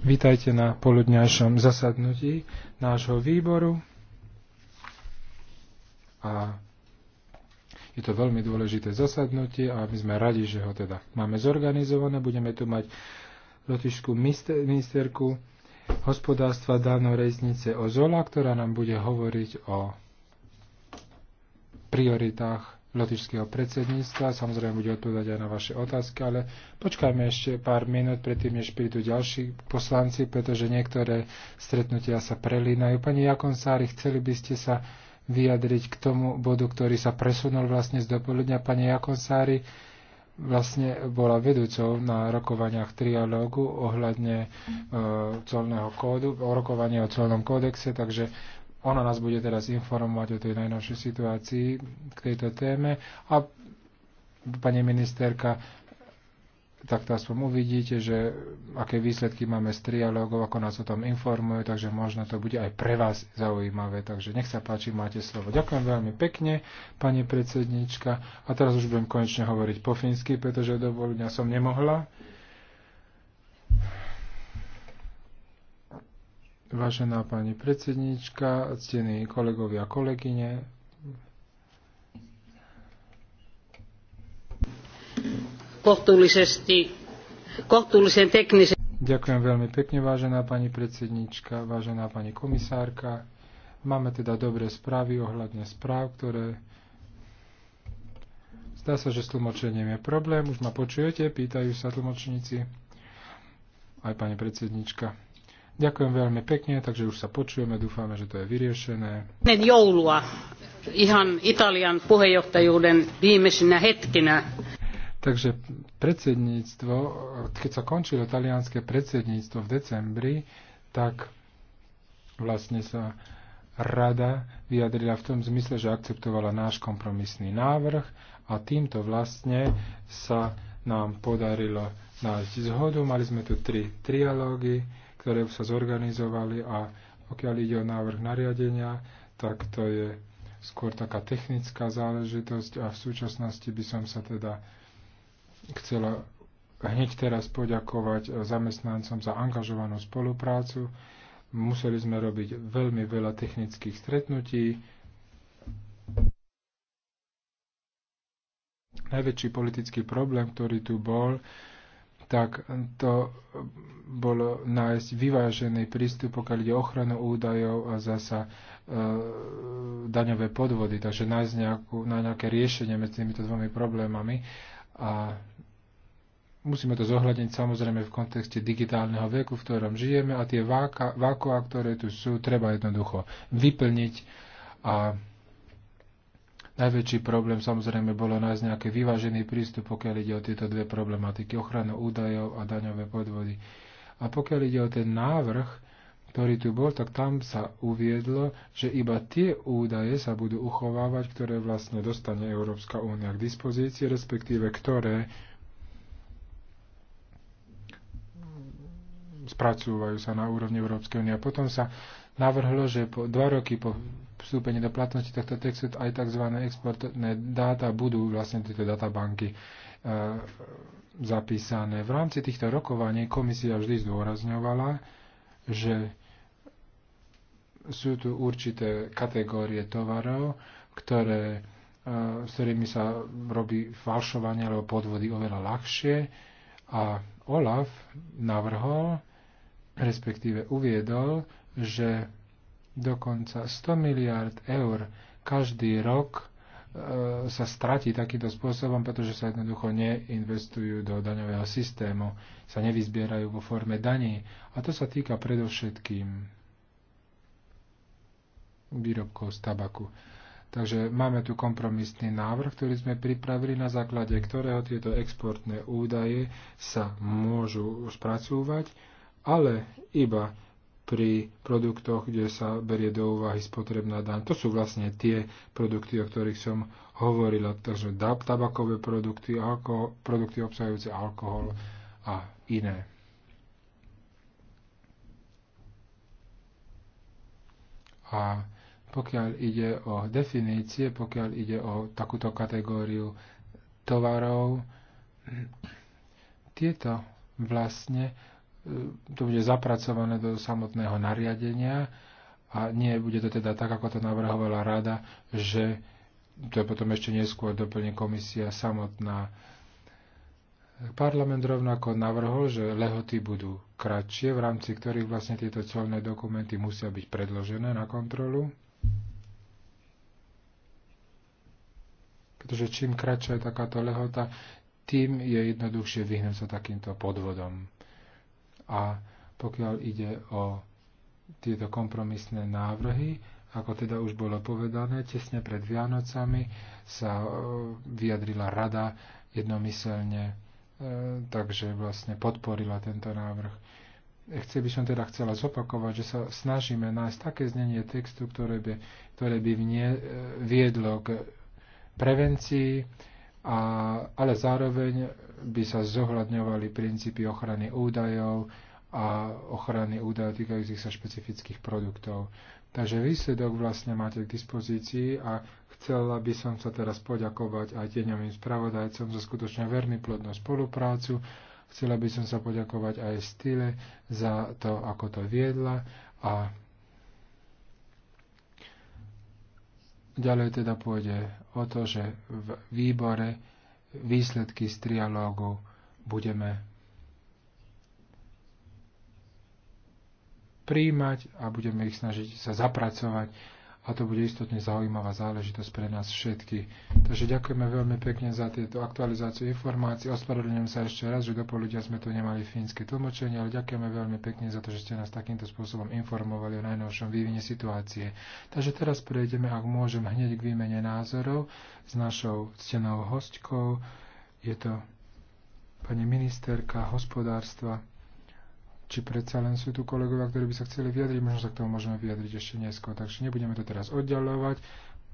Vítajte na poludňajšom zasadnutí nášho výboru. A je to veľmi dôležité zasadnutie a my sme radi, že ho teda máme zorganizované. Budeme tu mať lotišskú ministerku hospodárstva Dano Reznice Ozola, ktorá nám bude hovoriť o prioritách lotičského predsedníctva. Samozrejme bude odpovedať aj na vaše otázky, ale počkajme ešte pár minút predtým, než prídu ďalší poslanci, pretože niektoré stretnutia sa prelínajú. Pani Jakonsári, chceli by ste sa vyjadriť k tomu bodu, ktorý sa presunul vlastne z dopoludňa. Pani Jakonsári vlastne bola vedúcou na rokovaniach trialógu ohľadne e, colného kódu, o rokovanie o colnom kódexe, takže ona nás bude teraz informovať o tej najnovšej situácii k tejto téme a pani ministerka, tak to aspoň uvidíte, že aké výsledky máme z trialógov, ako nás o tom informujú, takže možno to bude aj pre vás zaujímavé. Takže nech sa páči, máte slovo. Ďakujem veľmi pekne, pani predsednička. A teraz už budem konečne hovoriť po fínsky, pretože do som nemohla. Vážená pani predsednička, ctení kolegovia a kolegyne, Ďakujem veľmi pekne, vážená pani predsednička, vážená pani komisárka. Máme teda dobré správy ohľadne správ, ktoré... Zdá sa, že s tlmočením je problém. Už ma počujete? Pýtajú sa tlmočníci. Aj pani predsednička. Ďakujem veľmi pekne, takže už sa počujeme, dúfame, že to je vyriešené. joulua ihan Italian puheenjohtajuuden viimeisinä hetkinä. Takže predsedníctvo, keď sa končilo talianské predsedníctvo v decembri, tak vlastne sa rada vyjadrila v tom zmysle, že akceptovala náš kompromisný návrh a týmto vlastne sa nám podarilo nájsť zhodu. Mali sme tu tri trialógy ktoré sa zorganizovali a pokiaľ ide o návrh nariadenia, tak to je skôr taká technická záležitosť a v súčasnosti by som sa teda chcela hneď teraz poďakovať zamestnancom za angažovanú spoluprácu. Museli sme robiť veľmi veľa technických stretnutí. Najväčší politický problém, ktorý tu bol, tak to bolo nájsť vyvážený prístup, pokiaľ ide ochranu údajov a zasa e, daňové podvody. Takže nájsť nejakú, na nejaké riešenie medzi týmito dvomi problémami. A musíme to zohľadniť samozrejme v kontexte digitálneho veku, v ktorom žijeme a tie váka, ktoré tu sú, treba jednoducho vyplniť a Najväčší problém samozrejme bolo nájsť nejaký vyvážený prístup, pokiaľ ide o tieto dve problematiky, ochranu údajov a daňové podvody. A pokiaľ ide o ten návrh, ktorý tu bol, tak tam sa uviedlo, že iba tie údaje sa budú uchovávať, ktoré vlastne dostane Európska únia k dispozícii, respektíve ktoré spracúvajú sa na úrovni Európskej únie. A potom sa navrhlo, že po dva roky po vstúpenie do platnosti tohto textu aj tzv. exportné dáta budú vlastne tieto databanky e, zapísané. V rámci týchto rokovaní komisia vždy zdôrazňovala, že sú tu určité kategórie tovarov, ktoré, e, s ktorými sa robí falšovanie alebo podvody oveľa ľahšie a Olaf navrhol, respektíve uviedol, že dokonca 100 miliard eur každý rok e, sa stratí takýmto spôsobom, pretože sa jednoducho neinvestujú do daňového systému, sa nevyzbierajú vo forme daní. A to sa týka predovšetkým výrobkov z tabaku. Takže máme tu kompromisný návrh, ktorý sme pripravili, na základe ktorého tieto exportné údaje sa môžu spracúvať, ale iba pri produktoch, kde sa berie do úvahy spotrebná daň. To sú vlastne tie produkty, o ktorých som hovorila. Takže tabakové produkty, alko, produkty obsahujúce alkohol a iné. A pokiaľ ide o definície, pokiaľ ide o takúto kategóriu tovarov, tieto vlastne E, to bude zapracované do samotného nariadenia a nie bude to teda tak, ako to navrhovala rada, že to je potom ešte neskôr doplne komisia samotná. Parlament rovnako navrhol, že lehoty budú kratšie, v rámci ktorých vlastne tieto colné dokumenty musia byť predložené na kontrolu. Pretože čím kratšia je takáto lehota, tým je jednoduchšie vyhnúť sa takýmto podvodom. A pokiaľ ide o tieto kompromisné návrhy, ako teda už bolo povedané, tesne pred Vianocami sa e, vyjadrila rada jednomyselne, e, takže vlastne podporila tento návrh. Chce by som teda chcela zopakovať, že sa snažíme nájsť také znenie textu, ktoré by, ktoré by vnie, e, viedlo k prevencii, a, ale zároveň by sa zohľadňovali princípy ochrany údajov a ochrany údajov týkajúcich sa špecifických produktov. Takže výsledok vlastne máte k dispozícii a chcela by som sa teraz poďakovať aj tieňovým spravodajcom za skutočne veľmi plodnú spoluprácu. Chcela by som sa poďakovať aj Stile za to, ako to viedla a Ďalej teda pôjde o to, že v výbore výsledky z trialógu budeme príjmať a budeme ich snažiť sa zapracovať a to bude istotne zaujímavá záležitosť pre nás všetky. Takže ďakujeme veľmi pekne za tieto aktualizáciu informácií. Ospravedlňujem sa ešte raz, že do poludia sme tu nemali fínske tlmočenie, ale ďakujeme veľmi pekne za to, že ste nás takýmto spôsobom informovali o najnovšom vývine situácie. Takže teraz prejdeme, ak môžem, hneď k výmene názorov s našou ctenou hostkou. Je to pani ministerka hospodárstva či predsa len sú tu kolegovia, ktorí by sa chceli vyjadriť, možno sa k tomu môžeme vyjadriť ešte neskôr, takže nebudeme to teraz oddialovať.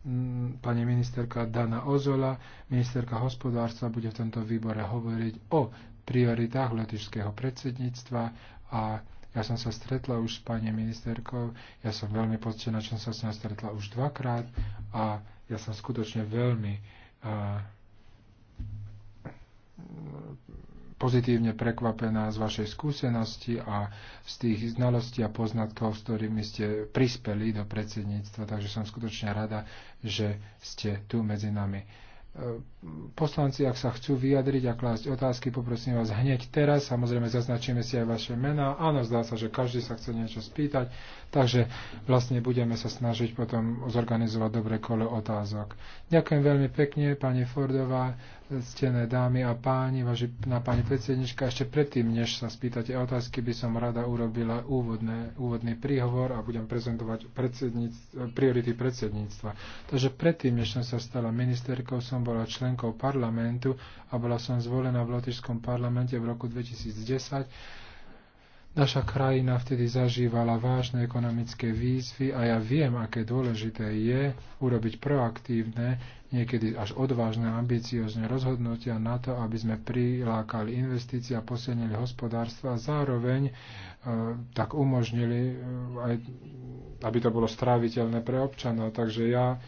Mm, pani ministerka Dana Ozola, ministerka hospodárstva, bude v tomto výbore hovoriť o prioritách letišského predsedníctva a ja som sa stretla už s pani ministerkou, ja som veľmi poctená, že som sa s ňou stretla už dvakrát a ja som skutočne veľmi uh, pozitívne prekvapená z vašej skúsenosti a z tých znalostí a poznatkov, s ktorými ste prispeli do predsedníctva, takže som skutočne rada, že ste tu medzi nami. E, poslanci, ak sa chcú vyjadriť a klásť otázky, poprosím vás hneď teraz. Samozrejme, zaznačíme si aj vaše mená. Áno, zdá sa, že každý sa chce niečo spýtať, Takže vlastne budeme sa snažiť potom zorganizovať dobre kole otázok. Ďakujem veľmi pekne, pani Fordová, stené dámy a páni, vaši, na pani predsednička. Ešte predtým, než sa spýtate otázky, by som rada urobila úvodné, úvodný príhovor a budem prezentovať predsedníc, priority predsedníctva. Takže predtým, než som sa stala ministerkou, som bola členkou parlamentu a bola som zvolená v Lotyšskom parlamente v roku 2010 Naša krajina vtedy zažívala vážne ekonomické výzvy a ja viem, aké dôležité je urobiť proaktívne, niekedy až odvážne, ambiciozne rozhodnutia na to, aby sme prilákali investície a posilnili hospodárstvo a zároveň e, tak umožnili, e, aj, aby to bolo stráviteľné pre občanov. Takže ja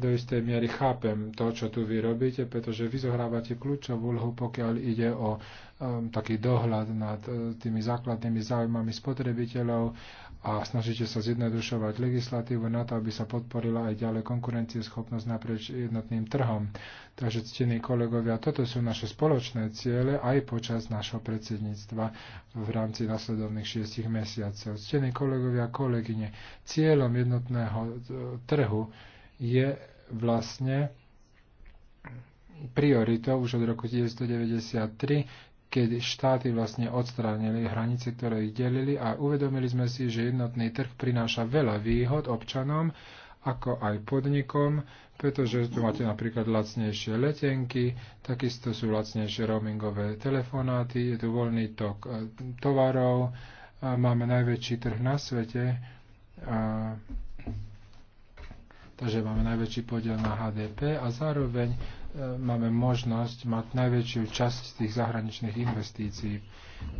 do istej miery chápem to, čo tu vy robíte, pretože vy zohrávate kľúčovú úlohu, pokiaľ ide o um, taký dohľad nad uh, tými základnými záujmami spotrebiteľov a snažíte sa zjednodušovať legislatívu na to, aby sa podporila aj ďalej konkurencieschopnosť naprieč jednotným trhom. Takže, ctení kolegovia, toto sú naše spoločné ciele aj počas našho predsedníctva v rámci nasledovných šiestich mesiacov. Ctení kolegovia, kolegyne, cieľom jednotného uh, trhu je vlastne prioritou už od roku 1993, keď štáty vlastne odstránili hranice, ktoré ich delili a uvedomili sme si, že jednotný trh prináša veľa výhod občanom, ako aj podnikom, pretože tu máte napríklad lacnejšie letenky, takisto sú lacnejšie roamingové telefonáty, je tu voľný tok e, tovarov, máme najväčší trh na svete, a takže máme najväčší podiel na HDP a zároveň e, máme možnosť mať najväčšiu časť tých zahraničných investícií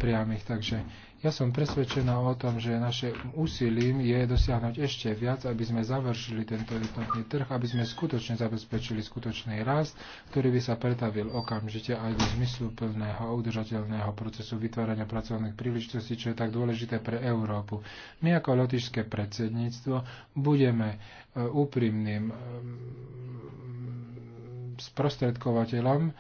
priamých. Takže ja som presvedčená o tom, že naše úsilím je dosiahnuť ešte viac, aby sme završili tento jednotný trh, aby sme skutočne zabezpečili skutočný rast, ktorý by sa pretavil okamžite aj do zmysluplného a udržateľného procesu vytvárania pracovných príležitostí, čo je tak dôležité pre Európu. My ako lotišské predsedníctvo budeme e, úprimným e, sprostredkovateľom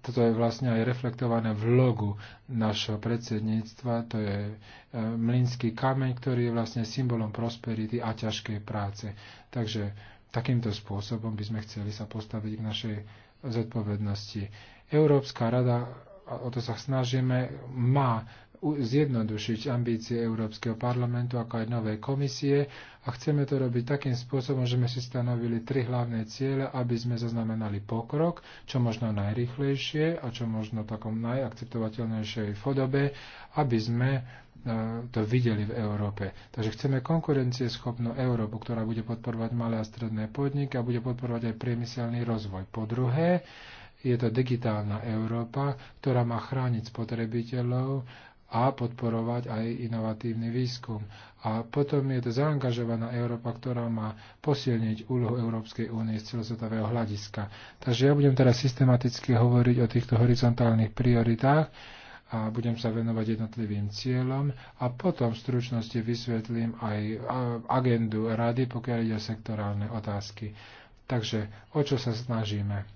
toto je vlastne aj reflektované v logu našho predsedníctva. To je e, mlinský kameň, ktorý je vlastne symbolom prosperity a ťažkej práce. Takže takýmto spôsobom by sme chceli sa postaviť k našej zodpovednosti. Európska rada, o to sa snažíme, má zjednodušiť ambície Európskeho parlamentu ako aj nové komisie a chceme to robiť takým spôsobom, že sme si stanovili tri hlavné ciele, aby sme zaznamenali pokrok, čo možno najrychlejšie a čo možno v takom najakceptovateľnejšej podobe, aby sme e, to videli v Európe. Takže chceme konkurencieschopnú Európu, ktorá bude podporovať malé a stredné podniky a bude podporovať aj priemyselný rozvoj. Po druhé, je to digitálna Európa, ktorá má chrániť spotrebiteľov a podporovať aj inovatívny výskum. A potom je to zaangažovaná Európa, ktorá má posilniť úlohu Európskej únie z celosvetového hľadiska. Takže ja budem teraz systematicky hovoriť o týchto horizontálnych prioritách a budem sa venovať jednotlivým cieľom a potom v stručnosti vysvetlím aj agendu rady, pokiaľ ide o sektorálne otázky. Takže o čo sa snažíme?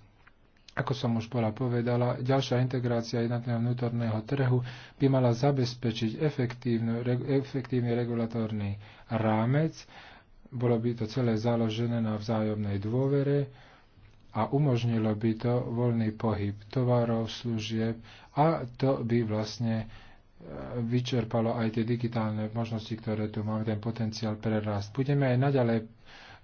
Ako som už bola povedala, ďalšia integrácia jednotného vnútorného trhu by mala zabezpečiť efektívny regulatórny rámec, bolo by to celé založené na vzájomnej dôvere a umožnilo by to voľný pohyb tovarov, služieb a to by vlastne e, vyčerpalo aj tie digitálne možnosti, ktoré tu máme, ten potenciál prerast. Budeme aj naďalej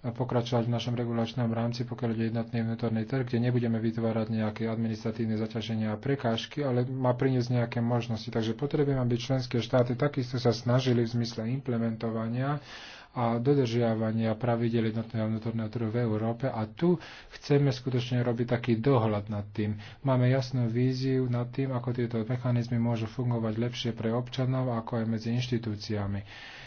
pokračovať v našom regulačnom rámci, pokiaľ ide jednotný vnútorný trh, kde nebudeme vytvárať nejaké administratívne zaťaženia a prekážky, ale má priniesť nejaké možnosti. Takže potrebujeme, aby členské štáty takisto sa snažili v zmysle implementovania a dodržiavania pravidel jednotného vnútorného trhu v Európe a tu chceme skutočne robiť taký dohľad nad tým. Máme jasnú víziu nad tým, ako tieto mechanizmy môžu fungovať lepšie pre občanov, ako aj medzi inštitúciami.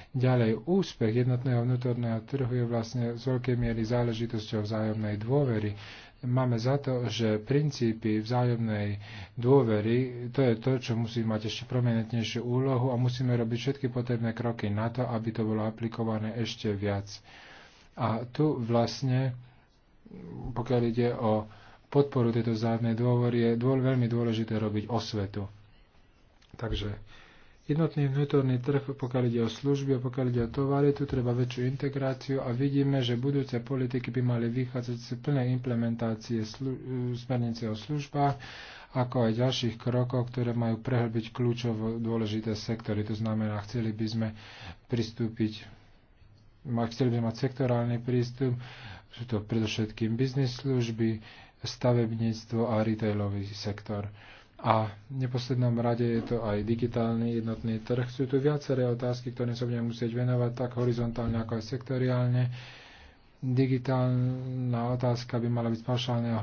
Ďalej, úspech jednotného vnútorného trhu je vlastne z veľkej miery záležitosťou vzájomnej dôvery. Máme za to, že princípy vzájomnej dôvery, to je to, čo musí mať ešte prominentnejšiu úlohu a musíme robiť všetky potrebné kroky na to, aby to bolo aplikované ešte viac. A tu vlastne, pokiaľ ide o podporu tejto vzájomnej dôvory, je dôl, veľmi dôležité robiť osvetu. Takže Jednotný vnútorný trh, pokiaľ ide o služby a pokiaľ ide o tovary, tu treba väčšiu integráciu a vidíme, že budúce politiky by mali vychádzať z plnej implementácie smernice o službách, ako aj ďalších krokov, ktoré majú prehlbiť kľúčovo dôležité sektory. To znamená, chceli by sme pristúpiť chceli by sme mať sektorálny prístup, sú to predovšetkým biznis služby, stavebníctvo a retailový sektor. A v neposlednom rade je to aj digitálny jednotný trh. Sú tu viaceré otázky, ktoré sa budem musieť venovať tak horizontálne ako aj sektoriálne. Digitálna otázka by mala byť z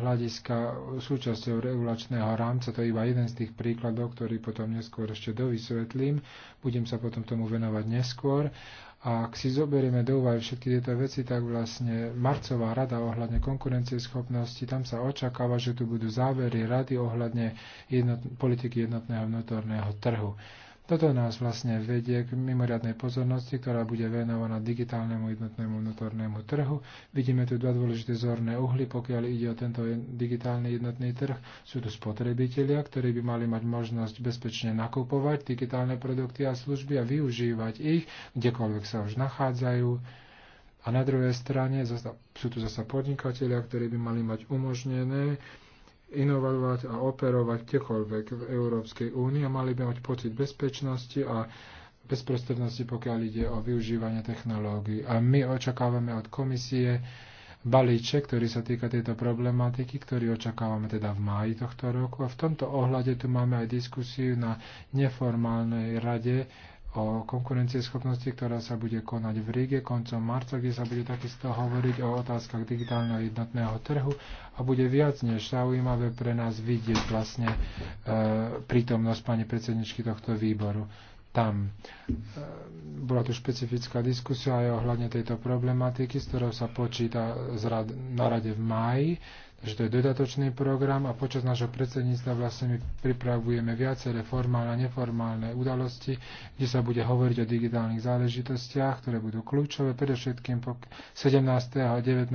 hľadiska súčasťou regulačného rámca. To je iba jeden z tých príkladov, ktorý potom neskôr ešte dovysvetlím. Budem sa potom tomu venovať neskôr. A ak si zoberieme do úvahy všetky tieto veci, tak vlastne marcová rada ohľadne konkurencieschopnosti, tam sa očakáva, že tu budú závery rady ohľadne jednot- politiky jednotného vnútorného trhu. Toto nás vlastne vedie k mimoriadnej pozornosti, ktorá bude venovaná digitálnemu jednotnému vnútornému trhu. Vidíme tu dva dôležité zorné uhly, pokiaľ ide o tento digitálny jednotný trh. Sú tu spotrebitelia, ktorí by mali mať možnosť bezpečne nakupovať digitálne produkty a služby a využívať ich, kdekoľvek sa už nachádzajú. A na druhej strane sú tu zasa podnikatelia, ktorí by mali mať umožnené inovovať a operovať kdekoľvek v Európskej únii a mali by mať pocit bezpečnosti a bezprostrednosti, pokiaľ ide o využívanie technológií. A my očakávame od komisie balíček, ktorý sa týka tejto problematiky, ktorý očakávame teda v máji tohto roku. A v tomto ohľade tu máme aj diskusiu na neformálnej rade o konkurencieschopnosti, ktorá sa bude konať v Ríge koncom marca, kde sa bude takisto hovoriť o otázkach digitálneho jednotného trhu a bude viac než zaujímavé pre nás vidieť vlastne e, prítomnosť pani predsedničky tohto výboru tam. E, bola tu špecifická diskusia aj ohľadne tejto problematiky, s ktorou sa počíta na rade v máji. Takže to je dodatočný program a počas nášho predsedníctva vlastne my pripravujeme viaceré formálne a neformálne udalosti, kde sa bude hovoriť o digitálnych záležitostiach, ktoré budú kľúčové. Predovšetkým po 17. a 19.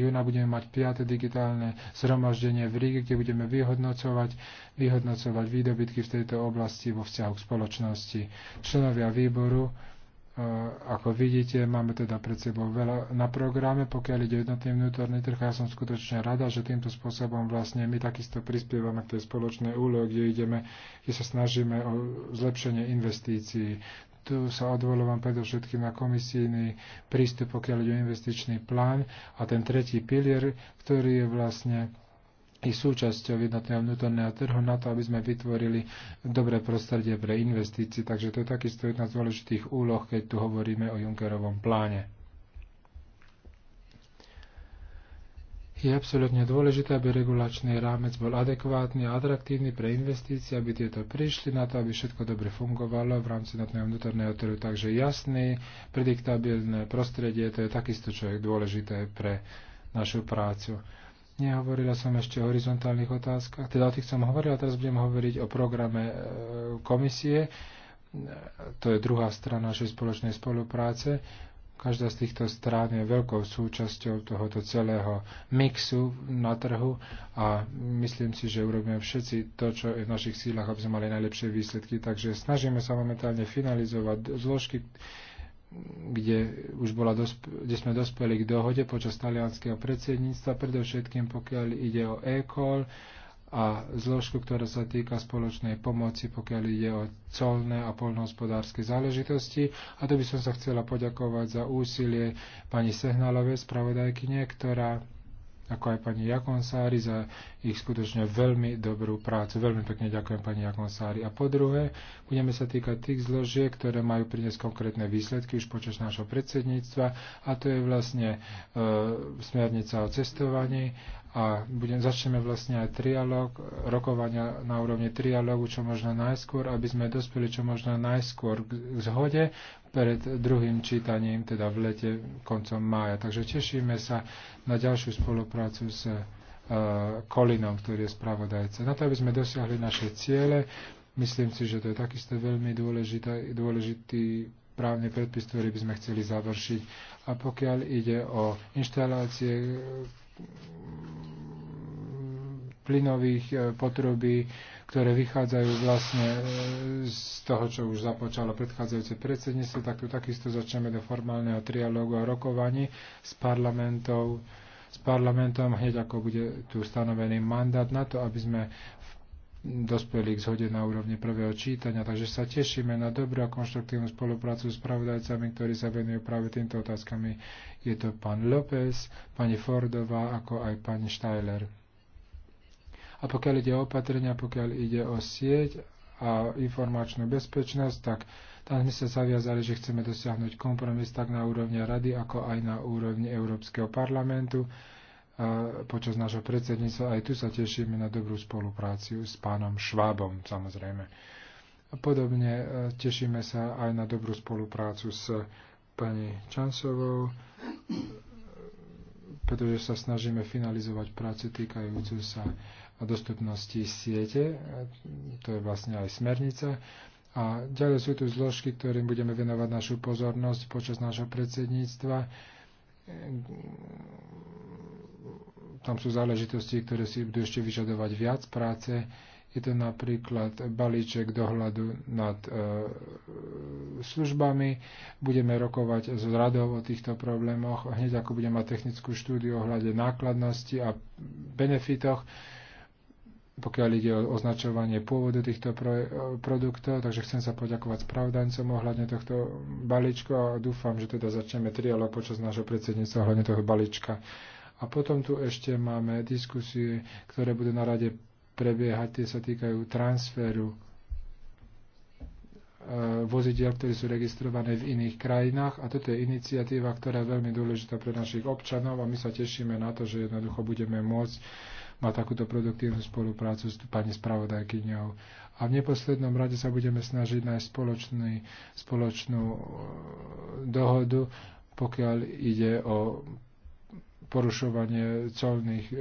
júna budeme mať 5. digitálne zhromaždenie v Ríge, kde budeme vyhodnocovať, vyhodnocovať výdobytky v tejto oblasti vo vzťahu k spoločnosti. Členovia výboru ako vidíte, máme teda pred sebou veľa na programe, pokiaľ ide jednotný vnútorný trh. Ja som skutočne rada, že týmto spôsobom vlastne my takisto prispievame k tej spoločnej úlohe, kde ideme, kde sa snažíme o zlepšenie investícií. Tu sa odvolávam predovšetkým na komisijný prístup, pokiaľ ide o investičný plán a ten tretí pilier, ktorý je vlastne i súčasťou jednotného vnútorného trhu na to, aby sme vytvorili dobré prostredie pre investície. Takže to je takisto jedna z dôležitých úloh, keď tu hovoríme o Junckerovom pláne. Je absolútne dôležité, aby regulačný rámec bol adekvátny a atraktívny pre investície, aby tieto prišli na to, aby všetko dobre fungovalo v rámci jednotného vnútorného trhu. Takže jasný, prediktabilné prostredie, to je takisto, čo je dôležité pre našu prácu. Nehovorila som ešte o horizontálnych otázkach, teda o tých som hovorila, teraz budem hovoriť o programe e, komisie, to je druhá strana našej spoločnej spolupráce. Každá z týchto strán je veľkou súčasťou tohoto celého mixu na trhu a myslím si, že urobíme všetci to, čo je v našich sílach, aby sme mali najlepšie výsledky. Takže snažíme sa momentálne finalizovať zložky, kde, už bola dosp- kde sme dospeli k dohode počas talianského predsedníctva, predovšetkým pokiaľ ide o e a zložku, ktorá sa týka spoločnej pomoci, pokiaľ ide o colné a polnohospodárske záležitosti. A to by som sa chcela poďakovať za úsilie pani Sehnalovej, spravodajkyne, ktorá ako aj pani Jakonsári za ich skutočne veľmi dobrú prácu. Veľmi pekne ďakujem pani Jakonsári. A po druhé, budeme sa týkať tých zložiek, ktoré majú priniesť konkrétne výsledky už počas nášho predsedníctva a to je vlastne e, smernica o cestovaní a budem, začneme vlastne aj trialog, rokovania na úrovni trialogu, čo možno najskôr, aby sme dospeli čo možno najskôr k zhode pred druhým čítaním, teda v lete koncom mája. Takže tešíme sa na ďalšiu spoluprácu s e, Kolinom, ktorý je spravodajca. Na to, aby sme dosiahli naše ciele, myslím si, že to je takisto veľmi dôležitý, dôležitý právny predpis, ktorý by sme chceli završiť. A pokiaľ ide o inštalácie e, plynových e, potrubí, ktoré vychádzajú vlastne e, z toho, čo už započalo predchádzajúce predsedníctvo, tak tu takisto začneme do formálneho trialógu a rokovaní s s parlamentom hneď ako bude tu stanovený mandát na to, aby sme dospeli k zhode na úrovni prvého čítania, takže sa tešíme na dobrú a konštruktívnu spoluprácu s pravodajcami, ktorí sa venujú práve týmto otázkami. Je to pán López, pani Fordová, ako aj pani Štajler. A pokiaľ ide o opatrenia, pokiaľ ide o sieť a informačnú bezpečnosť, tak tam sme sa zaviazali, že chceme dosiahnuť kompromis tak na úrovni Rady, ako aj na úrovni Európskeho parlamentu. A počas nášho predsedníctva aj tu sa tešíme na dobrú spolupráciu s pánom Švábom, samozrejme. Podobne e, tešíme sa aj na dobrú spoluprácu s pani Čansovou, pretože sa snažíme finalizovať prácu týkajúcu sa o dostupnosti siete, to je vlastne aj smernica. A ďalej sú tu zložky, ktorým budeme venovať našu pozornosť počas nášho predsedníctva. Tam sú záležitosti, ktoré si budú ešte vyžadovať viac práce. Je to napríklad balíček dohľadu nad e, službami. Budeme rokovať s radou o týchto problémoch, hneď ako budeme mať technickú štúdiu ohľade nákladnosti a benefitoch pokiaľ ide o označovanie pôvodu týchto produktov, takže chcem sa poďakovať spravodajcom ohľadne tohto balíčku a dúfam, že teda začneme trialo počas nášho predsedníctva ohľadne toho balíčka. A potom tu ešte máme diskusie, ktoré budú na rade prebiehať, tie sa týkajú transferu e, vozidiel, ktoré sú registrované v iných krajinách a toto je iniciatíva, ktorá je veľmi dôležitá pre našich občanov a my sa tešíme na to, že jednoducho budeme môcť má takúto produktívnu spoluprácu s pani spravodajkyňou. A v neposlednom rade sa budeme snažiť nájsť spoločný, spoločnú e, dohodu, pokiaľ ide o porušovanie colných, e,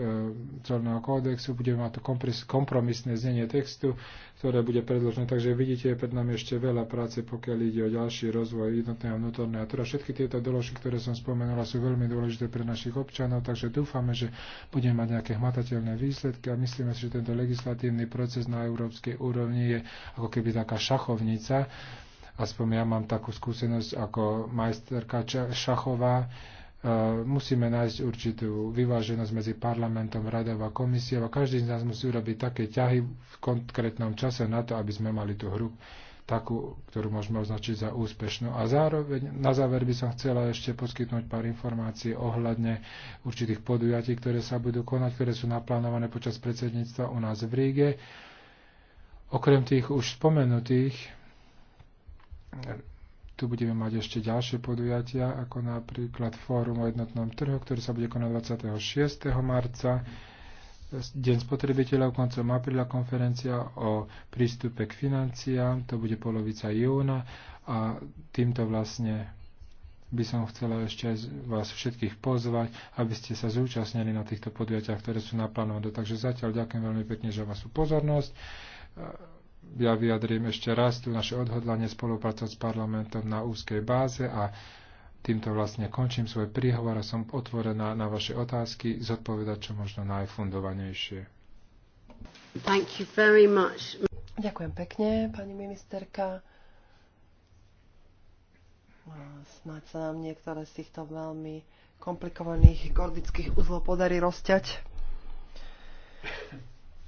colného kódexu. Budeme mať to kompromisné znenie textu, ktoré bude predložené. Takže vidíte, je pred nami ešte veľa práce, pokiaľ ide o ďalší rozvoj jednotného vnútorného trhu. Všetky tieto doložky, ktoré som spomenula, sú veľmi dôležité pre našich občanov, takže dúfame, že budeme mať nejaké hmatateľné výsledky a myslíme si, že tento legislatívny proces na európskej úrovni je ako keby taká šachovnica. Aspoň ja mám takú skúsenosť ako majsterka šachová, musíme nájsť určitú vyváženosť medzi parlamentom, radou a komisiou a každý z nás musí urobiť také ťahy v konkrétnom čase na to, aby sme mali tú hru takú, ktorú môžeme označiť za úspešnú. A zároveň, na záver by som chcela ešte poskytnúť pár informácií ohľadne určitých podujatí, ktoré sa budú konať, ktoré sú naplánované počas predsedníctva u nás v Ríge. Okrem tých už spomenutých tu budeme mať ešte ďalšie podujatia, ako napríklad Fórum o jednotnom trhu, ktorý sa bude konať 26. marca, Deň spotrebiteľov koncom apríla konferencia o prístupe k financiám, to bude polovica júna a týmto vlastne by som chcela ešte vás všetkých pozvať, aby ste sa zúčastnili na týchto podujatiach, ktoré sú naplánované. Takže zatiaľ ďakujem veľmi pekne za vašu pozornosť ja vyjadrím ešte raz tu naše odhodlanie spolupracovať s parlamentom na úzkej báze a týmto vlastne končím svoj príhovor a som otvorená na vaše otázky, zodpovedať čo možno najfundovanejšie. Thank you very much. Ďakujem pekne, pani ministerka. Snáď sa nám niektoré z týchto veľmi komplikovaných gordických uzlov podarí rozťať.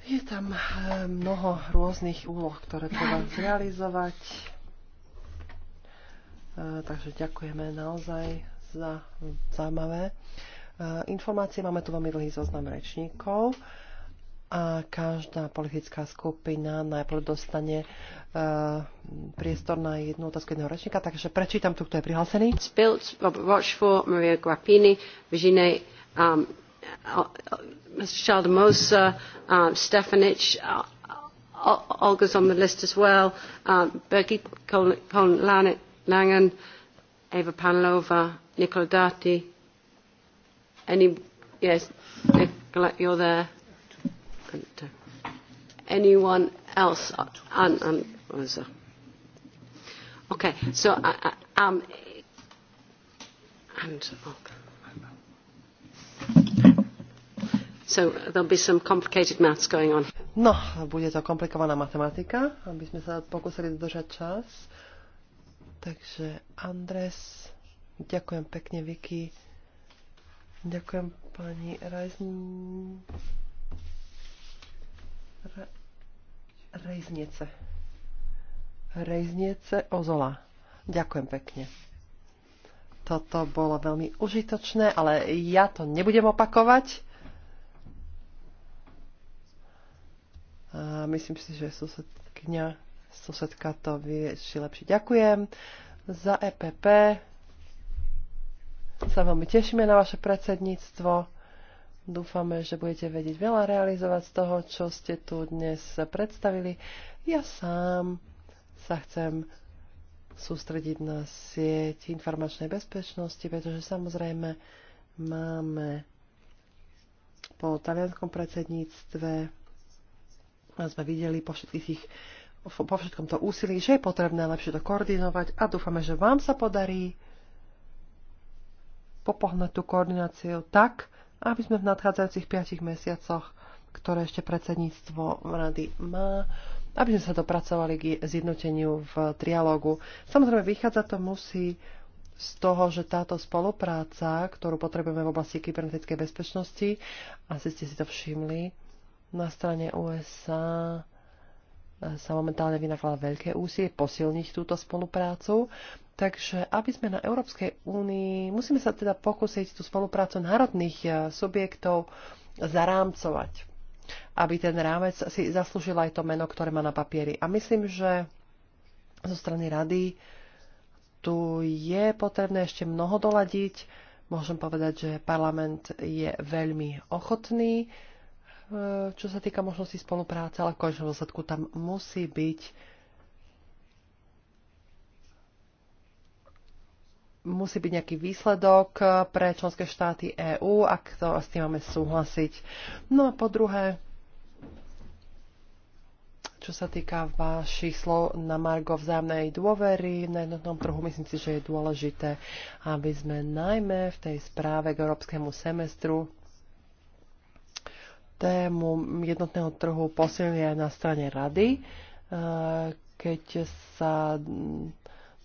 Je tam eh, mnoho rôznych úloh, ktoré treba zrealizovať. Eh, takže ďakujeme naozaj za zaujímavé eh, informácie. Máme tu veľmi dlhý zoznam rečníkov a každá politická skupina najprv dostane priestor na jednu otázku jedného rečníka. Takže prečítam tu, kto je prihlásený. Spilt, Robert Rochefort, Maria Grappini, Virginie um, uh, uh Mr. Shaldemosa, uh, um, Stefanich, uh, Olga's on the list as well, um, Birgit Kohn Langen, Eva Panlova, Nicola Dati. Any, yes, Nicola, you're there. And uh Anyone else? And, and, Rosa. Okay, so uh, uh, um, and. Oh No, bude to komplikovaná matematika, aby sme sa pokúsili dodržať čas. Takže Andres, ďakujem pekne Vicky. Ďakujem pani Rejznice. Rejznice Ozola. Ďakujem pekne. Toto bolo veľmi užitočné, ale ja to nebudem opakovať A myslím si, že susedkňa, susedka to vyrieši lepšie. Ďakujem za EPP. Sa veľmi tešíme na vaše predsedníctvo. Dúfame, že budete vedieť veľa realizovať z toho, čo ste tu dnes predstavili. Ja sám sa chcem sústrediť na sieť informačnej bezpečnosti, pretože samozrejme máme po talianskom predsedníctve sme videli po všetkých po všetkom to úsilí, že je potrebné lepšie to koordinovať a dúfame, že vám sa podarí popohnať tú koordináciu tak, aby sme v nadchádzajúcich 5 mesiacoch, ktoré ešte predsedníctvo rady má, aby sme sa dopracovali k zjednoteniu v trialógu. Samozrejme, vychádza to musí z toho, že táto spolupráca, ktorú potrebujeme v oblasti kybernetickej bezpečnosti, asi ste si to všimli, na strane USA e, sa momentálne vynakladá veľké úsie posilniť túto spoluprácu. Takže aby sme na Európskej únii, musíme sa teda pokúsiť tú spoluprácu národných e, subjektov zarámcovať, aby ten rámec si zaslúžil aj to meno, ktoré má na papieri. A myslím, že zo strany rady tu je potrebné ešte mnoho doladiť. Môžem povedať, že parlament je veľmi ochotný E, čo sa týka možnosti spolupráce, ale v konečnom dôsledku tam musí byť musí byť nejaký výsledok pre členské štáty EÚ, ak to s tým máme súhlasiť. No a po druhé, čo sa týka vašich slov na Margo vzájomnej dôvery na jednotnom trhu, myslím si, že je dôležité, aby sme najmä v tej správe k európskemu semestru tému jednotného trhu posilňuje na strane rady, e, keď sa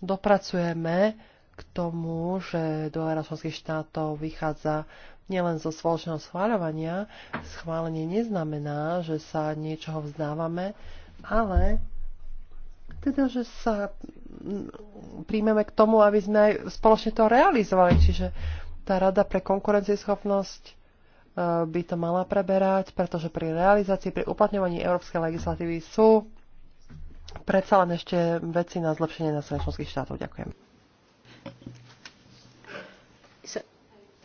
dopracujeme k tomu, že do Erasmuských štátov vychádza nielen zo spoločného schváľovania. Schválenie neznamená, že sa niečoho vzdávame, ale teda, že sa príjmeme k tomu, aby sme aj spoločne to realizovali. Čiže tá rada pre konkurencieschopnosť by to mala preberať, pretože pri realizácii, pri uplatňovaní európskej legislatívy sú predsa len ešte veci na zlepšenie na členských štátov. Ďakujem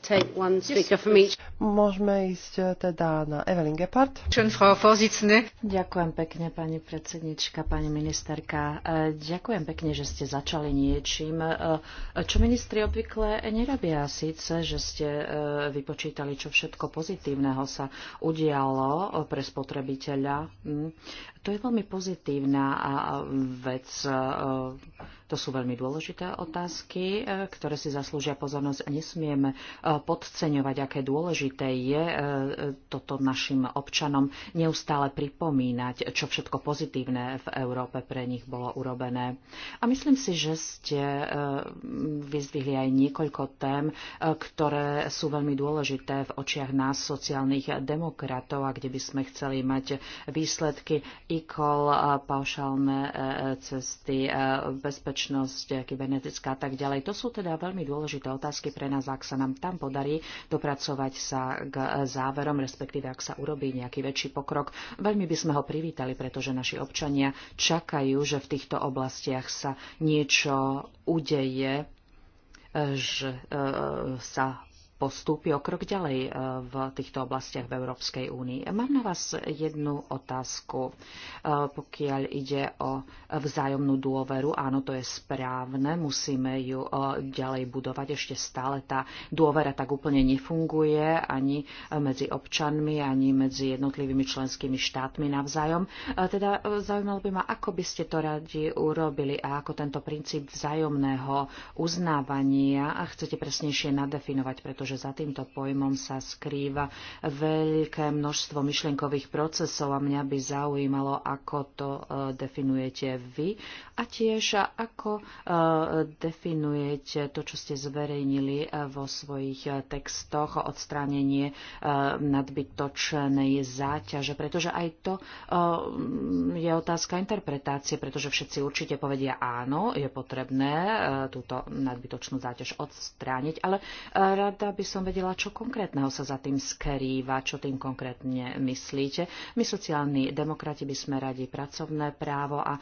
take one speaker from each. Môžeme ísť eh, teda na Evelyn Gepard. Ďakujem pekne, pani predsednička, pani ministerka. Eh, ďakujem pekne, že ste začali niečím, eh, čo ministri obvykle nerobia. Síce, že ste vypočítali, čo všetko pozitívneho sa udialo pre spotrebiteľa. Hm. To je veľmi pozitívna vec to sú veľmi dôležité otázky, e, ktoré si zaslúžia pozornosť a nesmieme podceňovať, aké dôležité je e, toto našim občanom neustále pripomínať, čo všetko pozitívne v Európe pre nich bolo urobené. A myslím si, že ste e, vyzvihli aj niekoľko tém, ktoré sú veľmi dôležité v očiach nás, sociálnych demokratov, a kde by sme chceli mať výsledky ICOL, paušálne cesty, bezpečnosti, bezpečnosť eh, kybernetická a tak ďalej. To sú teda veľmi dôležité otázky pre nás, ak sa nám tam podarí dopracovať sa k eh, záverom, respektíve ak sa urobí nejaký väčší pokrok. Veľmi by sme ho privítali, pretože naši občania čakajú, že v týchto oblastiach sa niečo udeje eh, že sa postúpi o krok ďalej e, v týchto oblastiach v Európskej únii. Mám na vás jednu otázku, e, pokiaľ ide o vzájomnú dôveru. Áno, to je správne, musíme ju e, ďalej budovať. Ešte stále tá dôvera tak úplne nefunguje ani medzi občanmi, ani medzi jednotlivými členskými štátmi navzájom. Teda zaujímalo by ma, ako by ste to radi urobili a ako tento princíp vzájomného uznávania chcete presnejšie nadefinovať, pretože pretože za týmto pojmom sa skrýva veľké množstvo myšlienkových procesov a mňa by zaujímalo, ako to e, definujete vy a tiež ako e, definujete to, čo ste zverejnili e, vo svojich textoch o odstránenie nadbytočnej záťaže, pretože aj to je otázka interpretácie, pretože všetci určite povedia áno, je potrebné túto nadbytočnú záťaž odstrániť, ale rada aby som vedela, čo konkrétneho sa za tým skrýva, čo tým konkrétne myslíte. My sociálni demokrati by sme radi pracovné právo a e,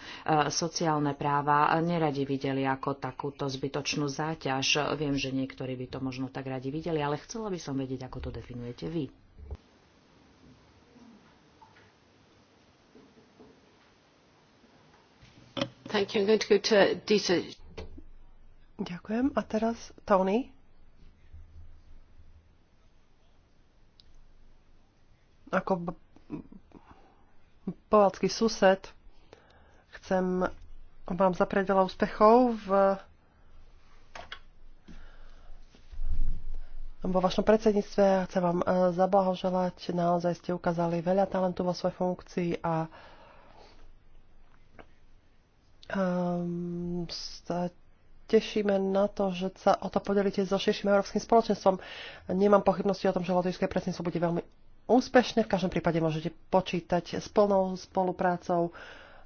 sociálne práva neradi videli ako takúto zbytočnú záťaž. Viem, že niektorí by to možno tak radi videli, ale chcela by som vedieť, ako to definujete vy. Thank you. I'm going to go to Ďakujem. A teraz Tony. ako povalský sused chcem vám zaprieť veľa úspechov v vo vašom predsedníctve a chcem vám eh, zablahoželať. Naozaj ste ukázali veľa talentu vo svojej funkcii a um, sa tešíme na to, že sa o to podelíte so širším európskym spoločenstvom. Nemám pochybnosti o tom, že lotyšské predsedníctvo bude veľmi Úspešne, V každom prípade môžete počítať s plnou spoluprácou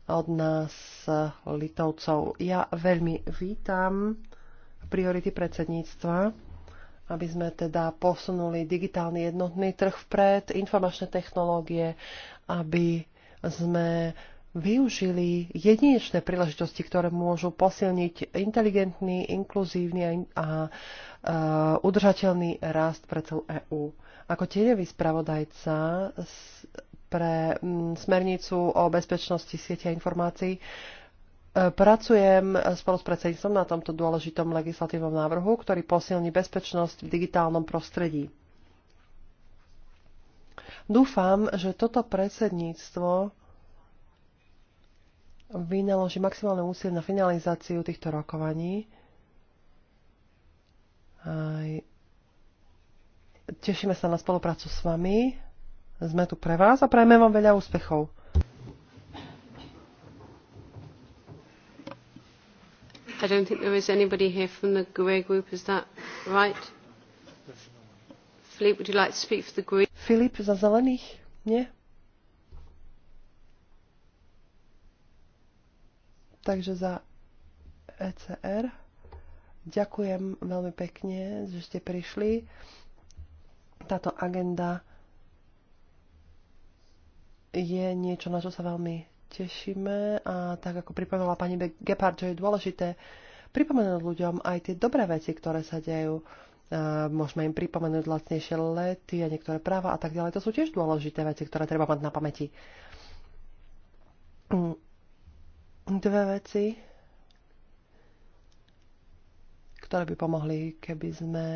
od nás eh, Litovcov. Ja veľmi vítam priority predsedníctva, aby sme teda posunuli digitálny jednotný trh vpred, informačné technológie, aby sme využili jedinečné príležitosti, ktoré môžu posilniť inteligentný, inkluzívny a, e, udržateľný rast pre celú EÚ. Ako tieňový spravodajca pre mm, smernicu o bezpečnosti siete informácií e, Pracujem spolu s predsedníctvom na tomto dôležitom legislatívnom návrhu, ktorý posilní bezpečnosť v digitálnom prostredí. Dúfam, že toto predsedníctvo vynaloží maximálne úsilie na finalizáciu týchto rokovaní. Aj tešíme sa na spoluprácu s vami. Sme tu pre vás a prajme vám veľa úspechov. I don't think there is anybody here from the Grey group, is that right? Philippe, would you like to speak for the Grey GUE? Filip, za zelených? Nie? Takže za ECR ďakujem veľmi pekne, že ste prišli. Táto agenda je niečo, na čo sa veľmi tešíme a tak ako pripomenula pani Gepard, že je dôležité pripomenúť ľuďom aj tie dobré veci, ktoré sa dejú. Môžeme im pripomenúť lacnejšie lety a niektoré práva a tak ďalej. To sú tiež dôležité veci, ktoré treba mať na pamäti. Mm dve veci, ktoré by pomohli, keby sme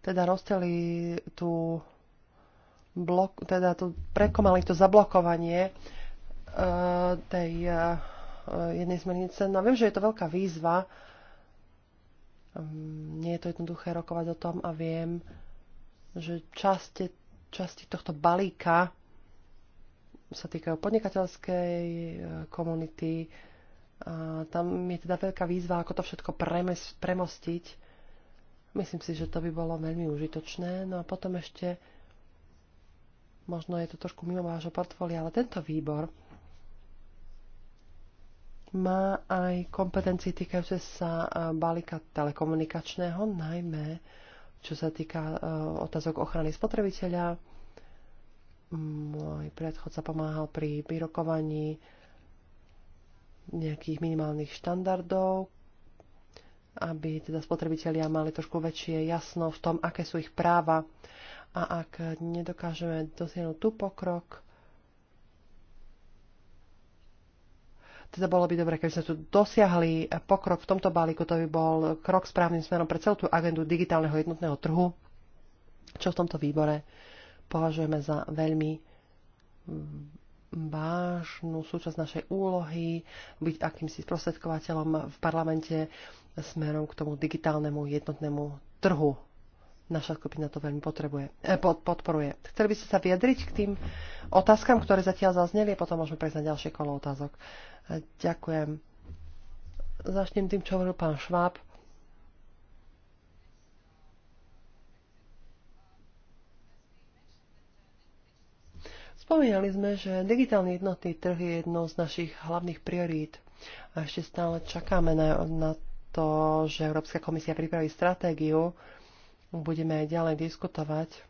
teda rozteli tú blok, teda tu prekomali to zablokovanie uh, tej uh, jednej smernice. No viem, že je to veľká výzva. Um, nie je to jednoduché rokovať o tom a viem, že časti, časti tohto balíka sa týkajú podnikateľskej e, komunity, uh, a tam je teda veľká výzva, ako to všetko premostiť. Myslím si, že to by bolo veľmi užitočné. No a potom ešte, možno je to trošku mimo vášho portfólia, ale tento výbor má aj kompetencie týkajúce sa e, balíka telekomunikačného, najmä čo sa týka e, otázok ochrany spotrebiteľa. Môj predchodca pomáhal pri vyrokovaní nejakých minimálnych štandardov, aby teda spotrebitelia mali trošku väčšie jasno v tom, aké sú ich práva a ak nedokážeme dosiahnuť tu pokrok, teda bolo by dobre, keby sme tu dosiahli pokrok v tomto balíku, to by bol krok správnym smerom pre celú tú agendu digitálneho jednotného trhu, čo v tomto výbore považujeme za veľmi vážnu súčasť našej úlohy, byť akýmsi sprostredkovateľom v parlamente smerom k tomu digitálnemu jednotnému trhu. Naša skupina to veľmi potrebuje, eh, pod, podporuje. Chceli by ste sa vyjadriť k tým otázkam, ktoré zatiaľ zazneli, a potom môžeme prejsť na ďalšie kolo otázok. Eh, ďakujem. Začnem tým, čo hovoril pán Šváb. Spomínali sme, že digitálny jednotný trh je jednou z našich hlavných priorít a ešte stále čakáme na, na to, že Európska komisia pripraví stratégiu. Budeme aj ďalej diskutovať,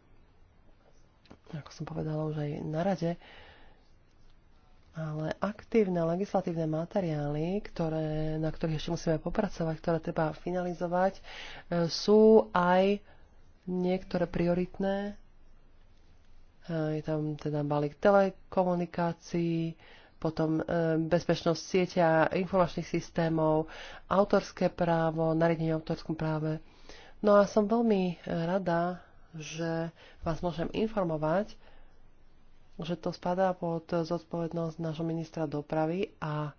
ako som povedala už aj na rade, ale aktívne legislatívne materiály, ktoré, na ktorých ešte musíme popracovať, ktoré treba finalizovať, e, sú aj niektoré prioritné Eh, je tam teda balík telekomunikácií, potom eh, bezpečnosť sieťa informačných systémov, autorské právo, nariadenie o autorskom práve. No a som veľmi eh, rada, že vás môžem informovať, že to spadá pod zodpovednosť nášho ministra dopravy a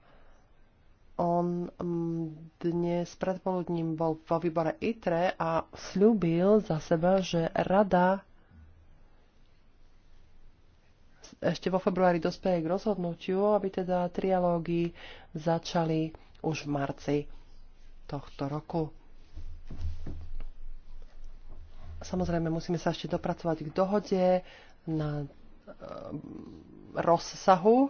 on mm, dnes predpoludním bol vo výbore ITRE a slúbil za seba, že rada ešte vo februári dospeje k rozhodnutiu, aby teda trialógy začali už v marci tohto roku. Samozrejme, musíme sa ešte dopracovať k dohode na e, rozsahu e,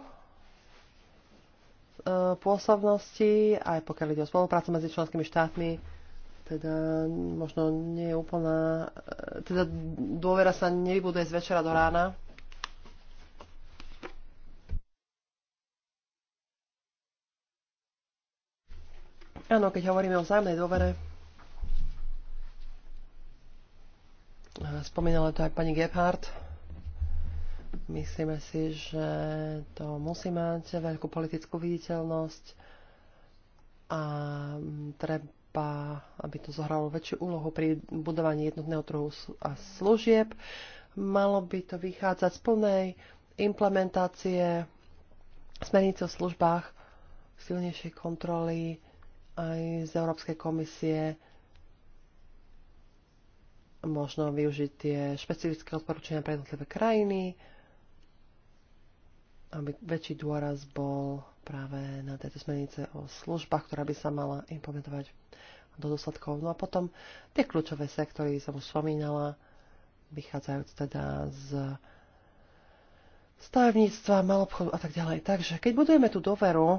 pôsobnosti, aj pokiaľ ide o spoluprácu medzi členskými štátmi, teda možno nie je úplná, e, teda dôvera sa nevybuduje z večera do rána. Áno, keď hovoríme o vzájomnej dôvere, spomínala to aj pani Gebhardt, myslíme si, že to musí mať veľkú politickú viditeľnosť a treba, aby to zohralo väčšiu úlohu pri budovaní jednotného trhu a služieb. Malo by to vychádzať z plnej implementácie smernice o službách, silnejšej kontroly, aj z Európskej komisie možno využiť tie špecifické odporúčania pre jednotlivé krajiny, aby väčší dôraz bol práve na tejto smernice o službách, ktorá by sa mala implementovať do dôsledkov. No a potom tie kľúčové sektory som už spomínala, vychádzajúc teda z stavebníctva, malobchodu a tak ďalej. Takže keď budujeme tú doveru,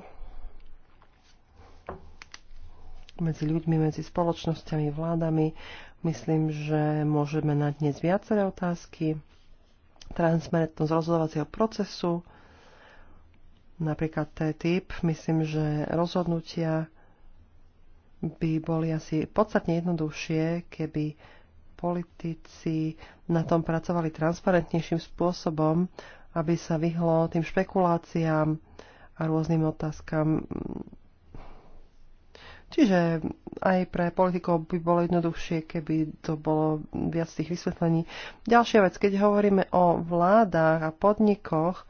medzi ľuďmi, medzi spoločnosťami, vládami. Myslím, že môžeme na dnes viaceré otázky. Transparentnosť rozhodovacieho procesu, napríklad TTIP, myslím, že rozhodnutia by boli asi podstatne jednoduchšie, keby politici na tom pracovali transparentnejším spôsobom, aby sa vyhlo tým špekuláciám a rôznym otázkam Čiže aj pre politikov by bolo jednoduchšie, keby to bolo viac tých vysvetlení. Ďalšia vec, keď hovoríme o vládach a podnikoch,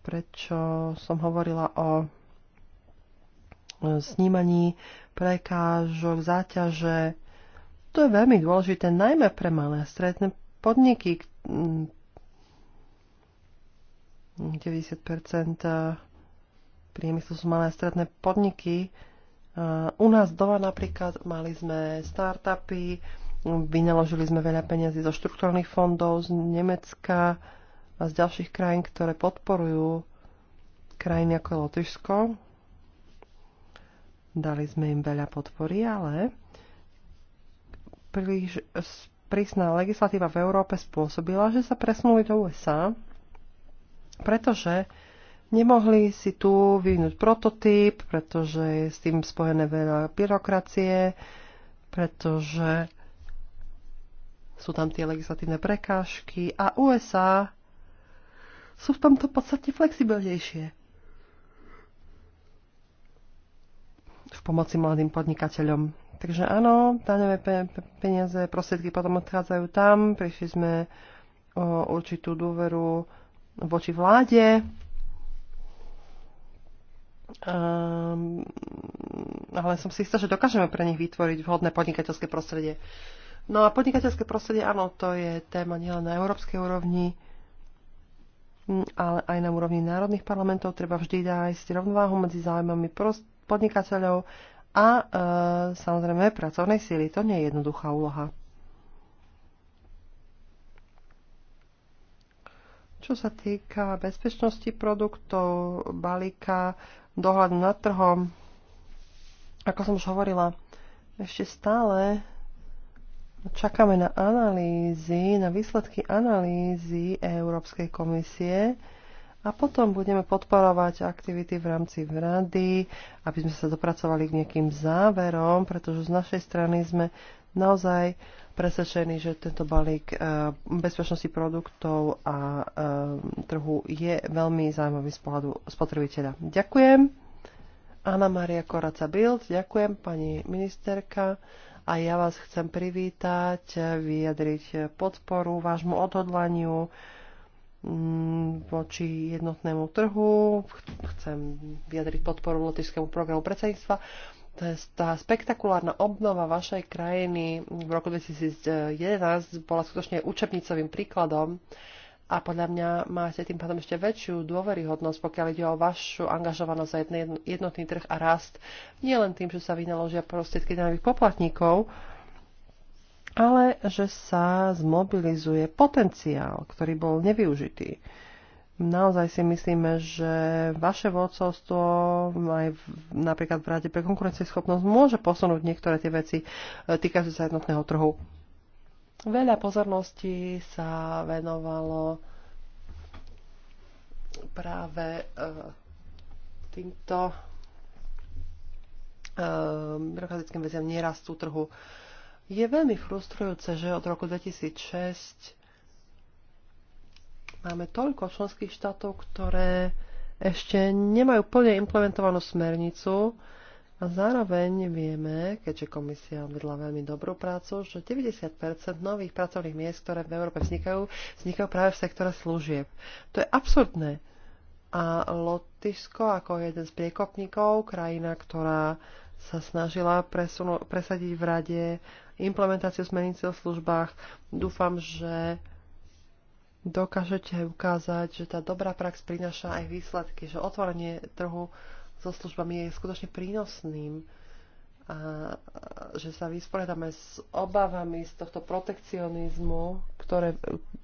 prečo som hovorila o snímaní prekážok, záťaže. To je veľmi dôležité, najmä pre malé a stredné podniky. Mm, 90% priemyslu sú malé a stredné podniky. U nás doma napríklad mali sme startupy, vynaložili sme veľa peniazy zo štruktúrnych fondov z Nemecka a z ďalších krajín, ktoré podporujú krajiny ako Lotyšsko. Dali sme im veľa podpory, ale príliš prísna legislatíva v Európe spôsobila, že sa presunuli do USA, pretože Nemohli si tu vyvinúť prototyp, pretože je s tým spojené veľa byrokracie, pretože sú tam tie legislatívne prekážky a USA sú v tomto podstate flexibilnejšie. V pomoci mladým podnikateľom. Takže áno, daňové peniaze, prostriedky potom odchádzajú tam, prišli sme o určitú dôveru voči vláde, Um, ale som si istá, že dokážeme pre nich vytvoriť vhodné podnikateľské prostredie. No a podnikateľské prostredie, áno, to je téma nielen na európskej úrovni, ale aj na úrovni národných parlamentov treba vždy dájsť rovnováhu medzi záujmami podnikateľov a e, samozrejme pracovnej síly. To nie je jednoduchá úloha. Čo sa týka bezpečnosti produktov, balíka, dohľad nad trhom. Ako som už hovorila, ešte stále čakáme na analýzy, na výsledky analýzy Európskej komisie a potom budeme podporovať aktivity v rámci rady, aby sme sa dopracovali k nejakým záverom, pretože z našej strany sme naozaj presvedčený, že tento balík e, bezpečnosti produktov a e, trhu je veľmi zaujímavý z pohľadu spotrebiteľa. Ďakujem. Anna Maria Koraca Bild, ďakujem pani ministerka a ja vás chcem privítať, vyjadriť podporu vášmu odhodlaniu mm, voči jednotnému trhu. Chcem vyjadriť podporu lotišskému programu predsedníctva tá spektakulárna obnova vašej krajiny v roku 2011 bola skutočne učebnicovým príkladom a podľa mňa máte tým pádom ešte väčšiu dôveryhodnosť, pokiaľ ide o vašu angažovanosť za jednotný trh a rast. Nie len tým, že sa vynaložia prostriedky daňových poplatníkov, ale že sa zmobilizuje potenciál, ktorý bol nevyužitý. Naozaj si myslíme, že vaše vodcovstvo aj v, napríklad v Rade pre konkurencieschopnosť môže posunúť niektoré tie veci e, týkajúce sa jednotného trhu. Veľa pozornosti sa venovalo práve e, týmto e, byrokratickým veziam nerastú trhu. Je veľmi frustrujúce, že od roku 2006 Máme toľko členských štátov, ktoré ešte nemajú plne implementovanú smernicu a zároveň vieme, keďže komisia vedla veľmi dobrú prácu, že 90% nových pracovných miest, ktoré v Európe vznikajú, vznikajú práve v sektore služieb. To je absurdné. A Lotyšsko ako jeden z priekopníkov, krajina, ktorá sa snažila presadiť v rade implementáciu smernice o službách, dúfam, že dokážete ukázať, že tá dobrá prax prináša aj výsledky, že otvorenie trhu so službami je skutočne prínosným a že sa vysporiadame s obavami z tohto protekcionizmu, ktoré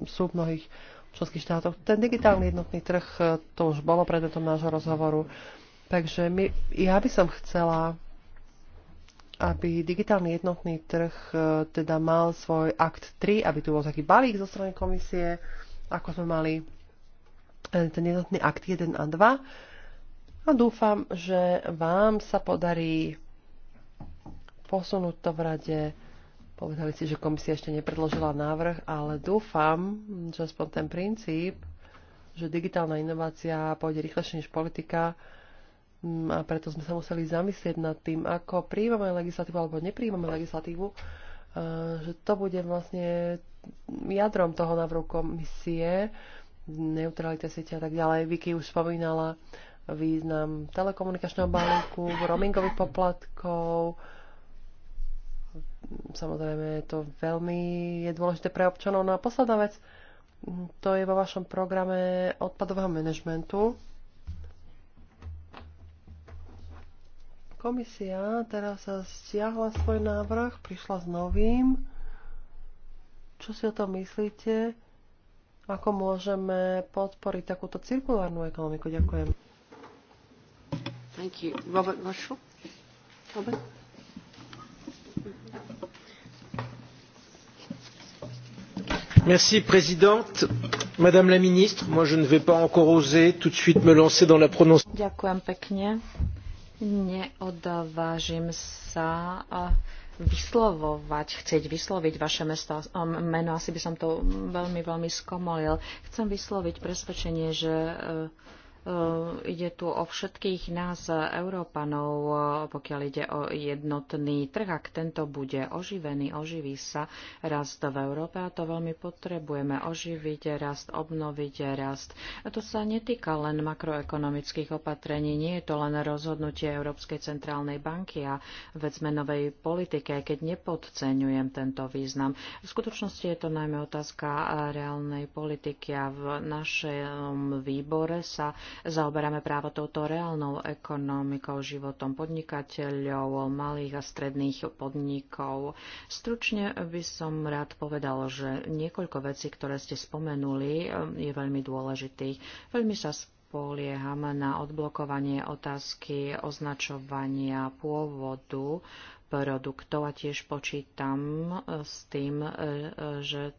sú v mnohých členských štátoch. Ten digitálny jednotný trh, to už bolo predmetom nášho rozhovoru. Takže my, ja by som chcela, aby digitálny jednotný trh eh, teda mal svoj akt 3, aby tu bol taký balík zo strany komisie, ako sme mali eh, ten jednotný akt 1 a 2. A dúfam, že vám sa podarí posunúť to v rade. Povedali si, že komisia ešte nepredložila návrh, ale dúfam, že aspoň ten princíp, že digitálna inovácia pôjde rýchlejšie než politika, mm, a preto sme sa museli zamyslieť nad tým, ako príjmame legislatívu alebo nepríjmame legislatívu že to bude vlastne jadrom toho návrhu komisie, neutralita siete a tak ďalej. Vicky už spomínala význam telekomunikačného balíku, roamingových poplatkov. Samozrejme, je to veľmi je dôležité pre občanov. No a posledná vec, to je vo vašom programe odpadového manažmentu. Komisia teraz sa stiahla svoj návrh, prišla s novým. Čo si o tom myslíte? Ako môžeme podporiť takúto cirkulárnu ekonomiku? Ďakujem. Thank you. Robert Marshall. Robert? Merci, présidente. Madame la ministre, moi je ne vais pas encore oser tout de suite me lancer dans la prononciation. Neodvážim sa vyslovovať, chcieť vysloviť vaše mesto, meno. Asi by som to veľmi, veľmi skomolil. Chcem vysloviť presvedčenie, že e, Eh, ide tu o všetkých nás, eh, Európanov, eh, pokiaľ ide o jednotný trh. Ak tento bude oživený, oživí sa rast v Európe a to veľmi potrebujeme. Oživiť rast, obnoviť rast. A to sa netýka len makroekonomických opatrení. Nie je to len rozhodnutie Európskej centrálnej banky a vecmenovej politike, keď nepodceňujem tento význam. V skutočnosti je to najmä otázka reálnej politiky a v našom výbore sa zaoberáme právo touto reálnou ekonomikou, životom podnikateľov, malých a stredných podnikov. Stručne by som rád povedal, že niekoľko vecí, ktoré ste spomenuli, eh, je veľmi dôležitých. Veľmi sa spolieham na odblokovanie otázky označovania pôvodu produktov a tiež počítam eh, s tým, eh, že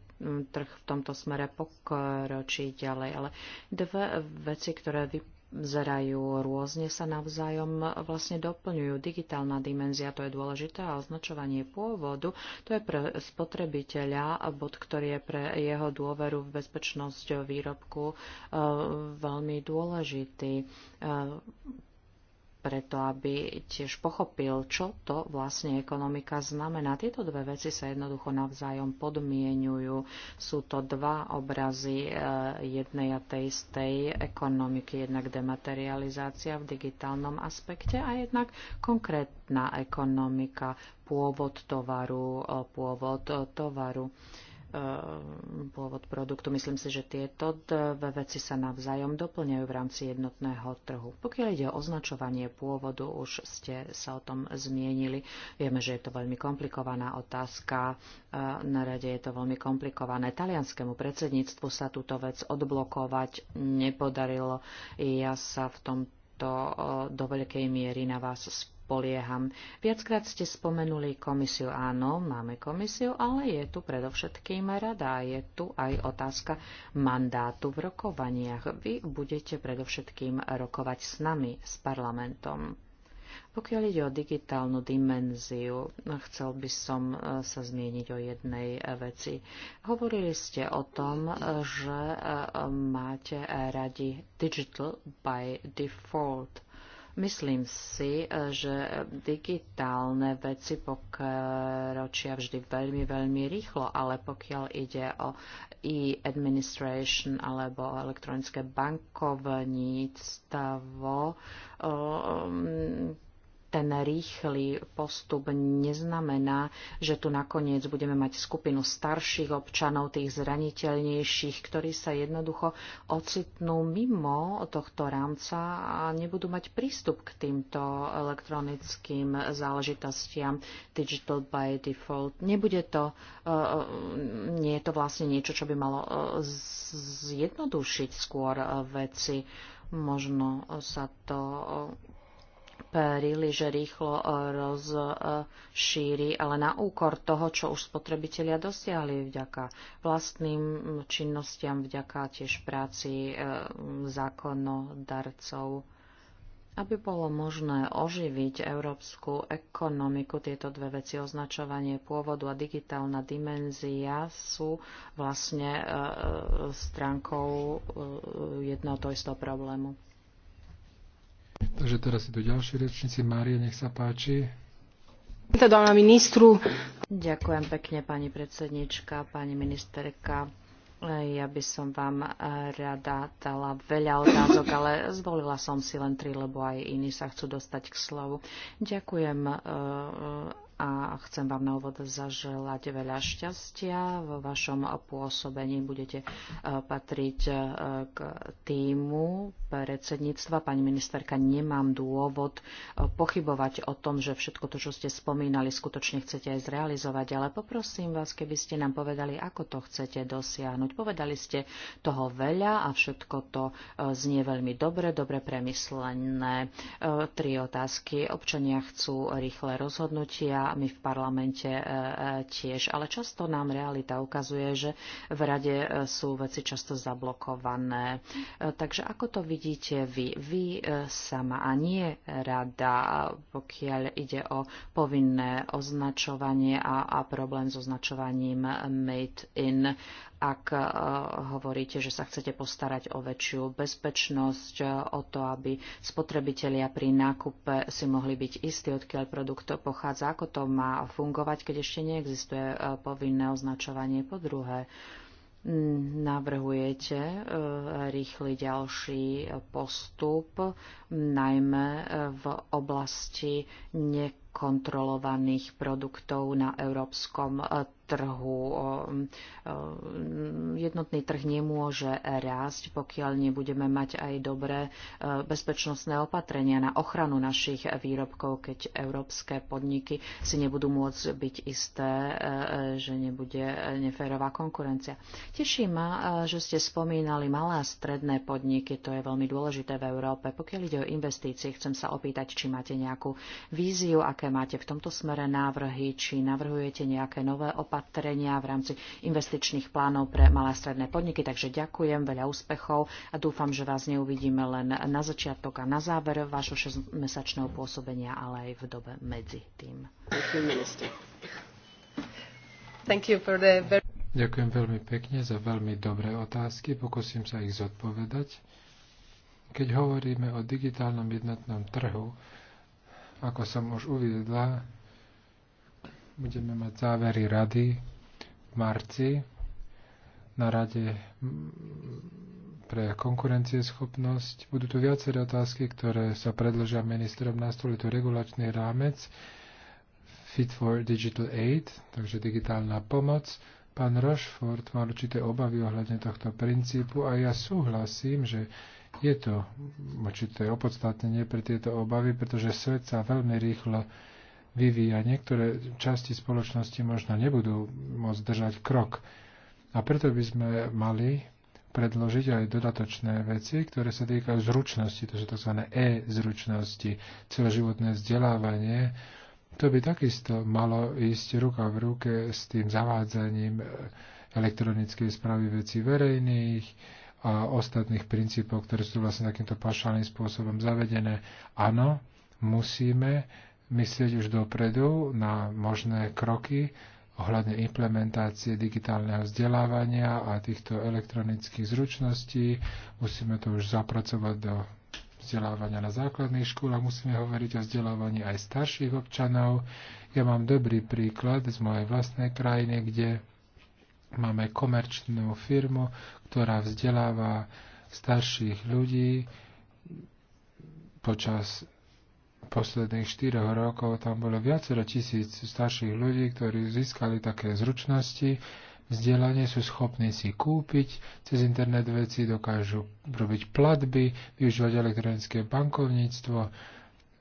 trh v tomto smere pokročí ďalej. Ale dve veci, ktoré vy zerajú rôzne, sa navzájom vlastne doplňujú. Digitálna dimenzia, to je dôležité, a označovanie pôvodu, to je pre spotrebiteľa bod, ktorý je pre jeho dôveru v bezpečnosť výrobku e, veľmi dôležitý e, preto aby tiež pochopil, čo to vlastne ekonomika znamená. Tieto dve veci sa jednoducho navzájom podmienujú. Sú to dva obrazy e, jednej a tej istej ekonomiky. Jednak dematerializácia v digitálnom aspekte a jednak konkrétna ekonomika, pôvod tovaru, e, pôvod tovaru. Ehm, pôvod produktu. Myslím si, že tieto dve veci sa navzájom doplňajú v rámci jednotného trhu. Pokiaľ ide o označovanie pôvodu, už ste sa o tom zmienili. Vieme, že je to veľmi komplikovaná otázka. Ehm, na rade je to veľmi komplikované. Talianskému predsedníctvu sa túto vec odblokovať nepodarilo. Ja sa v tomto ehm, do veľkej miery na vás spolieham. Viackrát ste spomenuli komisiu. Áno, máme komisiu, ale je tu predovšetkým rada. Je tu aj otázka mandátu v rokovaniach. Vy budete predovšetkým rokovať s nami, s parlamentom. Pokiaľ ide o digitálnu dimenziu, chcel by som e, sa zmieniť o jednej e, veci. Hovorili ste o tom, e, že máte radi digital by default. Myslím si, že digitálne veci pokročia vždy veľmi, veľmi rýchlo, ale pokiaľ ide o e-administration alebo o elektronické bankovníctvo, um, ten rýchly postup neznamená, že tu nakoniec budeme mať skupinu starších občanov, tých zraniteľnejších, ktorí sa jednoducho ocitnú mimo tohto rámca a nebudú mať prístup k týmto elektronickým záležitostiam Digital by Default. Nebude to, e, e, nie je to vlastne niečo, čo by malo e, zjednodušiť skôr veci možno sa to príliš rýchlo e, rozšíri, ale na úkor toho, čo už spotrebitelia dosiahli vďaka vlastným činnostiam, vďaka tiež práci e, zákonodarcov. Aby bolo možné oživiť európsku ekonomiku, tieto dve veci, označovanie pôvodu a digitálna dimenzia sú vlastne e, stránkou jedného toho istého problému. Takže teraz idú ďalšie rečníci. Mária, nech sa páči. Ďakujem pekne, pani predsednička, pani ministerka. Ja by som vám eh, rada dala veľa otázok, ale zvolila som si len tri, lebo aj iní sa chcú dostať k slovu. Ďakujem eh, a chcem vám na úvod zaželať veľa šťastia. Vo vašom pôsobení budete e, patriť e, k týmu predsedníctva. Pani ministerka, nemám dôvod e, pochybovať o tom, že všetko to, čo ste spomínali, skutočne chcete aj zrealizovať, ale poprosím vás, keby ste nám povedali, ako to chcete dosiahnuť. Povedali ste toho veľa a všetko to znie veľmi dobre, dobre premyslené. Tri otázky. Občania chcú rýchle rozhodnutia my v parlamente e, e, tiež. Ale často nám realita ukazuje, že v rade e, sú veci často zablokované. Takže ako to vidíte vy? Vy sama a nie rada, pokiaľ ide o povinné označovanie a, a problém s označovaním made in ak eh, hovoríte, že sa chcete postarať o väčšiu bezpečnosť, eh, o to, aby spotrebitelia pri nákupe si mohli byť istí, odkiaľ produkt pochádza, ako to má fungovať, keď ešte neexistuje eh, povinné označovanie po druhé. Mm, navrhujete rýchly ďalší postup, najmä v oblasti nekontrolovaných produktov na európskom trhu. Jednotný trh nemôže rásť, pokiaľ nebudeme mať aj dobré e, bezpečnostné opatrenia na ochranu našich výrobkov, keď európske podniky si nebudú môcť byť isté, e, e, že nebude neférová konkurencia. Teší ma, že ste spomínali malé a stredné podniky, to je veľmi dôležité v Európe. Pokiaľ ide o investície, chcem sa opýtať, či máte nejakú víziu, aké máte v tomto smere návrhy, či navrhujete nejaké nové opatrenia opatrenia v rámci investičných plánov pre malé a stredné podniky. Takže ďakujem, veľa úspechov a dúfam, že vás neuvidíme len na začiatok a na záver vášho 6-mesačného pôsobenia, ale aj v dobe medzi tým. Ďakujem veľmi pekne za veľmi dobré otázky. Pokúsim sa ich zodpovedať. Keď hovoríme o digitálnom jednotnom trhu, ako som už uviedla, Budeme mať závery rady v marci na rade pre konkurencieschopnosť. Budú tu viaceré otázky, ktoré sa predložia ministrom na stole. Tu regulačný rámec Fit for Digital Aid, takže digitálna pomoc. Pán Rochefort má určité obavy ohľadne tohto princípu a ja súhlasím, že je to určité opodstatnenie pre tieto obavy, pretože svet sa veľmi rýchlo vyvíja. Niektoré časti spoločnosti možno nebudú môcť držať krok. A preto by sme mali predložiť aj dodatočné veci, ktoré sa týkajú zručnosti, to sú tzv. e-zručnosti, celoživotné vzdelávanie. To by takisto malo ísť ruka v ruke s tým zavádzaním elektronickej správy veci verejných a ostatných princípov, ktoré sú vlastne takýmto pašálnym spôsobom zavedené. Áno, musíme myslieť už dopredu na možné kroky ohľadne implementácie digitálneho vzdelávania a týchto elektronických zručností. Musíme to už zapracovať do vzdelávania na základných škôlach, musíme hovoriť o vzdelávaní aj starších občanov. Ja mám dobrý príklad z mojej vlastnej krajiny, kde máme komerčnú firmu, ktorá vzdeláva starších ľudí počas posledných 4 rokov tam bolo viacero tisíc starších ľudí, ktorí získali také zručnosti, vzdelanie sú schopní si kúpiť, cez internet veci dokážu robiť platby, využívať elektronické bankovníctvo,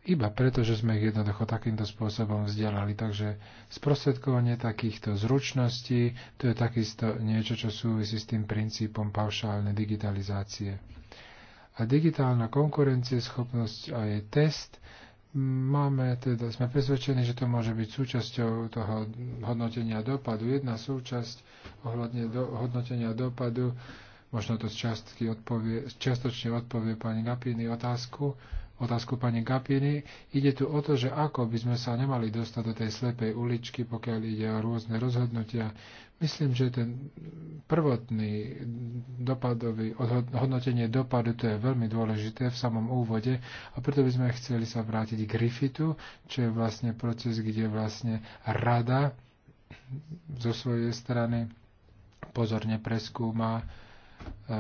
iba preto, že sme ich jednoducho takýmto spôsobom vzdelali. Takže sprostredkovanie takýchto zručností, to je takisto niečo, čo súvisí s tým princípom paušálnej digitalizácie. A digitálna schopnosť a jej test Máme teda, sme presvedčení, že to môže byť súčasťou toho hodnotenia dopadu. Jedna súčasť ohľadne do, hodnotenia dopadu, možno to z odpovie, odpovie pani Gapiny otázku, otázku pani Gapiny. Ide tu o to, že ako by sme sa nemali dostať do tej slepej uličky, pokiaľ ide o rôzne rozhodnutia. Myslím, že ten prvotný dopadový hodnotenie dopadu to je veľmi dôležité v samom úvode a preto by sme chceli sa vrátiť k Griffitu, čo je vlastne proces, kde vlastne rada zo svojej strany pozorne preskúma E,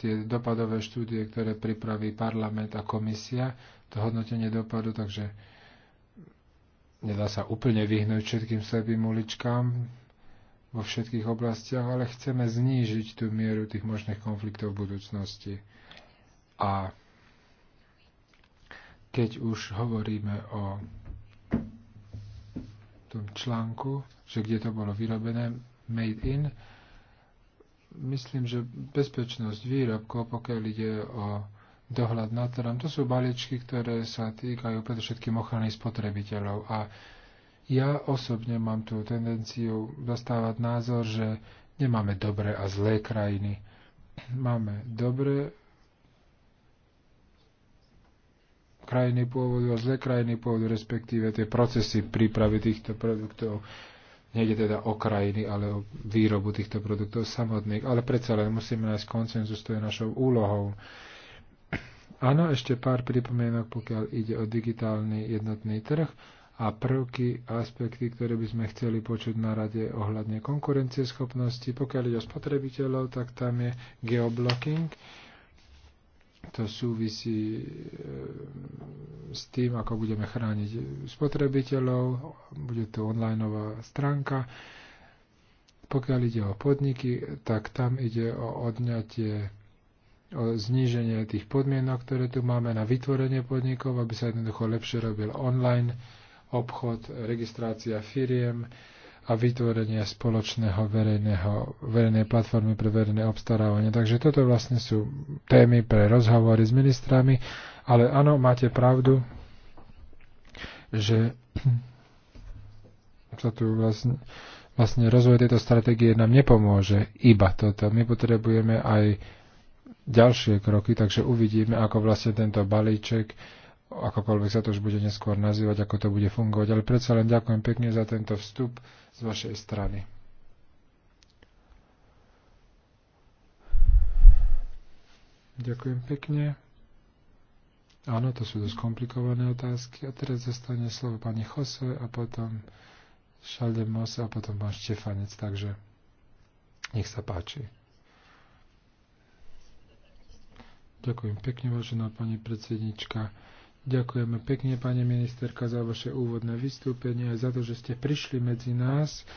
tie dopadové štúdie, ktoré pripraví parlament a komisia, to hodnotenie dopadu, takže nedá sa úplne vyhnúť všetkým slepým uličkám vo všetkých oblastiach, ale chceme znížiť tú mieru tých možných konfliktov v budúcnosti. A keď už hovoríme o tom článku, že kde to bolo vyrobené, made in, myslím, že bezpečnosť výrobkov, pokiaľ ide o dohľad na trhom, to sú balíčky, ktoré sa týkajú predovšetkým ochrany spotrebiteľov. A ja osobne mám tú tendenciu zastávať názor, že nemáme dobré a zlé krajiny. Máme dobré krajiny pôvodu a zlé krajiny pôvodu, respektíve tie procesy prípravy týchto produktov. Nejde teda o krajiny, ale o výrobu týchto produktov samotných. Ale predsa len musíme nájsť koncenzus, to je našou úlohou. Áno, ešte pár pripomienok, pokiaľ ide o digitálny jednotný trh a prvky, aspekty, ktoré by sme chceli počuť na rade ohľadne konkurencieschopnosti. Pokiaľ ide o spotrebiteľov, tak tam je geoblocking to súvisí e, s tým, ako budeme chrániť spotrebiteľov, bude to onlineová stránka. Pokiaľ ide o podniky, tak tam ide o odňatie, o zníženie tých podmienok, ktoré tu máme na vytvorenie podnikov, aby sa jednoducho lepšie robil online obchod, registrácia firiem, a vytvorenie spoločného verejného, verejnej platformy pre verejné obstarávanie. Takže toto vlastne sú témy pre rozhovory s ministrami, ale áno, máte pravdu, že sa tu vlastne, vlastne rozvoj tejto stratégie nám nepomôže iba toto. My potrebujeme aj ďalšie kroky, takže uvidíme, ako vlastne tento balíček akokoľvek sa to už bude neskôr nazývať, ako to bude fungovať. Ale predsa len ďakujem pekne za tento vstup z vašej strany. Ďakujem pekne. Áno, to sú dosť komplikované otázky. A teraz zostane slovo pani Jose a potom Šaldemos a potom pán Štefanec. Takže nech sa páči. Ďakujem pekne, vážená pani predsednička. Ďakujeme pekne, pani ministerka, za vaše úvodné vystúpenie a za to, že ste prišli medzi nás,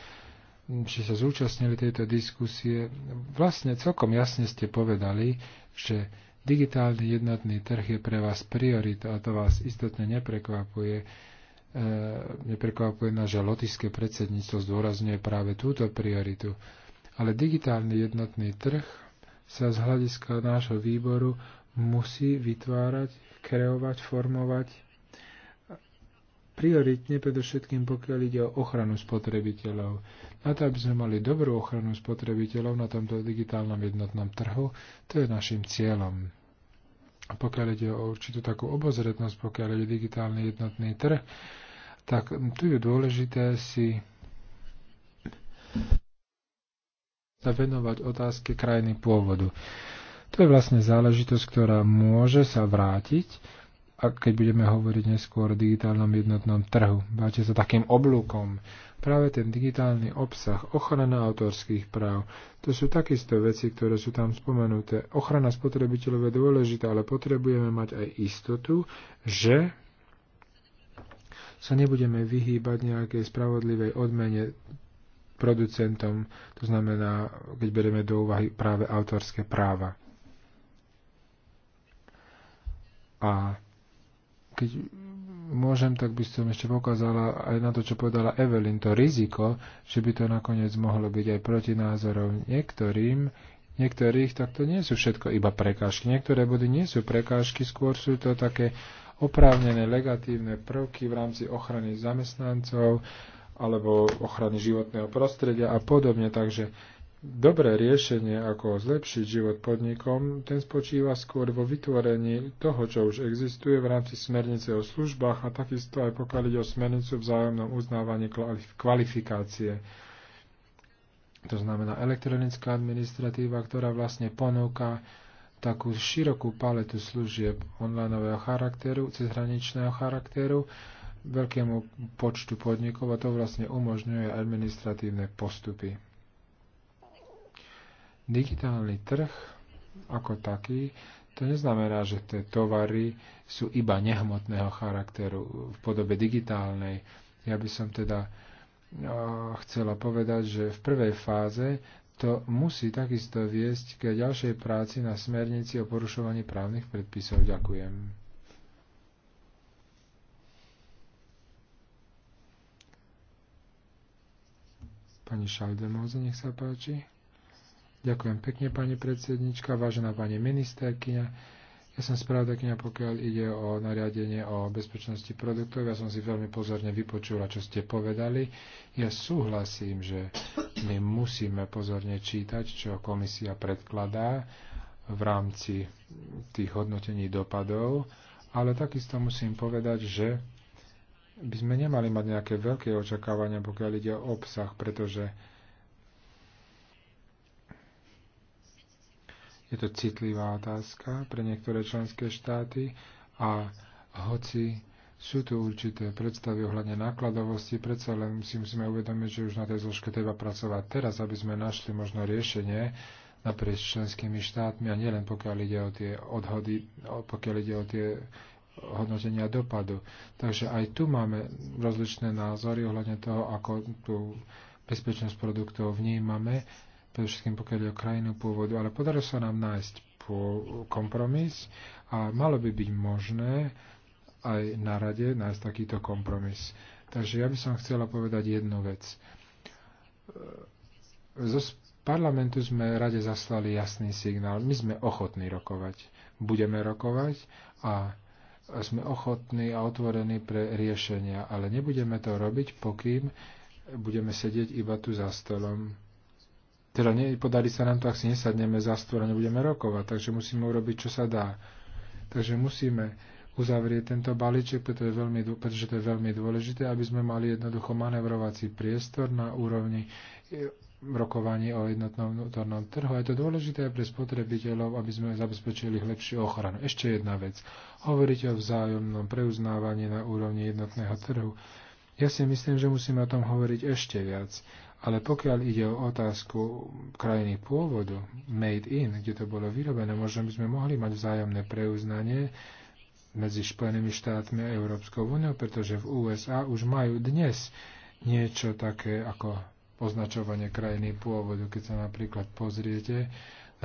že sa zúčastnili tejto diskusie. Vlastne celkom jasne ste povedali, že digitálny jednotný trh je pre vás priorita a to vás istotne neprekvapuje. E, neprekvapuje nás, že lotiské predsedníctvo zdôrazňuje práve túto prioritu. Ale digitálny jednotný trh sa z hľadiska nášho výboru musí vytvárať kreovať, formovať. Prioritne predovšetkým, pokiaľ ide o ochranu spotrebiteľov. Na to, aby sme mali dobrú ochranu spotrebiteľov na tomto digitálnom jednotnom trhu, to je našim cieľom. A pokiaľ ide o určitú takú obozretnosť, pokiaľ ide digitálny jednotný trh, tak tu je dôležité si sa venovať otázke krajiny pôvodu. To je vlastne záležitosť, ktorá môže sa vrátiť, a keď budeme hovoriť neskôr o digitálnom jednotnom trhu. Báte sa takým oblúkom. Práve ten digitálny obsah, ochrana autorských práv, to sú takisto veci, ktoré sú tam spomenuté. Ochrana spotrebiteľov je dôležitá, ale potrebujeme mať aj istotu, že sa nebudeme vyhýbať nejakej spravodlivej odmene producentom, to znamená, keď bereme do úvahy práve autorské práva. A keď môžem, tak by som ešte pokázala aj na to, čo povedala Evelyn, to riziko, že by to nakoniec mohlo byť aj proti názorom niektorým, niektorých, tak to nie sú všetko iba prekážky. Niektoré body nie sú prekážky, skôr sú to také oprávnené negatívne prvky v rámci ochrany zamestnancov alebo ochrany životného prostredia a podobne. Takže dobré riešenie, ako zlepšiť život podnikom, ten spočíva skôr vo vytvorení toho, čo už existuje v rámci smernice o službách a takisto aj pokiaľ ide o smernicu vzájomnom uznávaní kvalifikácie. To znamená elektronická administratíva, ktorá vlastne ponúka takú širokú paletu služieb onlineového charakteru, cezhraničného charakteru, veľkému počtu podnikov a to vlastne umožňuje administratívne postupy. Digitálny trh ako taký, to neznamená, že tie tovary sú iba nehmotného charakteru v podobe digitálnej. Ja by som teda chcela povedať, že v prvej fáze to musí takisto viesť k ďalšej práci na smernici o porušovaní právnych predpisov. Ďakujem. Pani Šaldemóze, nech sa páči. Ďakujem pekne, pani predsednička, vážená pani ministerkyňa. Ja som spravodajkyňa, pokiaľ ide o nariadenie o bezpečnosti produktov. Ja som si veľmi pozorne vypočula, čo ste povedali. Ja súhlasím, že my musíme pozorne čítať, čo komisia predkladá v rámci tých hodnotení dopadov, ale takisto musím povedať, že by sme nemali mať nejaké veľké očakávania, pokiaľ ide o obsah, pretože Je to citlivá otázka pre niektoré členské štáty a hoci sú tu určité predstavy ohľadne nákladovosti, predsa len si musíme uvedomiť, že už na tej zložke treba pracovať teraz, aby sme našli možno riešenie naprieč členskými štátmi a nielen pokiaľ ide o tie odhody, pokiaľ ide o tie hodnotenia dopadu. Takže aj tu máme rozličné názory ohľadne toho, ako tú bezpečnosť produktov vnímame predovšetkým pokiaľ je o krajinu pôvodu, ale podarilo sa nám nájsť kompromis a malo by byť možné aj na rade nájsť takýto kompromis. Takže ja by som chcela povedať jednu vec. Zo parlamentu sme rade zaslali jasný signál. My sme ochotní rokovať. Budeme rokovať a sme ochotní a otvorení pre riešenia, ale nebudeme to robiť, pokým budeme sedieť iba tu za stolom teda nepodarí sa nám to, ak si nesadneme za stôl a nebudeme rokovať, takže musíme urobiť, čo sa dá. Takže musíme uzavrieť tento balíček, pretože, veľmi, pretože to je veľmi dôležité, aby sme mali jednoducho manevrovací priestor na úrovni e, rokovaní o jednotnom vnútornom trhu. A je to dôležité aj pre spotrebiteľov, aby sme zabezpečili lepšiu ochranu. Ešte jedna vec. Hovoríte o vzájomnom preuznávaní na úrovni jednotného trhu. Ja si myslím, že musíme o tom hovoriť ešte viac. Ale pokiaľ ide o otázku krajiny pôvodu, made in, kde to bolo vyrobené, možno by sme mohli mať vzájomné preuznanie medzi Spojenými štátmi a Európskou úniou, pretože v USA už majú dnes niečo také ako označovanie krajiny pôvodu. Keď sa napríklad pozriete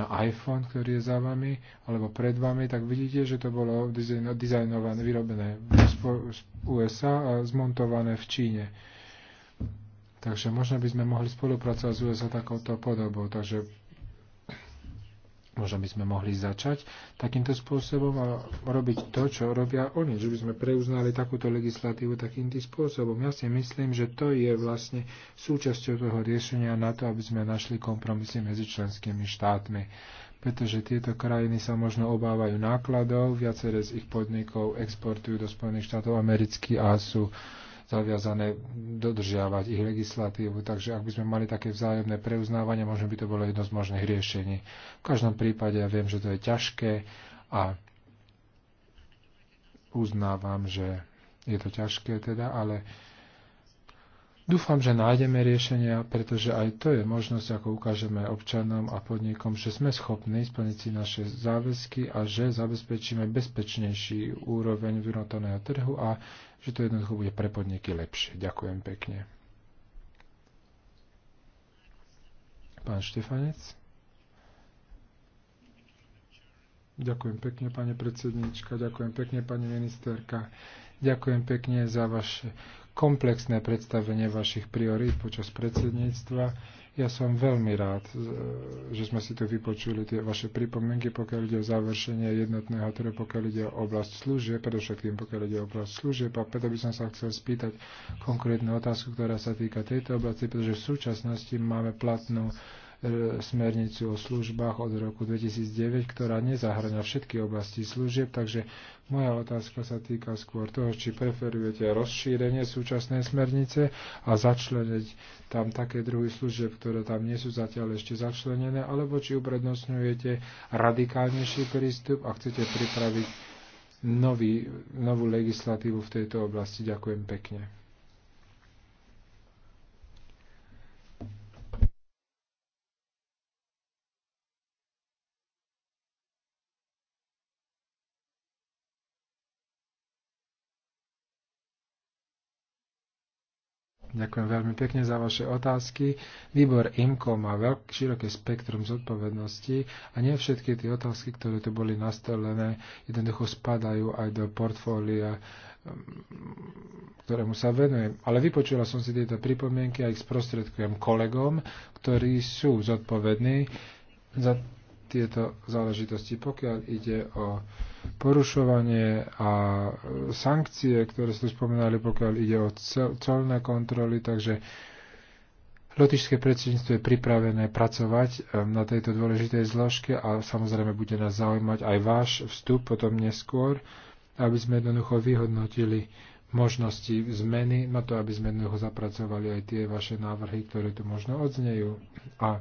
na iPhone, ktorý je za vami, alebo pred vami, tak vidíte, že to bolo dizajnované, vyrobené v USA a zmontované v Číne. Takže možno by sme mohli spolupracovať s USA takouto podobou. Takže možno by sme mohli začať takýmto spôsobom a robiť to, čo robia oni. Že by sme preuznali takúto legislatívu takýmto spôsobom. Ja si myslím, že to je vlastne súčasťou toho riešenia na to, aby sme našli kompromisy medzi členskými štátmi pretože tieto krajiny sa možno obávajú nákladov, viaceré z ich podnikov exportujú do Spojených štátov amerických a sú uh, zaviazané dodržiavať ich legislatívu. Takže ak by sme mali také vzájomné preuznávanie, možno by to bolo jedno z možných riešení. V každom prípade ja viem, že to je ťažké a uznávam, že je to ťažké teda, ale Dúfam, že nájdeme riešenia, pretože aj to je možnosť, ako ukážeme občanom a podnikom, že sme schopní splniť si naše záväzky a že zabezpečíme bezpečnejší úroveň vyrotaného trhu a že to jednoducho bude pre podniky lepšie. Ďakujem pekne. Pán Štefanec. Ďakujem pekne, pani predsednička, ďakujem pekne, pani ministerka, ďakujem pekne za vaše komplexné predstavenie vašich priorít počas predsedníctva. Ja som veľmi rád, že sme si tu vypočuli tie vaše pripomienky, pokiaľ ide o završenie jednotného trhu, pokiaľ ide o oblasť služieb, predovšetkým pokiaľ ide o oblasť služieb. A preto by som sa chcel spýtať konkrétnu otázku, ktorá sa týka tejto oblasti, pretože v súčasnosti máme platnú E, smernicu o službách od roku 2009, ktorá nezahrania všetky oblasti služieb, takže moja otázka sa týka skôr toho, či preferujete rozšírenie súčasnej smernice a začleniť tam také druhy služieb, ktoré tam nie sú zatiaľ ešte začlenené, alebo či uprednostňujete radikálnejší prístup a chcete pripraviť nový, novú legislatívu v tejto oblasti. Ďakujem pekne. Ďakujem veľmi pekne za vaše otázky. Výbor IMCO má veľk, široké spektrum zodpovedností a nie všetky tie otázky, ktoré tu boli nastolené, jednoducho spadajú aj do portfólia, mm, ktorému sa venujem. Ale vypočula som si tieto pripomienky a ich sprostredkujem kolegom, ktorí sú zodpovední za tieto záležitosti, pokiaľ ide o porušovanie a e, sankcie, ktoré ste spomenali, pokiaľ ide o celné kontroly, takže lotičské predsedníctvo je pripravené pracovať e, na tejto dôležitej zložke a samozrejme bude nás zaujímať aj váš vstup potom neskôr, aby sme jednoducho vyhodnotili možnosti zmeny, na to, aby sme jednoducho zapracovali aj tie vaše návrhy, ktoré tu možno odznejú. A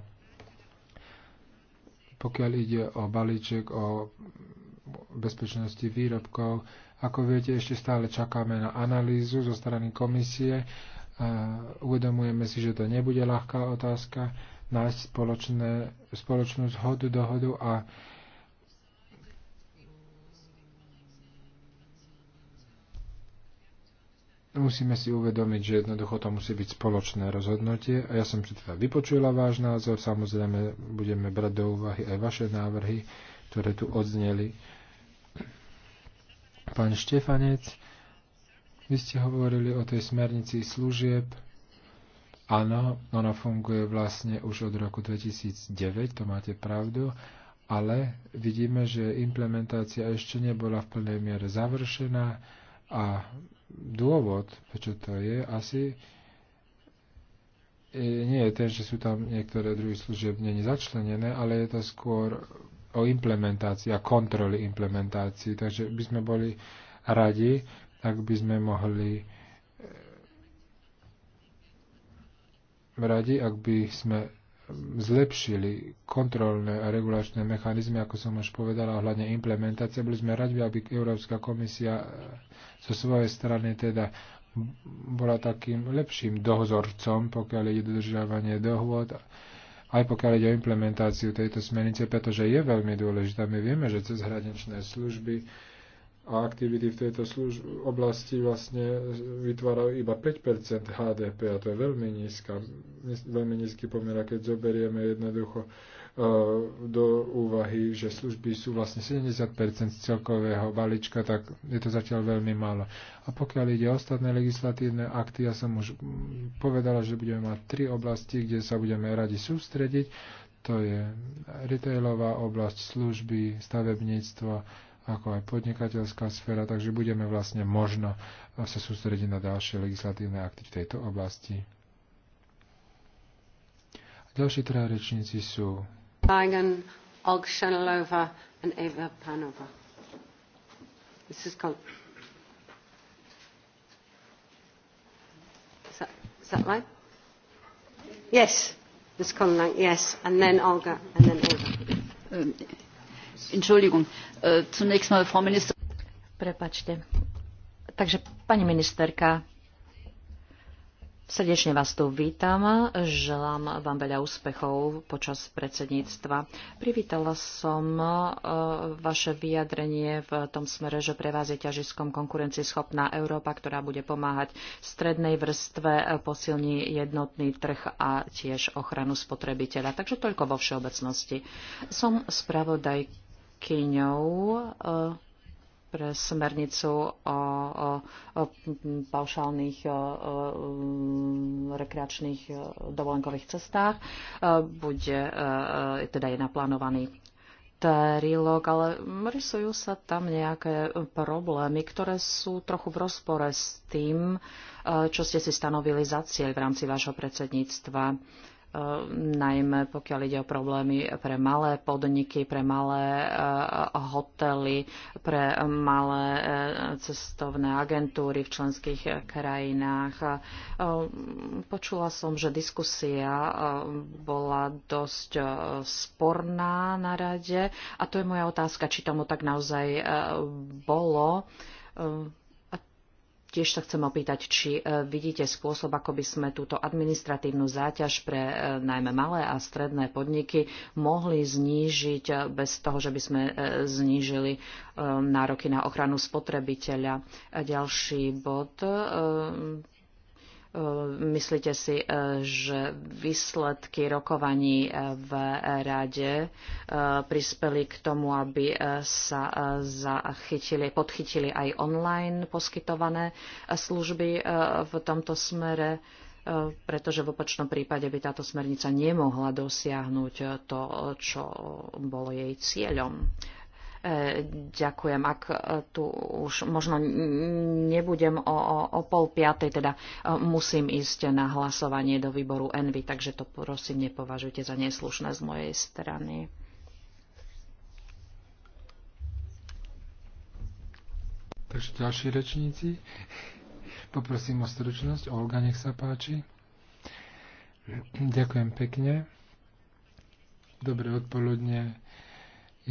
pokiaľ ide o balíček o bezpečnosti výrobkov. Ako viete, ešte stále čakáme na analýzu zo strany komisie. Uvedomujeme si, že to nebude ľahká otázka nájsť spoločné, spoločnú zhodu, dohodu a musíme si uvedomiť, že jednoducho to musí byť spoločné rozhodnutie. A ja som si teda vypočula váš názor, samozrejme budeme brať do úvahy aj vaše návrhy, ktoré tu odzneli. Pán Štefanec, vy ste hovorili o tej smernici služieb. Áno, ona funguje vlastne už od roku 2009, to máte pravdu, ale vidíme, že implementácia ešte nebola v plnej miere završená a dôvod, prečo to je, asi e, nie je ten, že sú tam niektoré druhy služieb není začlenené, ale je to skôr o implementácii a kontroly implementácií. Takže by sme boli radi, ak by sme mohli eh, radi, ak by sme zlepšili kontrolné a regulačné mechanizmy, ako som už povedala, ohľadne implementácie. Boli sme radi, aby Európska komisia eh, zo svojej strany teda bola takým lepším dozorcom, pokiaľ je dodržiavanie dohôd aj pokiaľ ide o implementáciu tejto smernice, pretože je veľmi dôležitá. My vieme, že cez hraničné služby a aktivity v tejto služ- oblasti vlastne vytvárajú iba 5 HDP a to je veľmi, nízka, veľmi nízky pomer, keď zoberieme jednoducho E, do úvahy, že služby sú vlastne 70 z celkového balíčka, tak je to zatiaľ veľmi málo. A pokiaľ ide o ostatné legislatívne akty, ja som už povedala, že budeme mať tri oblasti, kde sa budeme radi sústrediť. To je retailová oblasť služby, stavebníctvo, ako aj podnikateľská sféra, takže budeme vlastne možno sa sústrediť na ďalšie legislatívne akty v tejto oblasti. ďalší traja rečníci sú Eigen, Olg Shenilova and Eva Panova. Mrs. Col- is, that, is that right? Yes, Ms. Conlang, yes, and then Olga, and then Eva. Ähm, Entschuldigung, äh, zunächst mal Frau Minister. Prepačte. Takže pani ministerka, Srdečne vás tu vítam. Želám vám veľa úspechov počas predsedníctva. Privítala som e, vaše vyjadrenie v tom smere, že pre vás je ťažiskom konkurencieschopná Európa, ktorá bude pomáhať strednej vrstve, e, posilní jednotný trh a tiež ochranu spotrebiteľa. Takže toľko vo všeobecnosti. Som spravodajkyňou e, pre smernicu o, o, o paušálnych o, o, rekreačných dovolenkových cestách. E, bude, e, e, teda je naplánovaný trilog, ale rysujú sa tam nejaké problémy, ktoré sú trochu v rozpore s tým, čo ste si stanovili za cieľ v rámci vášho predsedníctva Ehm, najmä pokiaľ ide o problémy pre malé podniky, pre malé eh, hotely, pre malé eh, cestovné agentúry v členských eh, krajinách. Ehm, počula som, že diskusia bola dosť sporná na rade a to je moja otázka, či tomu tak naozaj bolo ehm, Tiež sa chcem opýtať, či e, vidíte spôsob, ako by sme túto administratívnu záťaž pre e, najmä malé a stredné podniky mohli znížiť e, bez toho, že by sme znížili nároky na ochranu spotrebiteľa. A ďalší bod Eh, myslíte si, eh, že výsledky rokovaní eh, v rade prispeli k tomu, aby sa zachytili, podchytili aj online poskytované služby v tomto smere? pretože v opačnom prípade by táto smernica nemohla dosiahnuť to, čo bolo jej cieľom. E, ďakujem, ak e, tu už možno nebudem o, o, o pol piatej, teda e, musím ísť na hlasovanie do výboru Envy, takže to prosím nepovažujte za neslušné z mojej strany. Takže ďalší rečníci. Poprosím o stručnosť. Olga, nech sa páči. Ďakujem pekne. Dobré odpoludne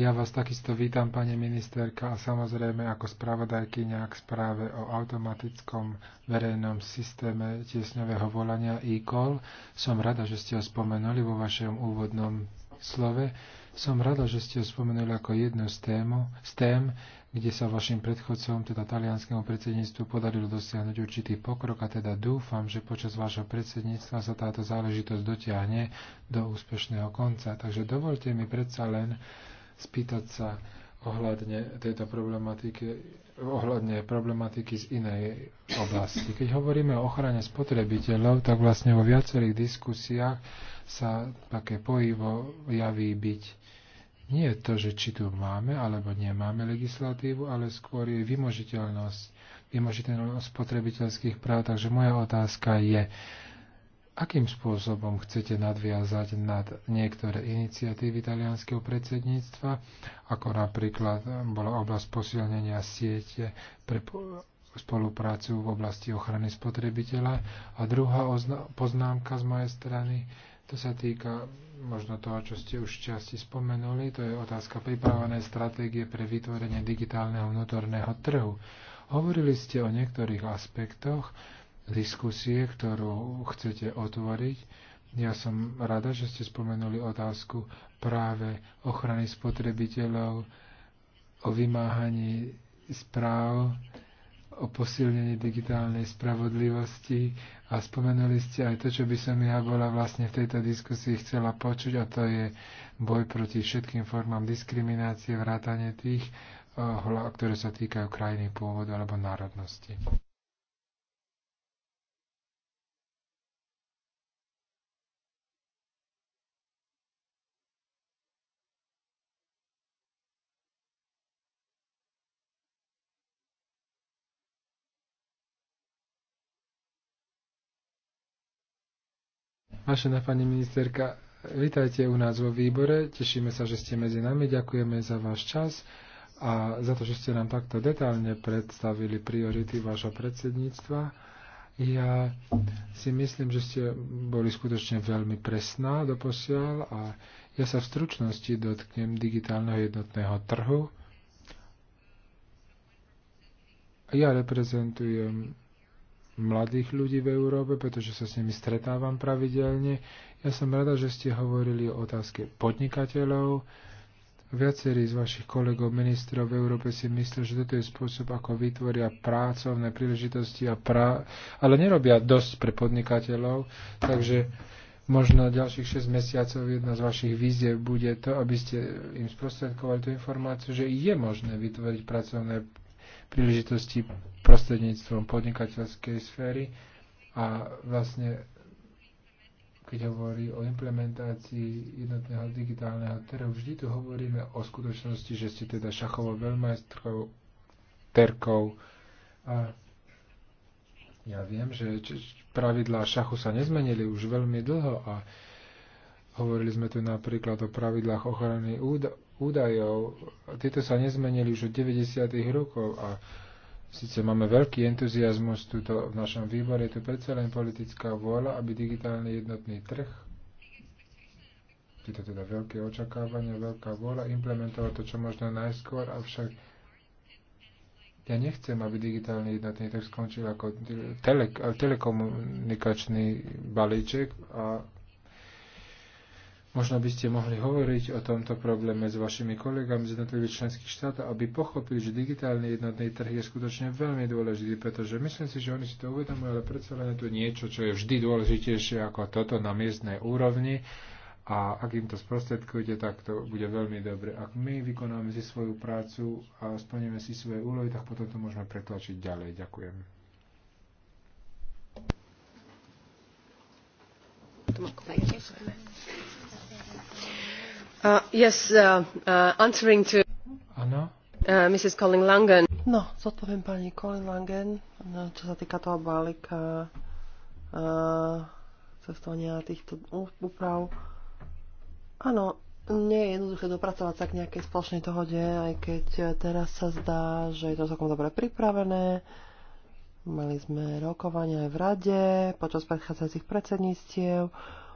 ja vás takisto vítam, pani ministerka, a samozrejme ako spravodajkyňa k správe o automatickom verejnom systéme tiesňového volania e-call. Som rada, že ste ho spomenuli vo vašom úvodnom slove. Som rada, že ste ho spomenuli ako jednu z, tému, z tém, kde sa vašim predchodcom, teda talianskému predsedníctvu, podarilo dosiahnuť určitý pokrok a teda dúfam, že počas vášho predsedníctva sa táto záležitosť dotiahne do úspešného konca. Takže dovolte mi predsa len spýtať sa ohľadne tejto problematiky, ohľadne problematiky z inej oblasti. Keď hovoríme o ochrane spotrebiteľov, tak vlastne vo viacerých diskusiách sa také pojivo javí byť nie to, že či tu máme alebo nemáme legislatívu, ale skôr je vymožiteľnosť, vymožiteľnosť spotrebiteľských práv. Takže moja otázka je, akým spôsobom chcete nadviazať nad niektoré iniciatívy italianského predsedníctva, ako napríklad bola oblasť posilnenia siete pre spoluprácu v oblasti ochrany spotrebiteľa. A druhá poznámka z mojej strany, to sa týka možno toho, čo ste už časti spomenuli, to je otázka pripravenej stratégie pre vytvorenie digitálneho vnútorného trhu. Hovorili ste o niektorých aspektoch, diskusie, ktorú chcete otvoriť. Ja som rada, že ste spomenuli otázku práve ochrany spotrebiteľov, o vymáhaní správ, o posilnení digitálnej spravodlivosti a spomenuli ste aj to, čo by som ja bola vlastne v tejto diskusii chcela počuť a to je boj proti všetkým formám diskriminácie, vrátanie tých, eh, ktoré sa týkajú krajiny pôvodu alebo národnosti. Vážená pani ministerka, vítajte u nás vo výbore. Tešíme sa, že ste medzi nami. Ďakujeme za váš čas a za to, že ste nám takto detálne predstavili priority vášho predsedníctva. Ja si myslím, že ste boli skutočne veľmi presná doposiaľ a ja sa v stručnosti dotknem digitálneho jednotného trhu. Ja reprezentujem mladých ľudí v Európe, pretože sa s nimi stretávam pravidelne. Ja som rada, že ste hovorili o otázke podnikateľov. Viacerí z vašich kolegov ministrov v Európe si myslia, že toto je spôsob, ako vytvoria pracovné príležitosti, a prá... ale nerobia dosť pre podnikateľov. Takže možno ďalších 6 mesiacov jedna z vašich víziev bude to, aby ste im sprostredkovali tú informáciu, že je možné vytvoriť pracovné príležitosti prostredníctvom podnikateľskej sféry a vlastne keď hovorí o implementácii jednotného digitálneho trhu, vždy tu hovoríme o skutočnosti, že ste teda šachovou veľmajstrou, terkou. A ja viem, že pravidlá šachu sa nezmenili už veľmi dlho a hovorili sme tu napríklad o pravidlách ochrany údajov. Tieto sa nezmenili už od 90. rokov a Sice máme veľký entuziasmus tuto v našom výbore, je tu predsa len politická vôľa, aby digitálny jednotný trh, je to teda veľké očakávania, veľká vôľa, implementovať to, čo možno najskôr, avšak ja nechcem, aby digitálny jednotný trh skončil ako tele, telekomunikačný balíček a Možno by ste mohli hovoriť o tomto probléme s vašimi kolegami z jednotlivých členských štátov, aby pochopili, že digitálny jednotný trh je skutočne veľmi dôležitý, pretože myslím si, že oni si to uvedomujú, ale predsa len je tu niečo, čo je vždy dôležitejšie ako toto na miestnej úrovni a ak im to sprostredkujete, tak to bude veľmi dobre. Ak my vykonáme si svoju prácu a splníme si svoje úlohy, tak potom to môžeme pretlačiť ďalej. Ďakujem. Thank you. Uh, uh, uh, no, zodpoviem pani Colin Langen, no, čo sa týka toho balíka cestovania týchto úprav. Áno, nie je jednoduché dopracovať sa k nejakej spoločnej dohode, aj keď eh, teraz sa zdá, že je to celkom dobre pripravené. Mali sme rokovania aj v rade počas predchádzajúcich predsedníctiev. Uh,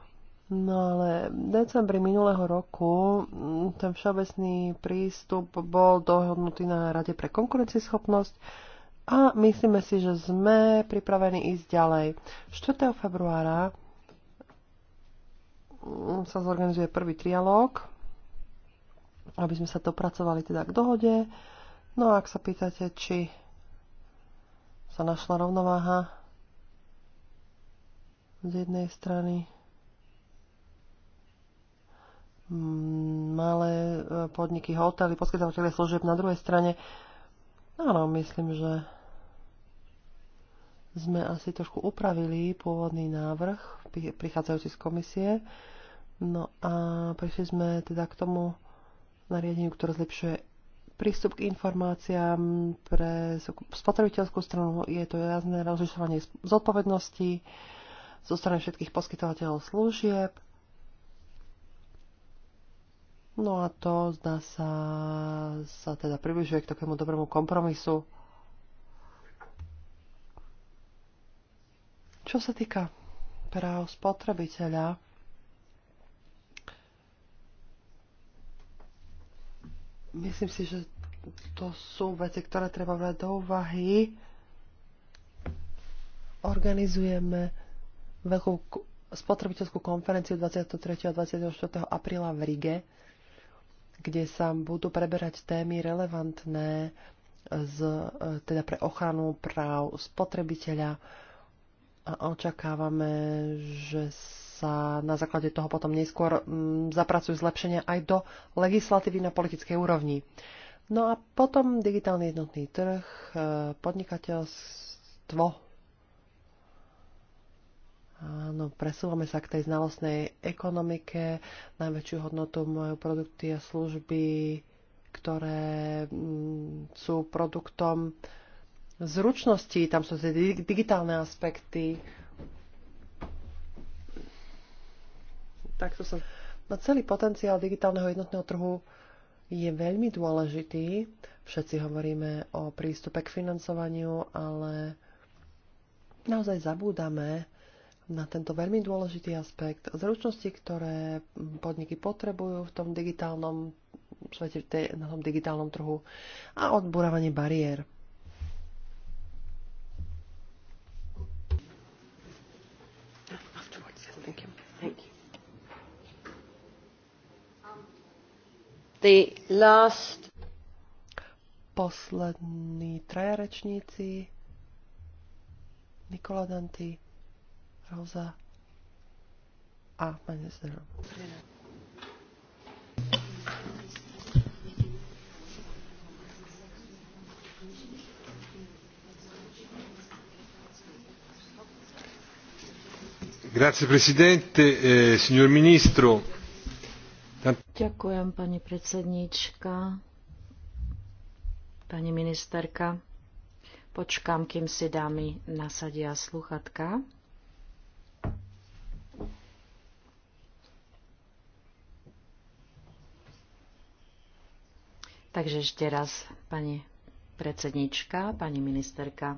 No ale v decembri minulého roku mm, ten všeobecný prístup bol dohodnutý na Rade pre konkurencieschopnosť a myslíme si, že sme pripravení ísť ďalej. 4. februára mm, sa zorganizuje prvý trialóg, aby sme sa dopracovali teda k dohode. No a ak sa pýtate, či sa našla rovnováha z jednej strany Mm, malé e, podniky, hotely, poskytovateľe služieb na druhej strane. Áno, myslím, že sme asi trošku upravili pôvodný návrh prichádzajúci z komisie. No a prišli sme teda k tomu nariadeniu, ktoré zlepšuje prístup k informáciám pre spotrebiteľskú stranu. Je to jasné rozlišovanie zodpovednosti zo strany všetkých poskytovateľov služieb. No a to, zdá sa, sa teda približuje k takému dobrému kompromisu. Čo sa týka práv spotrebiteľa, myslím si, že to sú veci, ktoré treba brať do úvahy. Organizujeme veľkú spotrebiteľskú konferenciu 23. a 24. apríla v Rige kde sa budú preberať témy relevantné z, teda pre ochranu práv spotrebiteľa a očakávame, že sa na základe toho potom neskôr mm, zapracujú zlepšenia aj do legislatívy na politickej úrovni. No a potom digitálny jednotný trh, eh, podnikateľstvo Áno, presúvame sa k tej znalostnej ekonomike. Najväčšiu hodnotu majú produkty a služby, ktoré mm, sú produktom zručností, tam sú tie digitálne aspekty. Takto sa... No celý potenciál digitálneho jednotného trhu je veľmi dôležitý. Všetci hovoríme o prístupe k financovaniu, ale naozaj zabúdame na tento veľmi dôležitý aspekt zručnosti, ktoré podniky potrebujú v tom digitálnom svete, na tom digitálnom trhu a odburávanie bariér. The last... Poslední traja rečníci. Nikola Danti. Rosa a pani Zdero. Grazie Presidente, eh, signor Ministro. Ďakujem, pani predsednička, pani ministerka. Počkám, kým si dámy nasadia sluchatka. Takže ešte raz, pani predsednička, pani ministerka,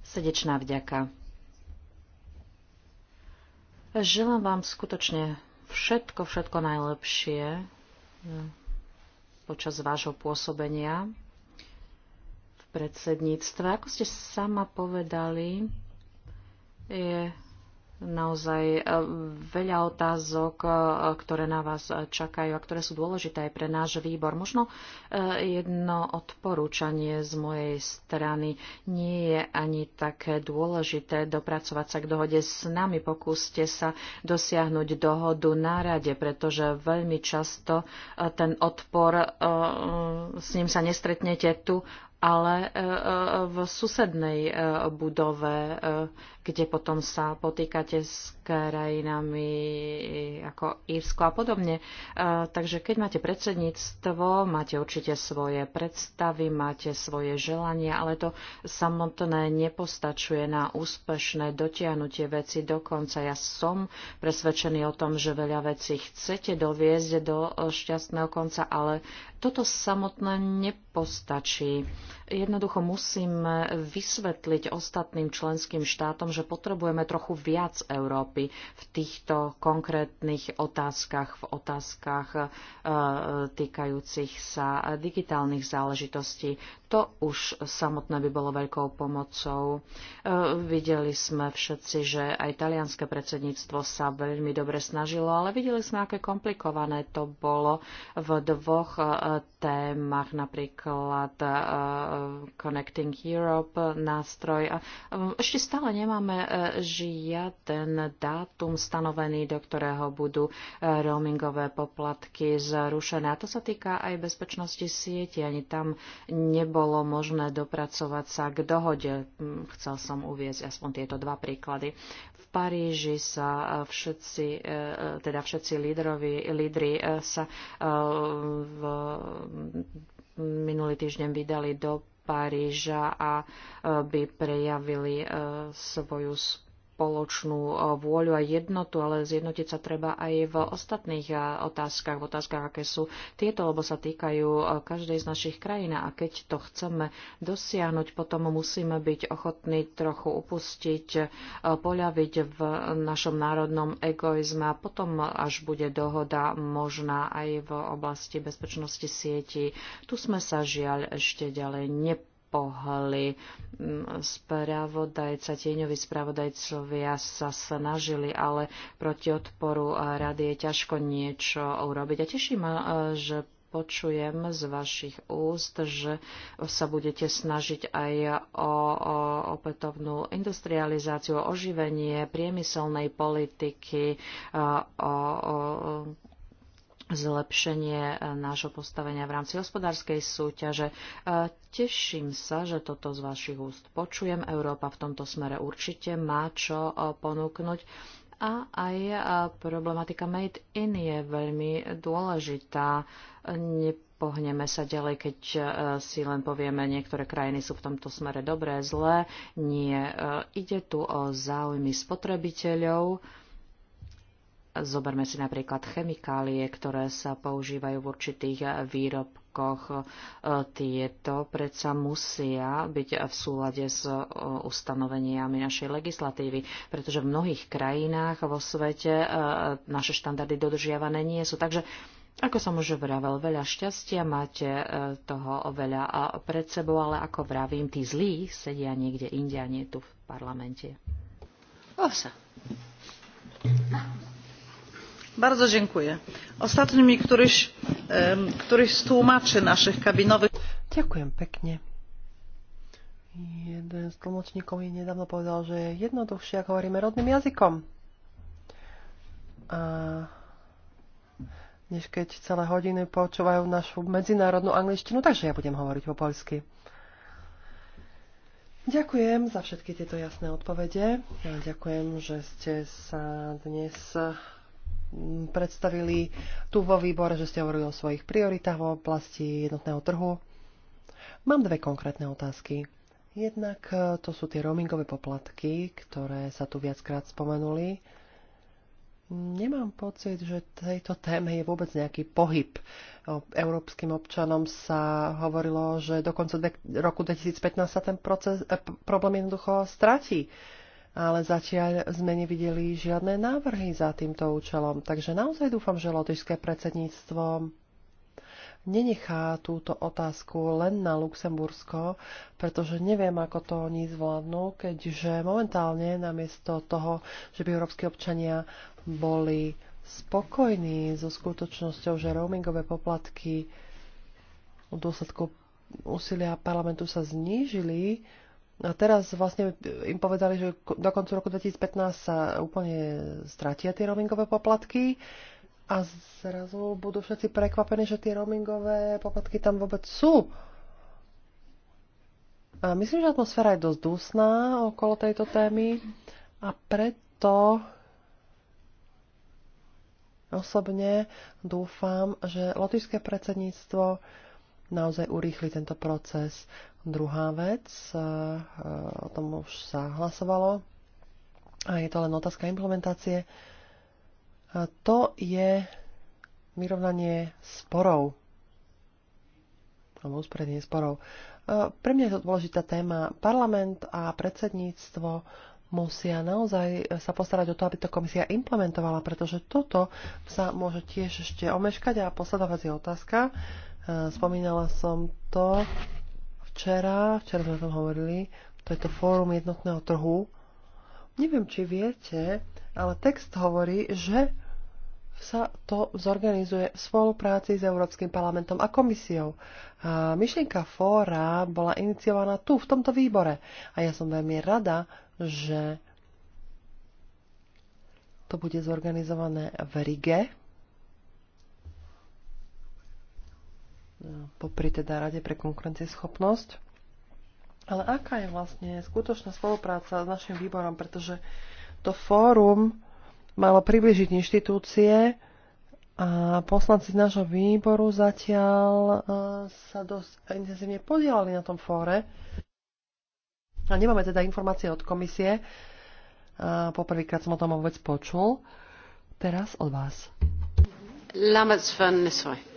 srdečná vďaka. Želám vám skutočne všetko, všetko najlepšie eh, počas vášho pôsobenia v predsedníctve. Ako ste sama povedali, je naozaj e, veľa otázok, e, ktoré na vás čakajú a ktoré sú dôležité aj pre náš výbor. Možno e, jedno odporúčanie z mojej strany nie je ani také dôležité dopracovať sa k dohode s nami. Pokúste sa dosiahnuť dohodu na rade, pretože veľmi často ten odpor, s ním sa nestretnete tu, ale v susednej budove kde potom sa potýkate s krajinami ako Írsko a podobne. E, takže keď máte predsedníctvo, máte určite svoje predstavy, máte svoje želania, ale to samotné nepostačuje na úspešné dotiahnutie veci dokonca. Ja som presvedčený o tom, že veľa vecí chcete doviezť do šťastného konca, ale toto samotné nepostačí. Jednoducho musím vysvetliť ostatným členským štátom, že potrebujeme trochu viac Európy v týchto konkrétnych otázkach, v otázkach eh, týkajúcich sa digitálnych záležitostí. To už samotné by bolo veľkou pomocou. E, videli sme všetci, že aj italianské predsedníctvo sa veľmi dobre snažilo, ale videli sme, aké komplikované to bolo v dvoch e, témach, napríklad e, Connecting Europe nástroj. Ešte stále nemáme žiaden dátum stanovený, do ktorého budú roamingové poplatky zrušené. A to sa týka aj bezpečnosti sieti. Ani tam nebol bolo možné dopracovať sa k dohode. Mm, chcel som uviezť aspoň tieto dva príklady. V Paríži sa e, všetci, e, e, teda všetci lídrovi, lídri sa v mm, minulý týždeň vydali do Paríža, a by prejavili svoju spoločnosť spoločnú eh, vôľu a jednotu, ale zjednotiť sa treba aj v ostatných eh, otázkach, v otázkach, aké sú tieto, lebo sa týkajú eh, každej z našich krajín. A keď to chceme dosiahnuť, potom musíme byť ochotní trochu upustiť, poľaviť v našom národnom egoizme a potom až bude dohoda možná aj v oblasti bezpečnosti sieti, Tu sme sa žiaľ ešte ďalej nepovedali pohli. Mm, Spravodajca, tieňoví spravodajcovia sa snažili, ale proti odporu rady je ťažko niečo urobiť. A teším, ma, e, že počujem z vašich úst, že sa budete snažiť aj o, o opätovnú industrializáciu, o oživenie priemyselnej politiky, e, o, o zlepšenie eh, nášho postavenia v rámci hospodárskej súťaže. Eh, teším sa, že toto z vašich úst počujem. Európa v tomto smere určite má čo eh, ponúknuť. A aj problematika Made in je veľmi dôležitá. Nepohneme sa ďalej, keď si len povieme, niektoré krajiny sú v tomto smere dobré, zlé. Nie, ide tu o záujmy spotrebiteľov Zoberme si napríklad chemikálie, ktoré sa používajú v určitých výrobkoch. E, tieto predsa musia byť v súlade s e, ustanoveniami našej legislatívy, pretože v mnohých krajinách vo svete e, naše štandardy dodržiavané nie sú. Takže ako som už vravel, veľa šťastia, máte toho veľa pred sebou, ale ako vravím, tí zlí sedia niekde inde a nie tu v parlamente. Ovsa. Bardzo dziękuję. Ostatnim mi któryś, któryś z tłumaczy naszych kabinowych... Ďakujem pekne. Jeden z tlmočníkov mi nedávno povedal, že je jednoduchšie, ak hovoríme rodným jazykom. A než keď celé hodiny počúvajú našu medzinárodnú angličtinu, takže ja budem hovoriť po poľsky. Ďakujem za všetky tieto jasné odpovede. ďakujem, že ste sa dnes predstavili tu vo výbore, že ste hovorili o svojich prioritách v oblasti jednotného trhu. Mám dve konkrétne otázky. Jednak e, to sú tie roamingové poplatky, ktoré sa tu viackrát spomenuli. Nemám pocit, že tejto téme je vôbec nejaký pohyb. Európskym občanom sa hovorilo, že do konca roku 2015 sa ten proces, e, problém jednoducho stratí ale zatiaľ sme nevideli žiadne návrhy za týmto účelom. Takže naozaj dúfam, že lotyšské predsedníctvo nenechá túto otázku len na Luxembursko, pretože neviem, ako to oni zvládnu, keďže momentálne namiesto toho, že by európsky občania boli spokojní so skutočnosťou, že roamingové poplatky v dôsledku úsilia parlamentu sa znížili, a teraz vlastne im povedali, že do koncu roku 2015 sa úplne stratia tie roamingové poplatky a zrazu budú všetci prekvapení, že tie roamingové poplatky tam vôbec sú. A myslím, že atmosféra je dosť dusná okolo tejto témy a preto osobne dúfam, že lotišské predsedníctvo naozaj urýchli tento proces. Druhá vec, eh, o tom už sa hlasovalo a je to len otázka implementácie. A to je vyrovnanie sporov alebo uspredenie sporov. Eh, pre mňa je to dôležitá téma. Parlament a predsedníctvo musia naozaj sa postarať o to, aby to komisia implementovala, pretože toto sa môže tiež ešte omeškať a posledovať je otázka, Eh, spomínala som to včera, včera sme o tom hovorili, to je to fórum jednotného trhu. Neviem, či viete, ale text hovorí, že sa to zorganizuje v spolupráci s Európskym parlamentom a komisiou. A myšlienka fóra bola iniciovaná tu, v tomto výbore. A ja som veľmi rada, že to bude zorganizované v Rige, popri teda Rade pre konkurencieschopnosť. Ale aká je vlastne skutočná spolupráca s našim výborom, pretože to fórum malo približiť inštitúcie a poslanci z nášho výboru zatiaľ e, sa dosť intenzívne podielali na tom fóre. A nemáme teda informácie od komisie. E, poprvýkrát som o tom vôbec počul. Teraz od vás. Lamets van Nisvaj.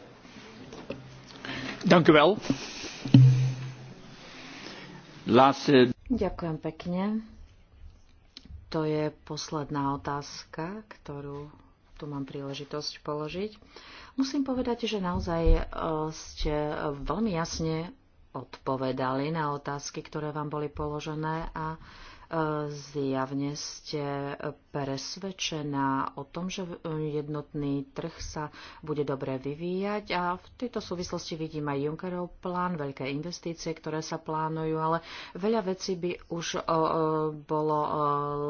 Ďakujem pekne. To je posledná otázka, ktorú tu mám príležitosť položiť. Musím povedať, že naozaj e, ste veľmi jasne odpovedali na otázky, ktoré vám boli položené a Zjavne ste presvedčená o tom, že jednotný trh sa bude dobre vyvíjať a v tejto súvislosti vidím aj Junckerov plán, veľké investície, ktoré sa plánujú, ale veľa vecí by už bolo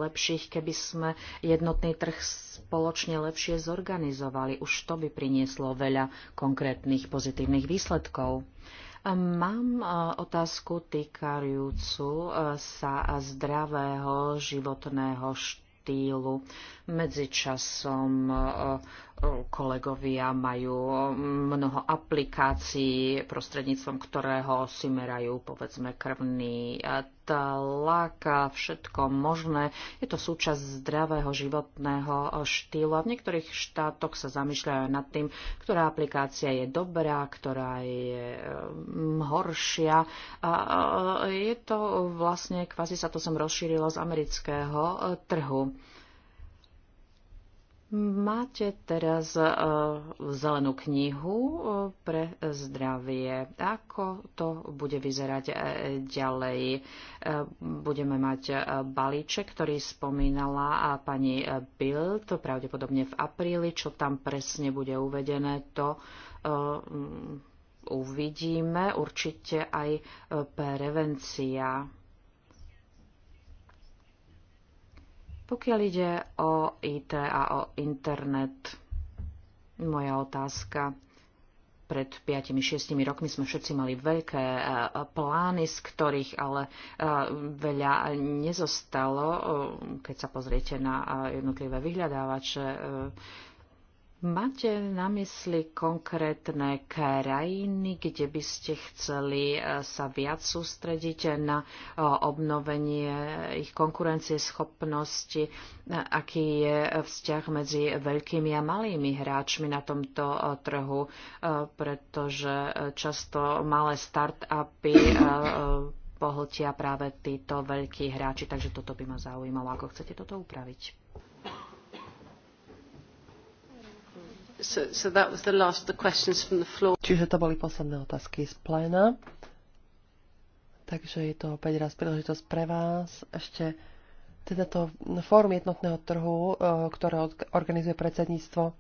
lepších, keby sme jednotný trh spoločne lepšie zorganizovali. Už to by prinieslo veľa konkrétnych pozitívnych výsledkov. Mám e, otázku týkajúcu e, sa zdravého životného štýlu. Medzičasom e, kolegovia majú mnoho aplikácií, prostredníctvom ktorého si merajú povedzme krvný tlak a všetko možné. Je to súčasť zdravého životného štýlu a v niektorých štátoch sa zamýšľajú nad tým, ktorá aplikácia je dobrá, ktorá je mm, horšia. A je to vlastne, kvázi sa to sem rozšírilo z amerického trhu. Máte teraz e, zelenú knihu e, pre zdravie. Ako to bude vyzerať e, ďalej? Budeme mať balíček, ktorý spomínala pani Bild, pravdepodobne v apríli. Čo tam presne bude uvedené, to uvidíme. Určite aj prevencia Pokiaľ ide o IT a o internet, moja otázka. Pred 5-6 rokmi sme všetci mali veľké eh, plány, z ktorých ale eh, veľa nezostalo. Keď sa pozriete na eh, jednotlivé vyhľadávače, Máte na mysli konkrétne krajiny, kde by ste chceli e, sa viac sústrediť na e, obnovenie ich konkurencie schopnosti? E, aký je vzťah medzi veľkými a malými hráčmi na tomto trhu? Pretože často malé start-upy pohltia práve títo veľkí hráči, takže toto by ma zaujímalo, ako chcete toto upraviť. So, so that was the last of the questions from the floor. Čiže to boli posledné otázky z pléna. Takže je to opäť raz príležitosť pre vás. Ešte teda to fórum jednotného trhu, e, ktoré organizuje predsedníctvo, e,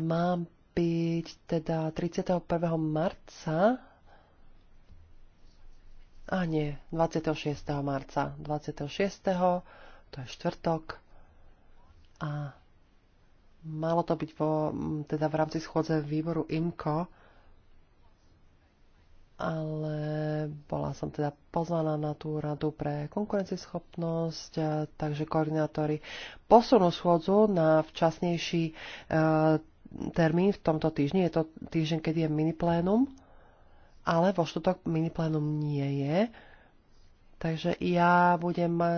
má byť teda 31. marca a nie, 26. marca. 26. to je štvrtok. A Malo to byť vo, teda v rámci schôdze výboru imko. ale bola som teda pozvaná na tú radu pre konkurencieschopnosť, takže koordinátori posunú schôdzu na včasnejší e, termín v tomto týždni. Je to týždeň, keď je miniplénum, ale vo štutok miniplénum nie je. Takže ja budem e, e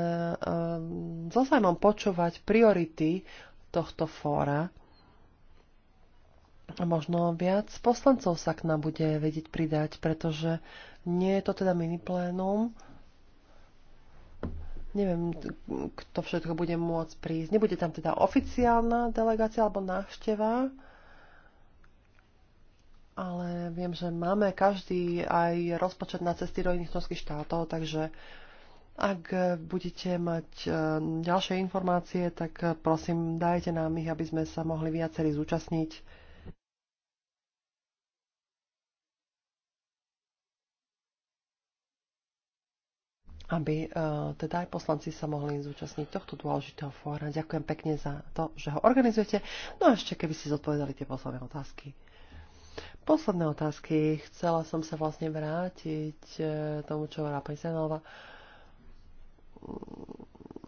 so zájmom počúvať priority tohto fóra. Možno viac poslancov sa k nám bude vedieť pridať, pretože nie je to teda mini plénum. Neviem, kto všetko bude môcť prísť. Nebude tam teda oficiálna delegácia alebo návšteva, ale viem, že máme každý aj rozpočet na cesty do iných štátov, takže uh, ak budete mať e, ďalšie informácie, tak e, prosím, dajte nám ich, aby sme sa mohli viacerí zúčastniť. aby e, teda aj poslanci sa mohli zúčastniť tohto dôležitého fóra. Ďakujem pekne za to, že ho organizujete. No a ešte, keby ste zodpovedali tie posledné otázky. Posledné otázky. Chcela som sa vlastne vrátiť tomu, čo hovorila pani Senová. Uh,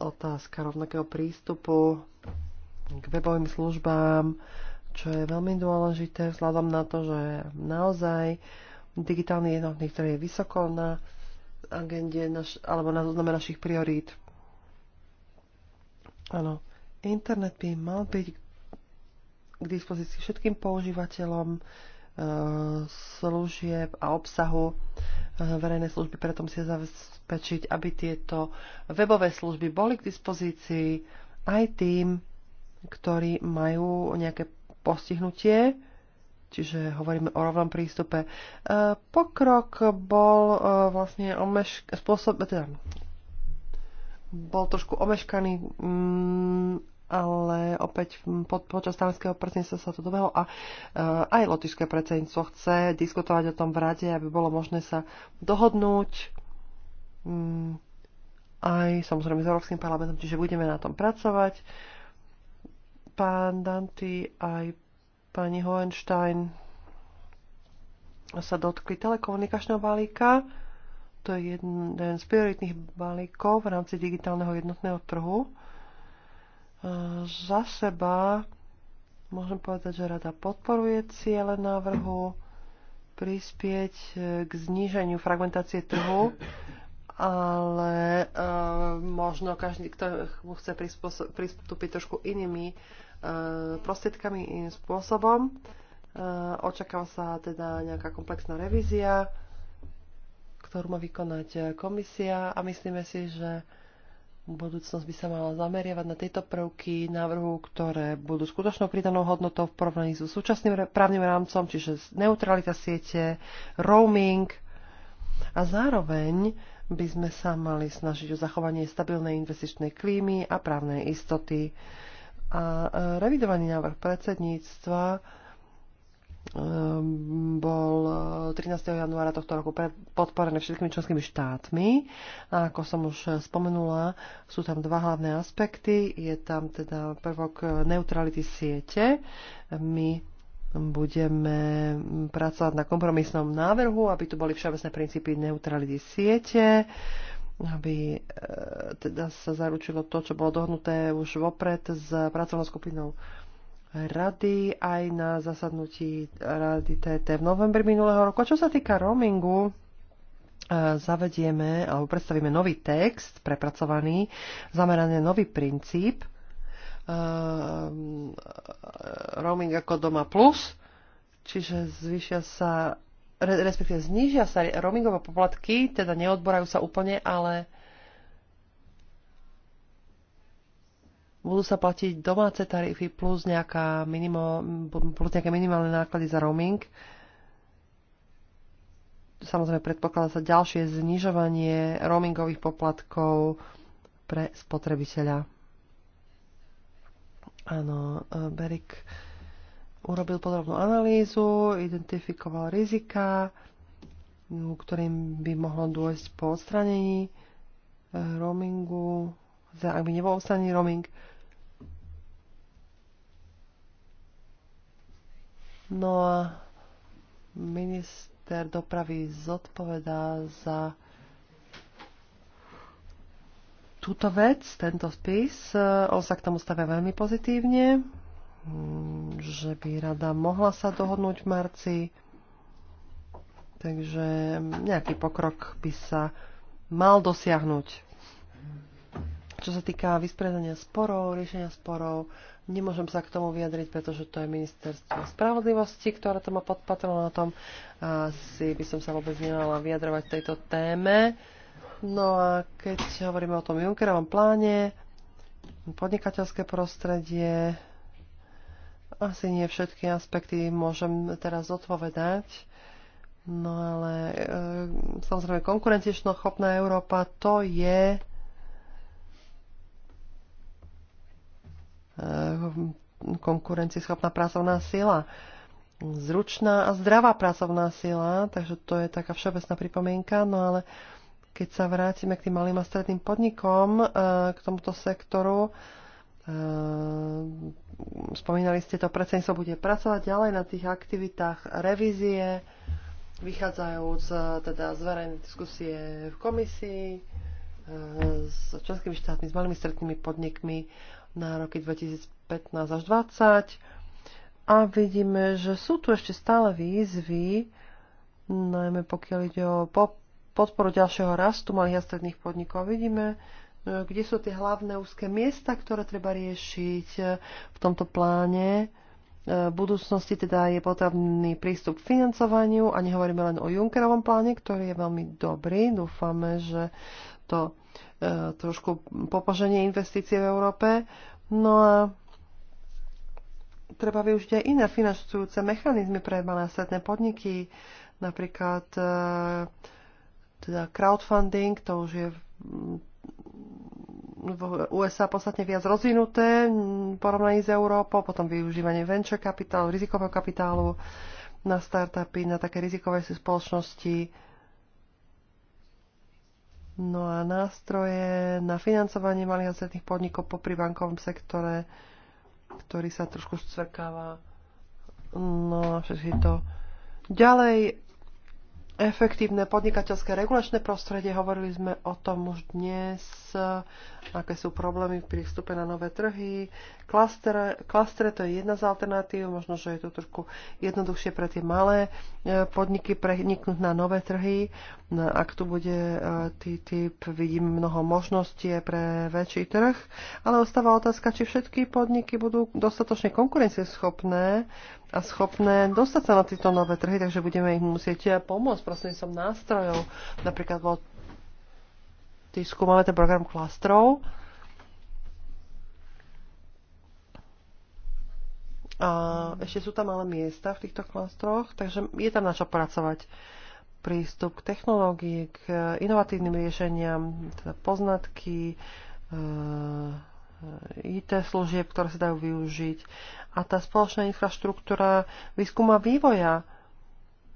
otázka rovnakého prístupu k webovým službám, čo je veľmi dôležité vzhľadom na to, že naozaj digitálny jednotný ktorý je vysoko na agende naš, alebo na zozname našich priorít. Áno, internet by mal byť k dispozícii všetkým používateľom e, služieb a obsahu verejné služby preto musia zabezpečiť, aby tieto webové služby boli k dispozícii aj tým, ktorí majú nejaké postihnutie, čiže hovoríme o rovnom prístupe. E, pokrok bol e, vlastne omešk- spôsob, teda bol trošku omeškaný mm, ale opäť pod, počas tamského predsedníctva sa to dobehlo a e, aj lotišské predsedníctvo chce diskutovať o tom v rade, aby bolo možné sa dohodnúť mm, aj samozrejme s Európskym parlamentom, čiže budeme na tom pracovať. Pán Danty aj pani Hohenstein sa dotkli telekomunikačného balíka. To je jeden z prioritných balíkov v rámci digitálneho jednotného trhu za seba môžem povedať, že rada podporuje ciele návrhu prispieť e, k zníženiu fragmentácie trhu, ale e, možno každý, kto mu chce pristúpiť trošku inými e, prostriedkami, iným spôsobom. E, očakáva sa teda nejaká komplexná revízia, ktorú má vykonať e, komisia a myslíme si, že budúcnosť by sa mala zameriavať na tieto prvky návrhu, ktoré budú skutočnou pridanou hodnotou v porovnaní so súčasným právnym rámcom, čiže neutralita siete, roaming a zároveň by sme sa mali snažiť o zachovanie stabilnej investičnej klímy a právnej istoty. A e, revidovaný návrh predsedníctva Ehm, bol 13. Eh, januára tohto roku podporené všetkými členskými štátmi. A ako som už eh, spomenula, sú tam dva hlavné aspekty. Je tam teda prvok eh, neutrality siete. My budeme mm, pracovať na kompromisnom návrhu, aby tu boli všeobecné princípy neutrality siete aby teda sa zaručilo to, čo bolo dohnuté už vopred s pracovnou skupinou rady aj na zasadnutí rady TT v novembri minulého roku. A čo sa týka roamingu, e, zavedieme alebo predstavíme nový text, prepracovaný, zameraný nový princíp, e, roaming ako doma plus, čiže zvyšia sa, respektíve znížia sa roamingové poplatky, teda neodborajú sa úplne, ale budú sa platiť domáce tarify plus, nejaká minimo, plus nejaké minimálne náklady za roaming. Samozrejme predpokladá sa ďalšie znižovanie roamingových poplatkov pre spotrebiteľa. Áno, Berik urobil podrobnú analýzu, identifikoval rizika, ktorým by mohlo dôjsť po odstranení eh, roamingu, ak by nebol odstranený roaming, No a minister dopravy zodpovedá za túto vec, tento spis. On sa k tomu stavia veľmi pozitívne, že by rada mohla sa dohodnúť v marci. Takže nejaký pokrok by sa mal dosiahnuť. Čo sa týka vyspredania sporov, riešenia sporov, nemôžem sa k tomu vyjadriť, pretože to je ministerstvo spravodlivosti, ktoré to má pod tom. Asi by som sa vôbec nemala vyjadrovať tejto téme. No a keď hovoríme o tom Junckerovom pláne, podnikateľské prostredie, asi nie všetky aspekty môžem teraz zodpovedať. No ale e, samozrejme konkurencičnochopná Európa to je Eh, konkurencieschopná pracovná sila. Zručná a zdravá pracovná sila, takže to je taká všeobecná pripomienka, no ale keď sa vrátime k tým malým a stredným podnikom, eh, k tomuto sektoru, eh, spomínali ste to, predsedníctvo bude pracovať ďalej na tých aktivitách revízie, vychádzajúc teda z verejnej diskusie v komisii, s členskými štátmi, s malými strednými podnikmi na roky 2015 až 2020 a vidíme, že sú tu ešte stále výzvy, najmä pokiaľ ide o podporu ďalšieho rastu malých a stredných podnikov. Vidíme, e, kde sú tie hlavné úzke miesta, ktoré treba riešiť e, v tomto pláne. E, v budúcnosti teda je potrebný prístup k financovaniu a nehovoríme len o Junckerovom pláne, ktorý je veľmi dobrý. Dúfame, že to e, trošku popoženie investície v Európe. No a treba využiť aj iné finančujúce mechanizmy pre malé a stredné podniky, napríklad e, teda crowdfunding, to už je v USA podstatne viac rozvinuté v porovnaní s Európou, potom využívanie venture kapitálu, rizikového kapitálu na startupy, na také rizikové spoločnosti, No a nástroje na financovanie malých a stredných podnikov po bankovom sektore, ktorý sa trošku zcvrkáva. No a všetky to. Ďalej efektívne podnikateľské regulačné prostredie. Hovorili sme o tom už dnes, aké sú problémy v prístupe na nové trhy. Klaster, to je jedna z alternatív, možno, že je to trošku jednoduchšie pre tie malé e, podniky preniknúť na nové trhy. No, ak tu bude e, typ, vidím mnoho možností pre väčší trh, ale ostáva otázka, či všetky podniky budú dostatočne konkurencieschopné a schopné dostať sa na tieto nové trhy, takže budeme ich musieť pomôcť prostredníctvom nástrojov. Napríklad vo Tisku máme ten program klastrov. A ešte sú tam ale miesta v týchto klastroch, takže je tam na čo pracovať. Prístup k technológii, k inovatívnym riešeniam, teda poznatky, e Eh, IT služieb, ktoré sa dajú využiť. A tá spoločná infraštruktúra výskuma vývoja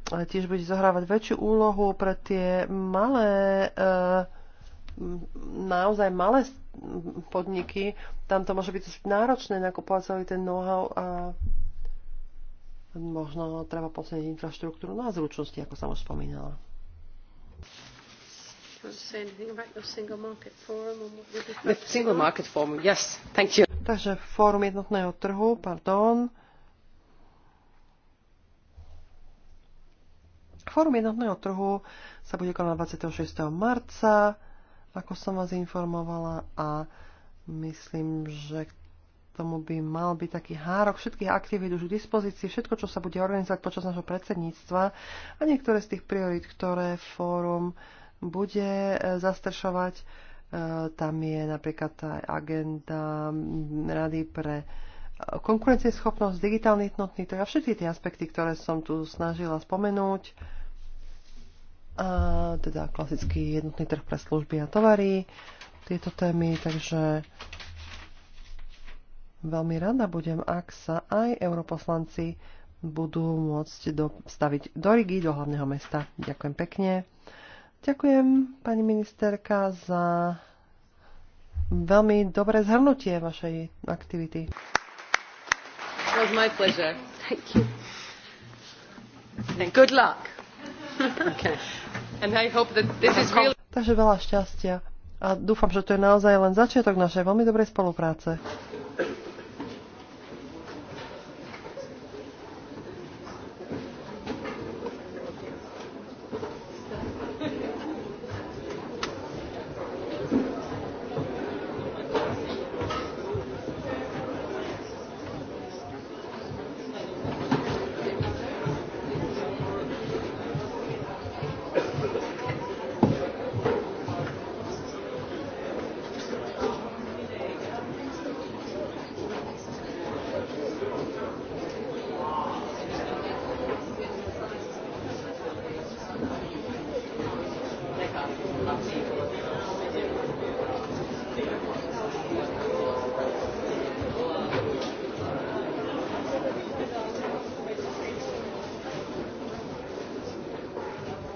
tiež bude zohrávať väčšiu úlohu pre tie malé, eh, naozaj malé podniky. Tam to môže byť náročné nakupovať celý ten know-how a možno treba posledniť infraštruktúru na zručnosti, ako som už spomínala single market forum? yes, thank you. Takže fórum jednotného trhu, pardon. Fórum jednotného trhu sa bude konať 26. marca, ako som vás informovala a myslím, že k tomu by mal byť taký hárok všetkých aktivít už k dispozícii, všetko, čo sa bude organizovať počas nášho predsedníctva a niektoré z tých priorit, ktoré fórum uh, bude e, zastršovať. E, tam je napríklad tá agenda Rady pre e, konkurencieschopnosť, digitálny jednotný trh a všetky tie aspekty, ktoré som tu snažila spomenúť. A teda klasický jednotný trh pre služby a tovary, tieto témy, takže veľmi rada budem, ak sa aj europoslanci budú môcť staviť do Rigi, do hlavného mesta. Ďakujem pekne. Ďakujem, pani ministerka, za veľmi dobré zhrnutie vašej aktivity. It was my pleasure. Thank you. good luck. okay. And I hope that this is Takže veľa šťastia. A dúfam, že to je naozaj len začiatok našej veľmi dobrej spolupráce.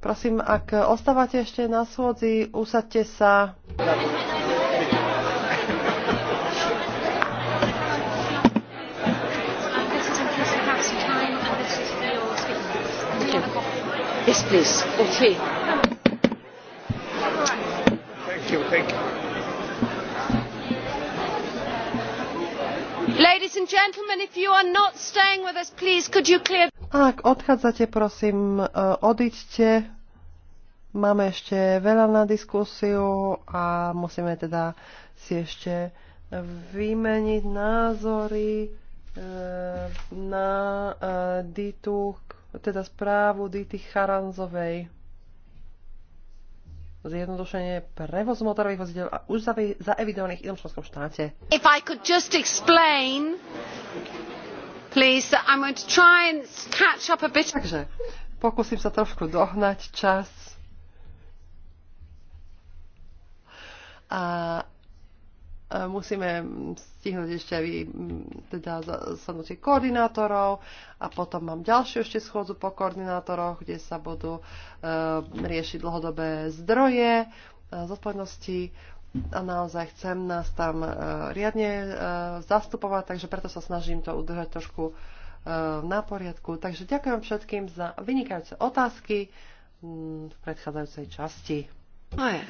Prosím, ak ostávate ešte na schôdzi, usadte sa. Yes, please. Okay. Ak odchádzate, prosím, e, odiďte. Máme ešte veľa na diskusiu a musíme teda si ešte vymeniť názory e, na e, Ditu, teda správu Dity Charanzovej zjednodušenie prevoz motorových vozidel a už zaevidovaných inom členskom štáte. If I could just explain, please, I'm going to try and catch up a bit. Takže, pokúsim sa trošku dohnať čas. A E, musíme stihnúť ešte aj teda sadnutie koordinátorov a potom mám ďalšiu ešte schôdzu po koordinátoroch, kde sa budú e, riešiť dlhodobé zdroje, e, zodpovednosti a naozaj chcem nás tam e, riadne e, zastupovať, takže preto sa snažím to udržať trošku e, na poriadku. Takže ďakujem všetkým za vynikajúce otázky v predchádzajúcej časti. No je.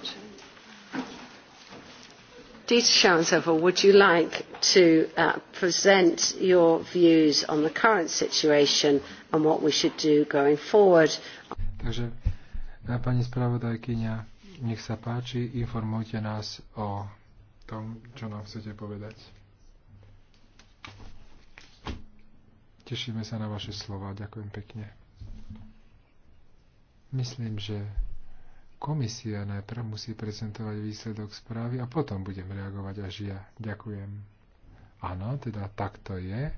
Dita Sharanzova, would you like to uh, present your views on the current situation and what we should do going forward? Takže, pani spravodajkyňa, nech sa páči, informujte nás o tom, čo nám chcete povedať. Tešíme sa na vaše slova. Ďakujem pekne. Myslím, že Komisia najprv musí prezentovať výsledok správy a potom budem reagovať až ja. Ďakujem. Áno, teda takto je.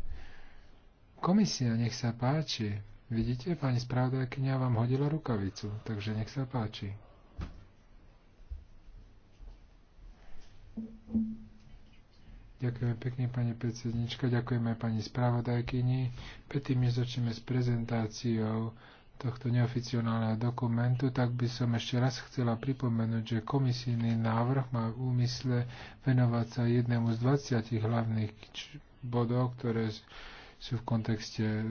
Komisia, nech sa páči. Vidíte, pani spravodajkynia vám hodila rukavicu, takže nech sa páči. Ďakujeme pekne, pani predsednička, ďakujeme pani spravodajkyni. Predtým začneme s prezentáciou, tohto neoficiálneho dokumentu, tak by som ešte raz chcela pripomenúť, že komisijný návrh má v úmysle venovať sa jednému z 20 hlavných bodov, ktoré sú v kontexte e,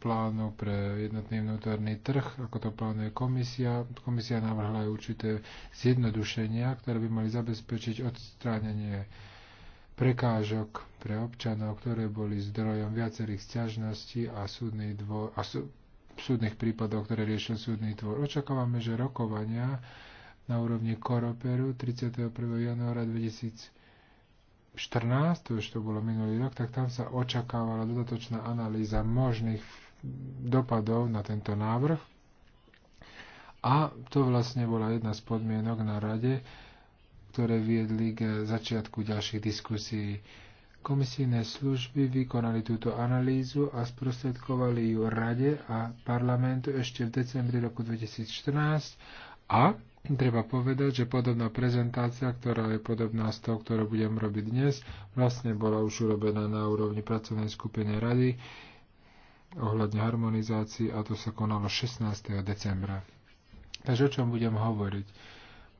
plánu pre jednotný vnútorný trh, ako to plánuje komisia. Komisia navrhla aj určité zjednodušenia, ktoré by mali zabezpečiť odstránenie prekážok pre občanov, ktoré boli zdrojom viacerých sťažností a súdny dvor, a sú, súdnych prípadoch, ktoré riešil súdny tvor. Očakávame, že rokovania na úrovni Koroperu 31. januára 2014, to už to bolo minulý rok, tak tam sa očakávala dodatočná analýza možných dopadov na tento návrh. A to vlastne bola jedna z podmienok na rade, ktoré viedli k začiatku ďalších diskusí Komisijné služby vykonali túto analýzu a sprostredkovali ju Rade a parlamentu ešte v decembri roku 2014 a treba povedať, že podobná prezentácia, ktorá je podobná s tou, ktorú budem robiť dnes, vlastne bola už urobená na úrovni pracovnej skupiny Rady ohľadne harmonizácií a to sa konalo 16. decembra. Takže o čom budem hovoriť?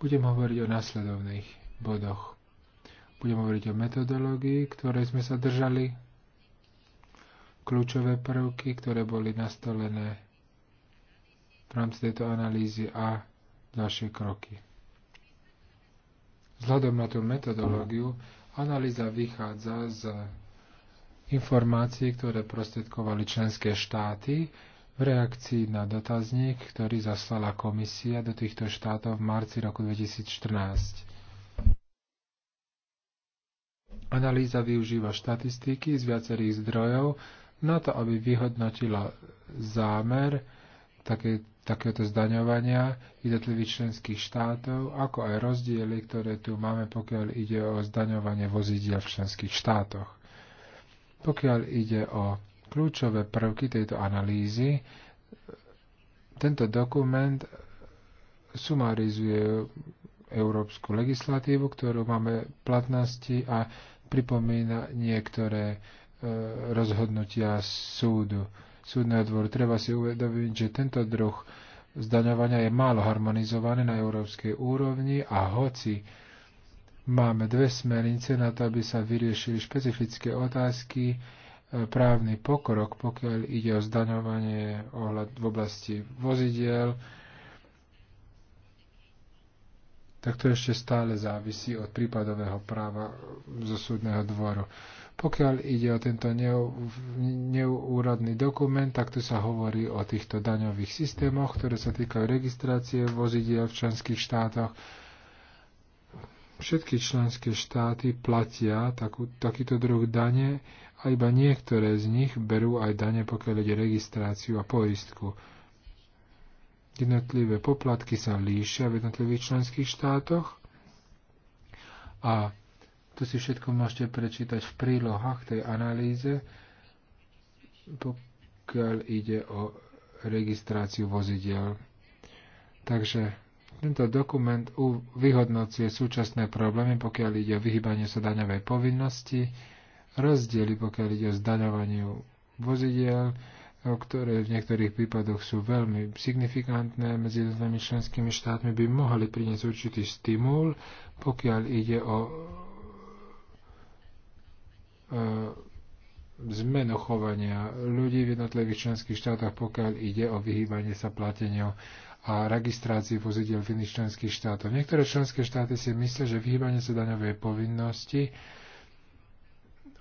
Budem hovoriť o následovných bodoch. Budem hovoriť o metodológii, ktorej sme sa držali, kľúčové prvky, ktoré boli nastolené v rámci tejto analýzy a ďalšie kroky. Vzhľadom na tú metodológiu, analýza vychádza z informácií, ktoré prostredkovali členské štáty v reakcii na dotazník, ktorý zaslala komisia do týchto štátov v marci roku 2014. Analýza využíva štatistiky z viacerých zdrojov na to, aby vyhodnotila zámer také, takéhoto zdaňovania jednotlivých členských štátov, ako aj rozdiely, ktoré tu máme, pokiaľ ide o zdaňovanie vozidiel v členských štátoch. Pokiaľ ide o kľúčové prvky tejto analýzy, tento dokument sumarizuje európsku legislatívu, ktorú máme v platnosti a pripomína niektoré e, rozhodnutia súdu, súdneho dvoru. Treba si uvedomiť, že tento druh zdaňovania je málo harmonizovaný na európskej úrovni a hoci máme dve smernice na to, aby sa vyriešili špecifické otázky, e, právny pokrok, pokiaľ ide o zdaňovanie v oblasti vozidiel, tak to ešte stále závisí od prípadového práva zo súdneho dvoru. Pokiaľ ide o tento neúradný dokument, tak tu sa hovorí o týchto daňových systémoch, ktoré sa týkajú registrácie vozidiel v členských štátoch. Všetky členské štáty platia takú, takýto druh dane a iba niektoré z nich berú aj dane, pokiaľ ide registráciu a poistku. Jednotlivé poplatky sa líšia v jednotlivých členských štátoch a to si všetko môžete prečítať v prílohách tej analýze, pokiaľ ide o registráciu vozidel. Takže tento dokument vyhodnocuje súčasné problémy, pokiaľ ide o vyhybanie sa daňovej povinnosti, rozdiely, pokiaľ ide o zdaňovanie vozidiel, ktoré v niektorých prípadoch sú veľmi signifikantné medzi jednotlivými členskými štátmi, by mohli priniesť určitý stimul, pokiaľ ide o e, zmenu chovania ľudí v jednotlivých členských štátoch, pokiaľ ide o vyhýbanie sa plateniu a registrácii vozidel v iných členských štátoch. Niektoré členské štáty si myslia, že vyhýbanie sa daňovej povinnosti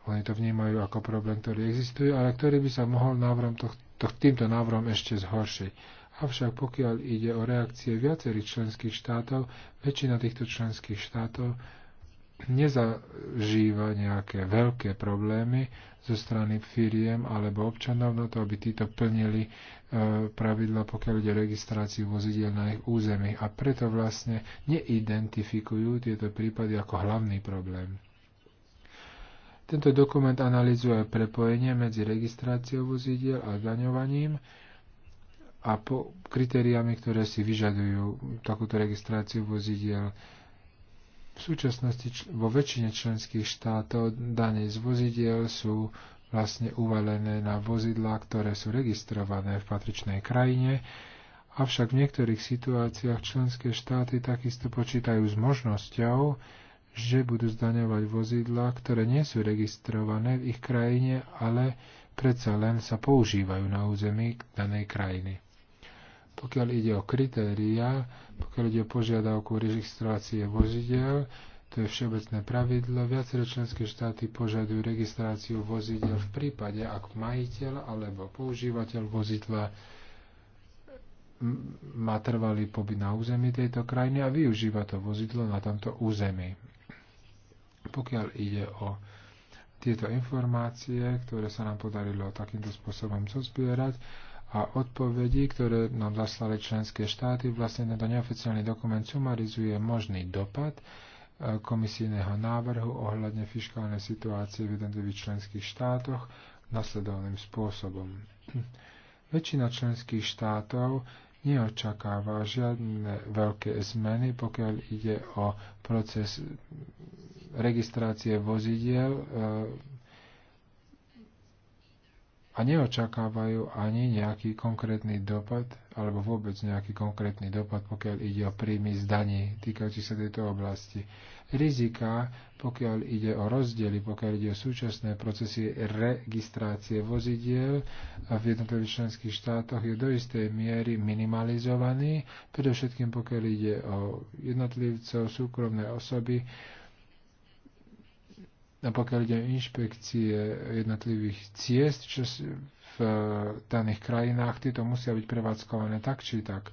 oni to vnímajú ako problém, ktorý existuje, ale ktorý by sa mohol návrom toh, toh, týmto návrom ešte zhoršiť. Avšak pokiaľ ide o reakcie viacerých členských štátov, väčšina týchto členských štátov nezažíva nejaké veľké problémy zo strany firiem alebo občanov na to, aby títo plnili e, pravidla, pokiaľ ide o registráciu vozidiel na ich území. A preto vlastne neidentifikujú tieto prípady ako hlavný problém. Tento dokument analyzuje prepojenie medzi registráciou vozidiel a daňovaním a po kritériami, ktoré si vyžadujú takúto registráciu vozidiel. V súčasnosti vo väčšine členských štátov dane z vozidiel sú vlastne uvalené na vozidlá, ktoré sú registrované v patričnej krajine, avšak v niektorých situáciách členské štáty takisto počítajú s možnosťou, že budú zdaňovať vozidlá, ktoré nie sú registrované v ich krajine, ale predsa len sa používajú na území danej krajiny. Pokiaľ ide o kritériá, pokiaľ ide o požiadavku registrácie vozidel, to je všeobecné pravidlo, viaceré členské štáty požadujú registráciu vozidel v prípade, ak majiteľ alebo používateľ vozidla má trvalý pobyt na území tejto krajiny a využíva to vozidlo na tomto území. Pokiaľ ide o tieto informácie, ktoré sa nám podarilo takýmto spôsobom zozbierať a odpovedi, ktoré nám zaslali členské štáty, vlastne tento neoficiálny dokument sumarizuje možný dopad e, komisijného návrhu ohľadne fiskálnej situácie v jednotlivých členských štátoch nasledovným spôsobom. Väčšina členských štátov neočakáva žiadne veľké zmeny, pokiaľ ide o proces registrácie vozidiel eh, a neočakávajú ani nejaký konkrétny dopad, alebo vôbec nejaký konkrétny dopad, pokiaľ ide o príjmy z daní týkajúci sa tejto oblasti. Rizika, pokiaľ ide o rozdiely, pokiaľ ide o súčasné procesy registrácie vozidiel eh, v jednotlivých členských štátoch je do istej miery minimalizovaný, predovšetkým pokiaľ ide o jednotlivcov, súkromné osoby, a pokiaľ ide o inšpekcie jednotlivých ciest čo v eh, daných krajinách, tieto musia byť prevádzkované tak či tak.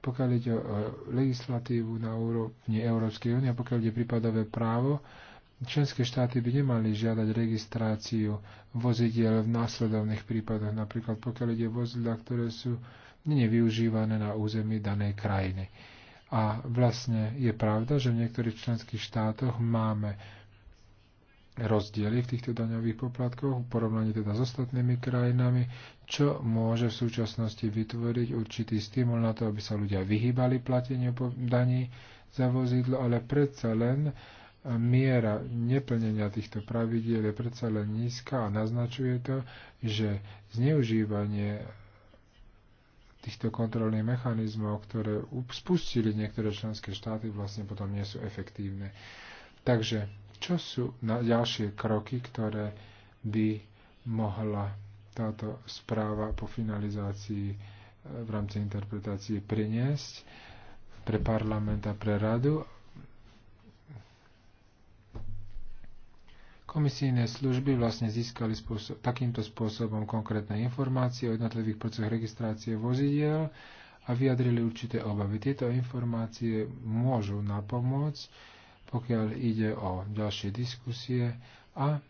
Pokiaľ ide o eh, legislatívu na úrovni Európskej únie, pokiaľ ide prípadové právo, členské štáty by nemali žiadať registráciu vozidiel v následovných prípadoch, napríklad pokiaľ ide vozidla, ktoré sú nevyužívané na území danej krajiny. A vlastne je pravda, že v niektorých členských štátoch máme rozdiely v týchto daňových poplatkoch, v porovnaní teda s ostatnými krajinami, čo môže v súčasnosti vytvoriť určitý stimul na to, aby sa ľudia vyhýbali plateniu daní za vozidlo, ale predsa len e, miera neplnenia týchto pravidiel je predsa len nízka a naznačuje to, že zneužívanie týchto kontrolných mechanizmov, ktoré spustili niektoré členské štáty, vlastne potom nie sú efektívne. Takže čo sú na ďalšie kroky, ktoré by mohla táto správa po finalizácii e, v rámci interpretácie priniesť pre parlament a pre radu? Komisijné služby vlastne získali spôsob, takýmto spôsobom konkrétne informácie o jednotlivých procesoch registrácie vozidiel a vyjadrili určité obavy. Tieto informácie môžu napomôcť pokiaľ ide o ďalšie diskusie a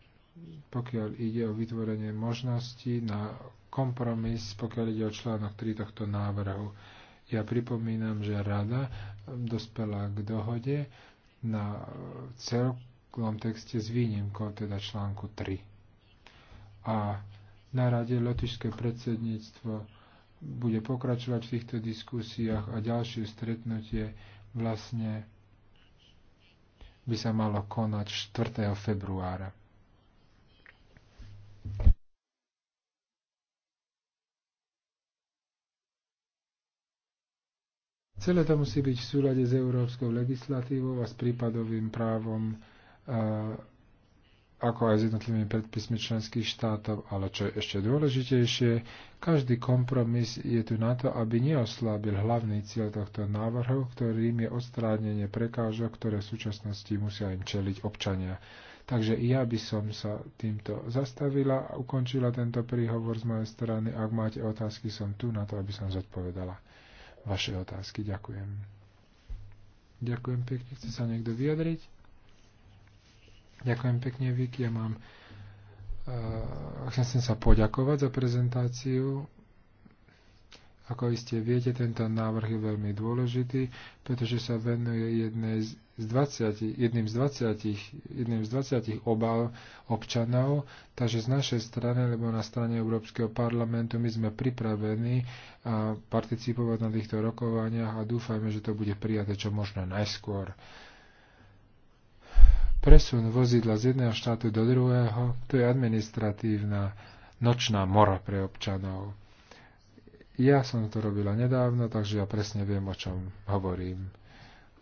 pokiaľ ide o vytvorenie možnosti na kompromis, pokiaľ ide o článok 3 tohto návrhu. Ja pripomínam, že rada dospela k dohode na celkom texte s výnimkou teda článku 3. A na rade lotišské predsedníctvo bude pokračovať v týchto diskusiách a ďalšie stretnutie vlastne by sa malo konať 4. februára. Celé to musí byť v súlade s európskou legislatívou a s prípadovým právom eh, ako aj s jednotlivými predpismi členských štátov, ale čo je ešte dôležitejšie, každý kompromis je tu na to, aby neoslábil hlavný cieľ tohto návrhu, ktorým je odstránenie prekážok, ktoré v súčasnosti musia im čeliť občania. Takže ja by som sa týmto zastavila a ukončila tento príhovor z mojej strany. Ak máte otázky, som tu na to, aby som zodpovedala vaše otázky. Ďakujem. Ďakujem pekne. Chce sa niekto vyjadriť? Ďakujem pekne, Vik. Ja mám... Uh, chcem sa poďakovať za prezentáciu. Ako iste viete, tento návrh je veľmi dôležitý, pretože sa venuje jednej z, z 20, jedným, z 20, jedným z 20 obav občanov, takže z našej strany, lebo na strane Európskeho parlamentu my sme pripravení eh, participovať na týchto rokovaniach a dúfajme, že to bude prijaté čo možno najskôr. Uh, Presun vozidla z jedného štátu do druhého, to je administratívna nočná mora pre občanov. Ja som to robila nedávno, takže ja presne viem, o čom hovorím.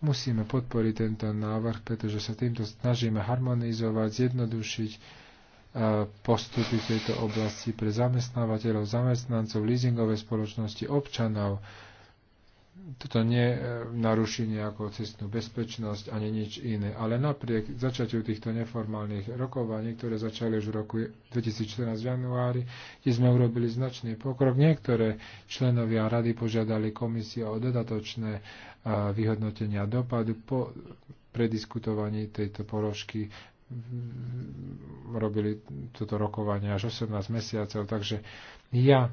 Musíme podporiť tento návrh, pretože sa týmto snažíme harmonizovať, zjednodušiť, e, postupy v tejto oblasti pre zamestnávateľov, zamestnancov, leasingové spoločnosti, občanov, toto nenaruší e, nejakú cestnú bezpečnosť ani nič iné. Ale napriek začatiu týchto neformálnych rokovaní, ktoré začali už v roku 2014 v januári, kde sme urobili značný pokrok, niektoré členovia rady požiadali komisie o dodatočné e, vyhodnotenia dopadu po prediskutovaní tejto položky robili toto rokovanie až 18 mesiacov, takže ja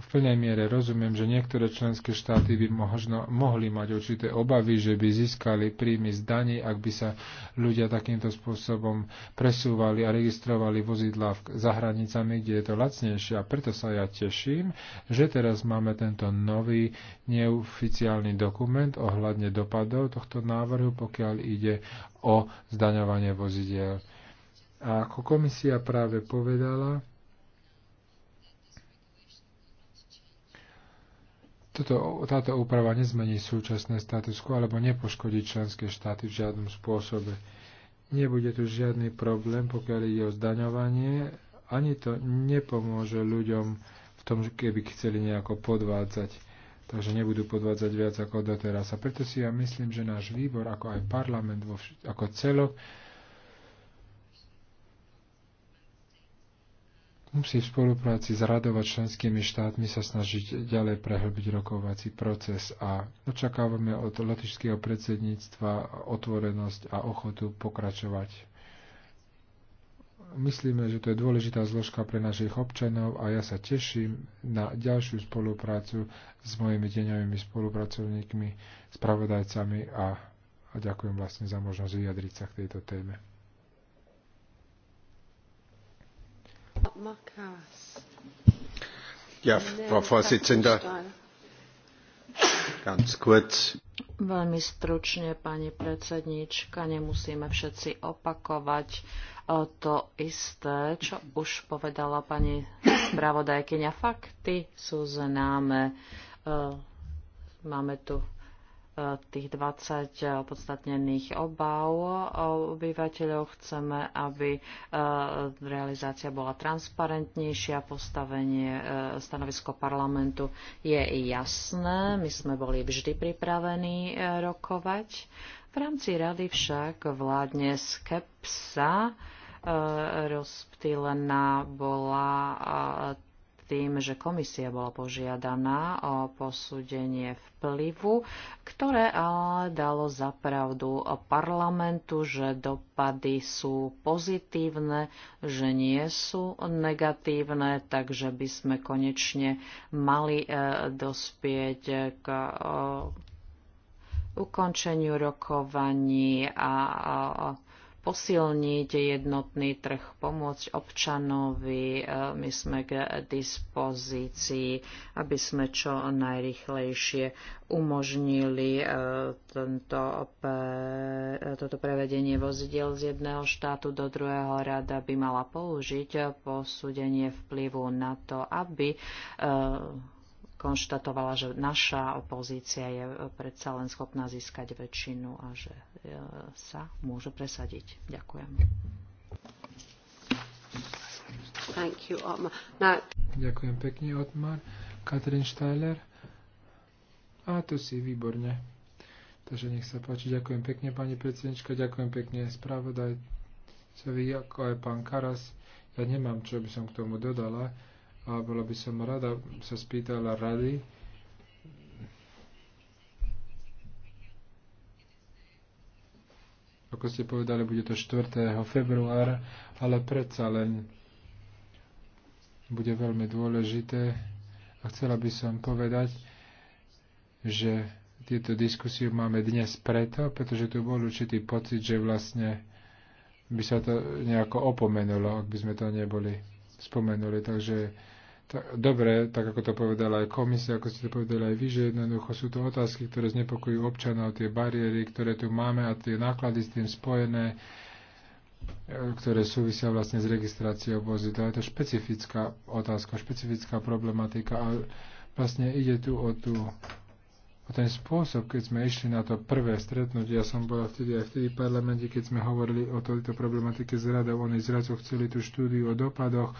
v plnej miere rozumiem, že niektoré členské štáty by možno mohli mať určité obavy, že by získali príjmy z daní, ak by sa ľudia takýmto spôsobom presúvali a registrovali vozidlá za hranicami, kde je to lacnejšie. A preto sa ja teším, že teraz máme tento nový neoficiálny dokument ohľadne dopadov tohto návrhu, pokiaľ ide o zdaňovanie vozidiel. A ako komisia práve povedala, toto, táto úprava nezmení súčasné status quo alebo nepoškodí členské štáty v žiadnom spôsobe. Nebude tu žiadny problém, pokiaľ ide o zdaňovanie, ani to nepomôže ľuďom v tom, keby chceli nejako podvádzať. Takže nebudú podvádzať viac ako doteraz. A preto si ja myslím, že náš výbor, ako aj parlament ako celok, musí v spolupráci s radovať a členskými štátmi sa snažiť ďalej prehlbiť rokovací proces a očakávame od lotišského predsedníctva otvorenosť a ochotu pokračovať. Myslíme, že to je dôležitá zložka pre našich občanov a ja sa teším na ďalšiu spoluprácu s mojimi deňovými spolupracovníkmi, spravodajcami a, a ďakujem vlastne za možnosť vyjadriť sa k tejto téme. Frau ganz kurz. Veľmi stručne, pani predsedníčka, nemusíme všetci opakovať eh, to isté, čo už povedala pani spravodajkyňa. Fakty sú známe. Eh, máme tu tých 20 opodstatnených obav obyvateľov. Chceme, aby e, realizácia bola transparentnejšia, postavenie e, stanovisko parlamentu je jasné. My sme boli vždy pripravení e, rokovať. V rámci rady však vládne skepsa rozptýlená bola tým, že komisia bola požiadaná o posúdenie vplyvu, ktoré ale dalo zapravdu parlamentu, že dopady sú pozitívne, že nie sú negatívne, takže by sme konečne mali e, dospieť k e, ukončeniu rokovaní a posilniť jednotný trh, pomôcť občanovi. E, my sme k dispozícii, aby sme čo najrychlejšie umožnili e, tento, toto prevedenie vozidel z jedného štátu do druhého rada by mala použiť posúdenie vplyvu na to, aby e, konštatovala, že naša opozícia je e, predsa len schopná získať väčšinu a že e, sa môže presadiť. Ďakujem. Thank you, Otmar. Now... Ďakujem pekne, Otmar. Katrin Steiler. A to si výborne. Takže nech sa páči. Ďakujem pekne, pani predsednička. Ďakujem pekne vy, ako aj pán Karas. Ja nemám, čo by som k tomu dodala a bola by som rada sa spýtala rady, ako ste povedali, bude to 4. februára, ale predsa len bude veľmi dôležité a chcela by som povedať, že tieto diskusie máme dnes preto, pretože tu bol určitý pocit, že vlastne by sa to nejako opomenulo, ak by sme to neboli spomenuli. Takže dobre, tak ako to povedala aj komisia, ako ste to povedali aj vy, že jednoducho sú to otázky, ktoré znepokojujú občanov, tie bariéry, ktoré tu máme a tie náklady s tým spojené, e, ktoré súvisia vlastne s registráciou vozidla. Je to špecifická otázka, špecifická problematika a vlastne ide tu o tú a ten spôsob, keď sme išli na to prvé stretnutie, ja som bola vtedy aj vtedy v parlamente, keď sme hovorili o tejto problematike s radou, oni zrazu chceli tú štúdiu o dopadoch,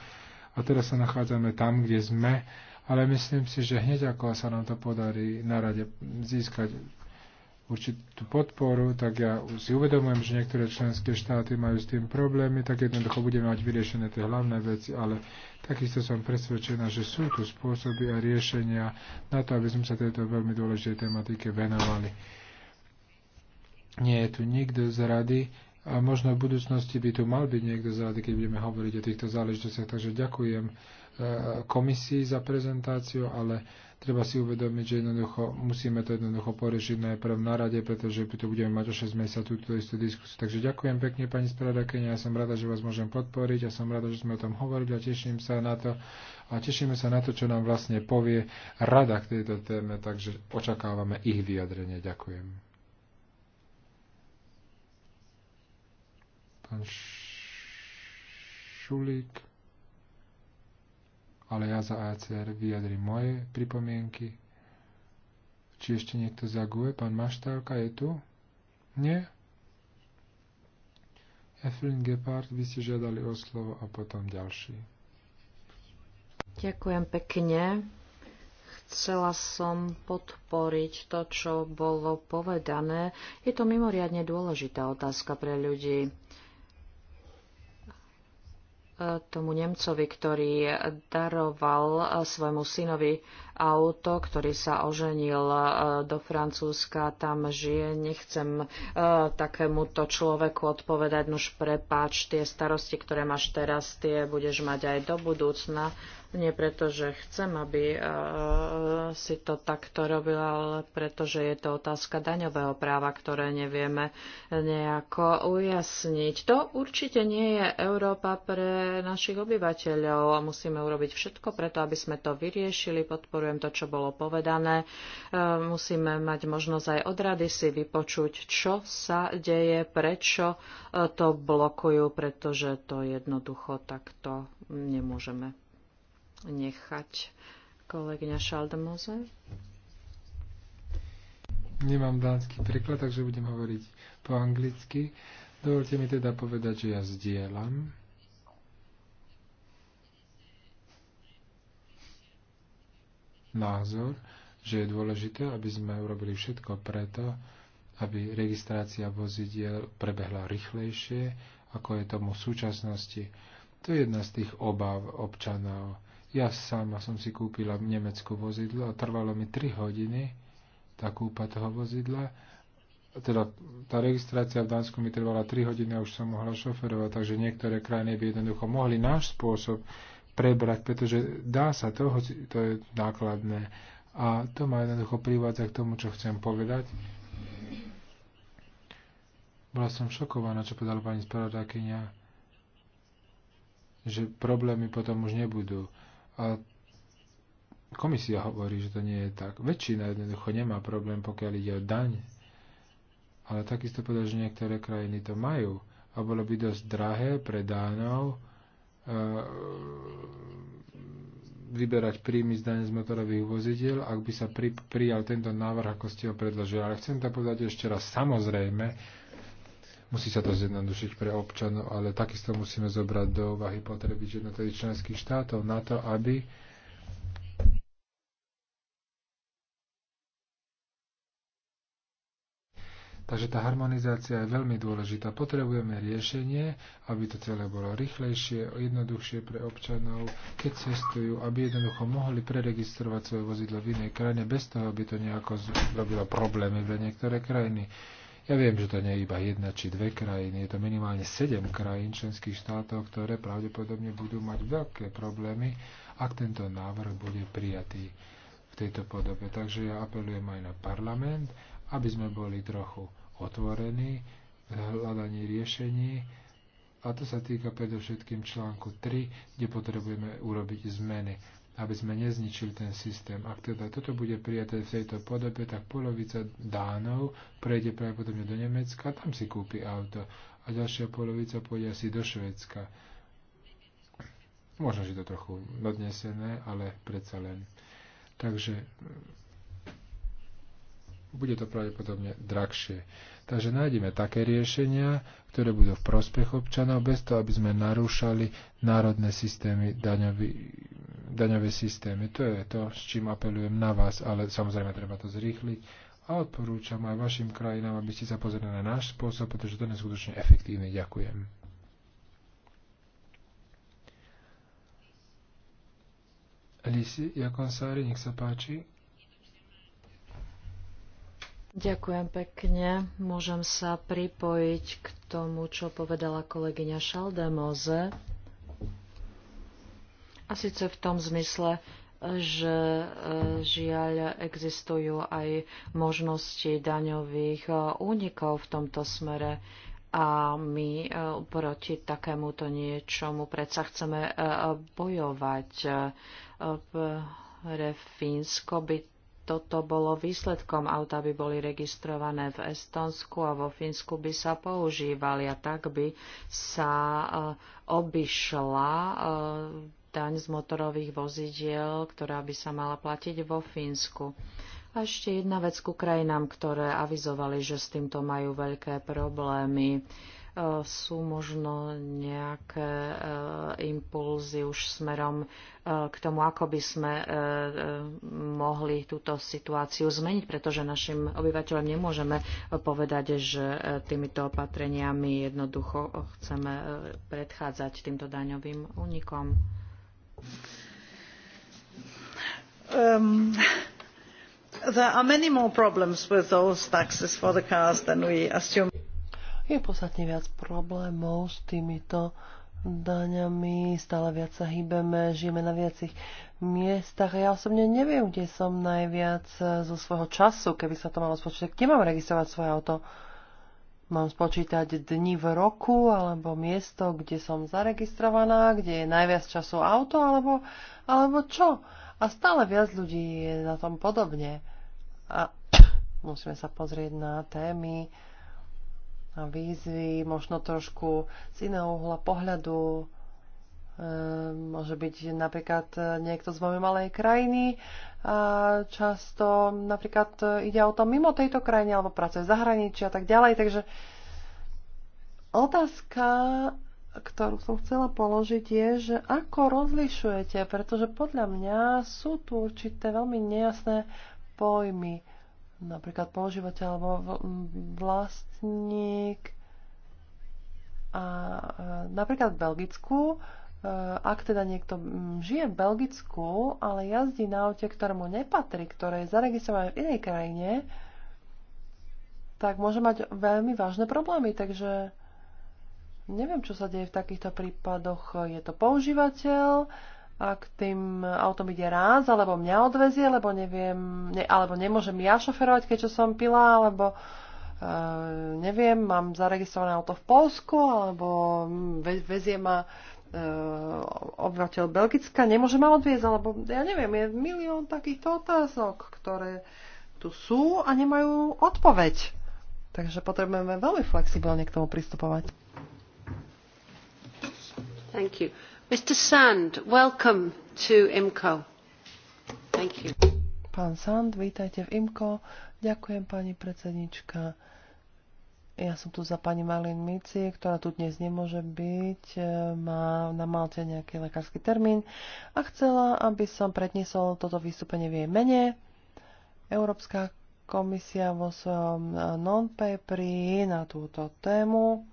a teraz sa nachádzame tam, kde sme, ale myslím si, že hneď ako sa nám to podarí na rade získať určitú podporu, tak ja si uvedomujem, že niektoré členské štáty majú s tým problémy, tak jednoducho budeme mať vyriešené tie hlavné veci, ale takisto som presvedčená, že sú tu spôsoby a riešenia na to, aby sme sa tejto veľmi dôležitej tematike venovali. Nie je tu nikto z rady, a možno v budúcnosti by tu mal byť niekto z rady, keď budeme hovoriť o týchto záležitostiach. Takže ďakujem e, komisii za prezentáciu, ale treba si uvedomiť, že jednoducho musíme to jednoducho poriešiť najprv na rade, pretože tu budeme mať o 6 mesiacov túto istú diskusiu. Takže ďakujem pekne pani spravodajkyňa, ja som rada, že vás môžem podporiť, ja som rada, že sme o tom hovorili a teším sa na to a tešíme sa na to, čo nám vlastne povie rada k tejto téme, takže očakávame ich vyjadrenie. Ďakujem. pán Šulík, ale ja za ACR vyjadrím moje pripomienky. Či ešte niekto za GUE? Pán Maštálka je tu? Nie? Eflin Gepard, vy ste žiadali o slovo a potom ďalší. Ďakujem pekne. Chcela som podporiť to, čo bolo povedané. Je to mimoriadne dôležitá otázka pre ľudí tomu Nemcovi, ktorý daroval eh, svojmu synovi auto, ktorý sa oženil e, do Francúzska, tam žije. Nechcem e, takémuto človeku odpovedať, nuž prepáč, tie starosti, ktoré máš teraz, tie budeš mať aj do budúcna. Nie preto, že chcem, aby e, si to takto robila, ale preto, že je to otázka daňového práva, ktoré nevieme nejako ujasniť. To určite nie je Európa pre našich obyvateľov a musíme urobiť všetko preto, aby sme to vyriešili. Podporujem podporujem to, čo bolo povedané. E, musíme mať možnosť aj od rady si vypočuť, čo sa deje, prečo e, to blokujú, pretože to jednoducho takto nemôžeme nechať. Kolegyňa Šaldemose. Nemám dánsky príklad, takže budem hovoriť po anglicky. Dovolte mi teda povedať, že ja zdieľam názor, že je dôležité, aby sme urobili všetko preto, aby registrácia vozidiel prebehla rýchlejšie, ako je tomu v súčasnosti. To je jedna z tých obav občanov. Ja sama som si kúpila v Nemecku vozidlo a trvalo mi 3 hodiny tá kúpa toho vozidla. Teda tá registrácia v Dánsku mi trvala 3 hodiny a už som mohla šoferovať, takže niektoré krajiny by jednoducho mohli náš spôsob prebrať, pretože dá sa to, hoci to je nákladné. A to ma jednoducho privádza k tomu, čo chcem povedať. Bola som šokovaná, čo povedala pani spravodajkynia, že problémy potom už nebudú. A komisia hovorí, že to nie je tak. Väčšina jednoducho nemá problém, pokiaľ ide o daň. Ale takisto povedal, že niektoré krajiny to majú. A bolo by dosť drahé pre Dánov, E, vyberať príjmy z dane z motorových vozidiel, ak by sa pri, prijal tento návrh, ako ste ho predložili. Ale chcem to povedať ešte raz, samozrejme, musí sa to zjednodušiť pre občanov, ale takisto musíme zobrať do úvahy potreby jednotlivých členských štátov na to, aby Takže tá harmonizácia je veľmi dôležitá. Potrebujeme riešenie, aby to celé bolo rýchlejšie, jednoduchšie pre občanov, keď cestujú, aby jednoducho mohli preregistrovať svoje vozidlo v inej krajine, bez toho, aby to nejako robilo problémy pre niektoré krajiny. Ja viem, že to nie je iba jedna či dve krajiny, je to minimálne sedem krajín členských štátov, ktoré pravdepodobne budú mať veľké problémy, ak tento návrh bude prijatý v tejto podobe. Takže ja apelujem aj na parlament, aby sme boli trochu otvorení v hľadaní riešení a to sa týka predovšetkým článku 3, kde potrebujeme urobiť zmeny, aby sme nezničili ten systém. Ak teda toto bude prijaté v tejto podobe, tak polovica Dánov prejde pravdepodobne do Nemecka, tam si kúpi auto a ďalšia polovica pôjde asi do Švedska. Možno, že to trochu nadnesené, ale predsa len. Takže bude to pravdepodobne drahšie. Takže nájdeme také riešenia, ktoré budú v prospech občanov, bez toho, aby sme narúšali národné systémy, daňový, daňové systémy. To je to, s čím apelujem na vás, ale samozrejme treba to zrýchliť. A odporúčam aj vašim krajinám, aby ste sa pozerali na náš spôsob, pretože to je skutočne efektívny. Ďakujem. Lisi Jakonsári, nech sa páči. Ďakujem pekne. Môžem sa pripojiť k tomu, čo povedala kolegyňa Šaldemoze. A síce v tom zmysle, že e, žiaľ existujú aj možnosti daňových e, únikov v tomto smere a my e, proti takémuto niečomu predsa chceme bojovať. Pre Fínsko by toto bolo výsledkom. Auta by boli registrované v Estonsku a vo Fínsku by sa používali a tak by sa eh, obišla eh, daň z motorových vozidiel, ktorá by sa mala platiť vo Fínsku. A ešte jedna vec ku krajinám, ktoré avizovali, že s týmto majú veľké problémy. Uh, Eh, sú možno nejaké eh, impulzy už smerom eh, k tomu, ako by sme mohli túto situáciu zmeniť, pretože našim obyvateľom nemôžeme povedať, že týmito opatreniami jednoducho chceme predchádzať týmto daňovým únikom. Um, there are many more problems with those taxes for the cars than we assume. Je podstatne viac problémov s týmito daňami, stále viac sa hýbeme, žijeme na viacich miestach a ja osobne neviem, kde som najviac e, zo svojho času, keby sa to malo spočítať. Kde mám registrovať svoje auto? Mám spočítať dni v roku alebo miesto, kde som zaregistrovaná, kde je najviac času auto alebo, alebo čo? A stále viac ľudí je na tom podobne. A musíme sa pozrieť na témy, a výzvy, možno trošku z iného uhla pohľadu. E, môže byť napríklad niekto z veľmi malej krajiny a často napríklad ide o to mimo tejto krajiny alebo pracuje v zahraničí a tak ďalej. Takže otázka, ktorú som chcela položiť je, že ako rozlišujete, pretože podľa mňa sú tu určité veľmi nejasné pojmy napríklad používateľ alebo vlastník. A e, napríklad v Belgicku, e, ak teda niekto žije v Belgicku, ale jazdí na aute, ktorému nepatrí, ktoré je zaregistrované v inej krajine, tak môže mať veľmi vážne problémy. Takže neviem, čo sa deje v takýchto prípadoch. Je to používateľ, ak tým autom ide raz, alebo mňa odvezie, lebo neviem, ne, alebo nemôžem ja šoferovať, keďže som pila, alebo e, neviem, mám zaregistrované auto v Polsku, alebo mm, ve, vezie ma e, obyvateľ Belgicka, nemôže ma odviezť, alebo ja neviem, je milión takýchto otázok, ktoré tu sú a nemajú odpoveď. Takže potrebujeme veľmi flexibilne k tomu pristupovať. Thank you. Pán Sand, vítajte v IMCO. Ďakujem, pani predsednička. Ja som tu za pani Marlene Mici, ktorá tu dnes nemôže byť, e, má na Malte nejaký lekársky termín a chcela, aby som predniesol toto vystúpenie v jej mene. Európska komisia vo svojom e, non-paperi na túto tému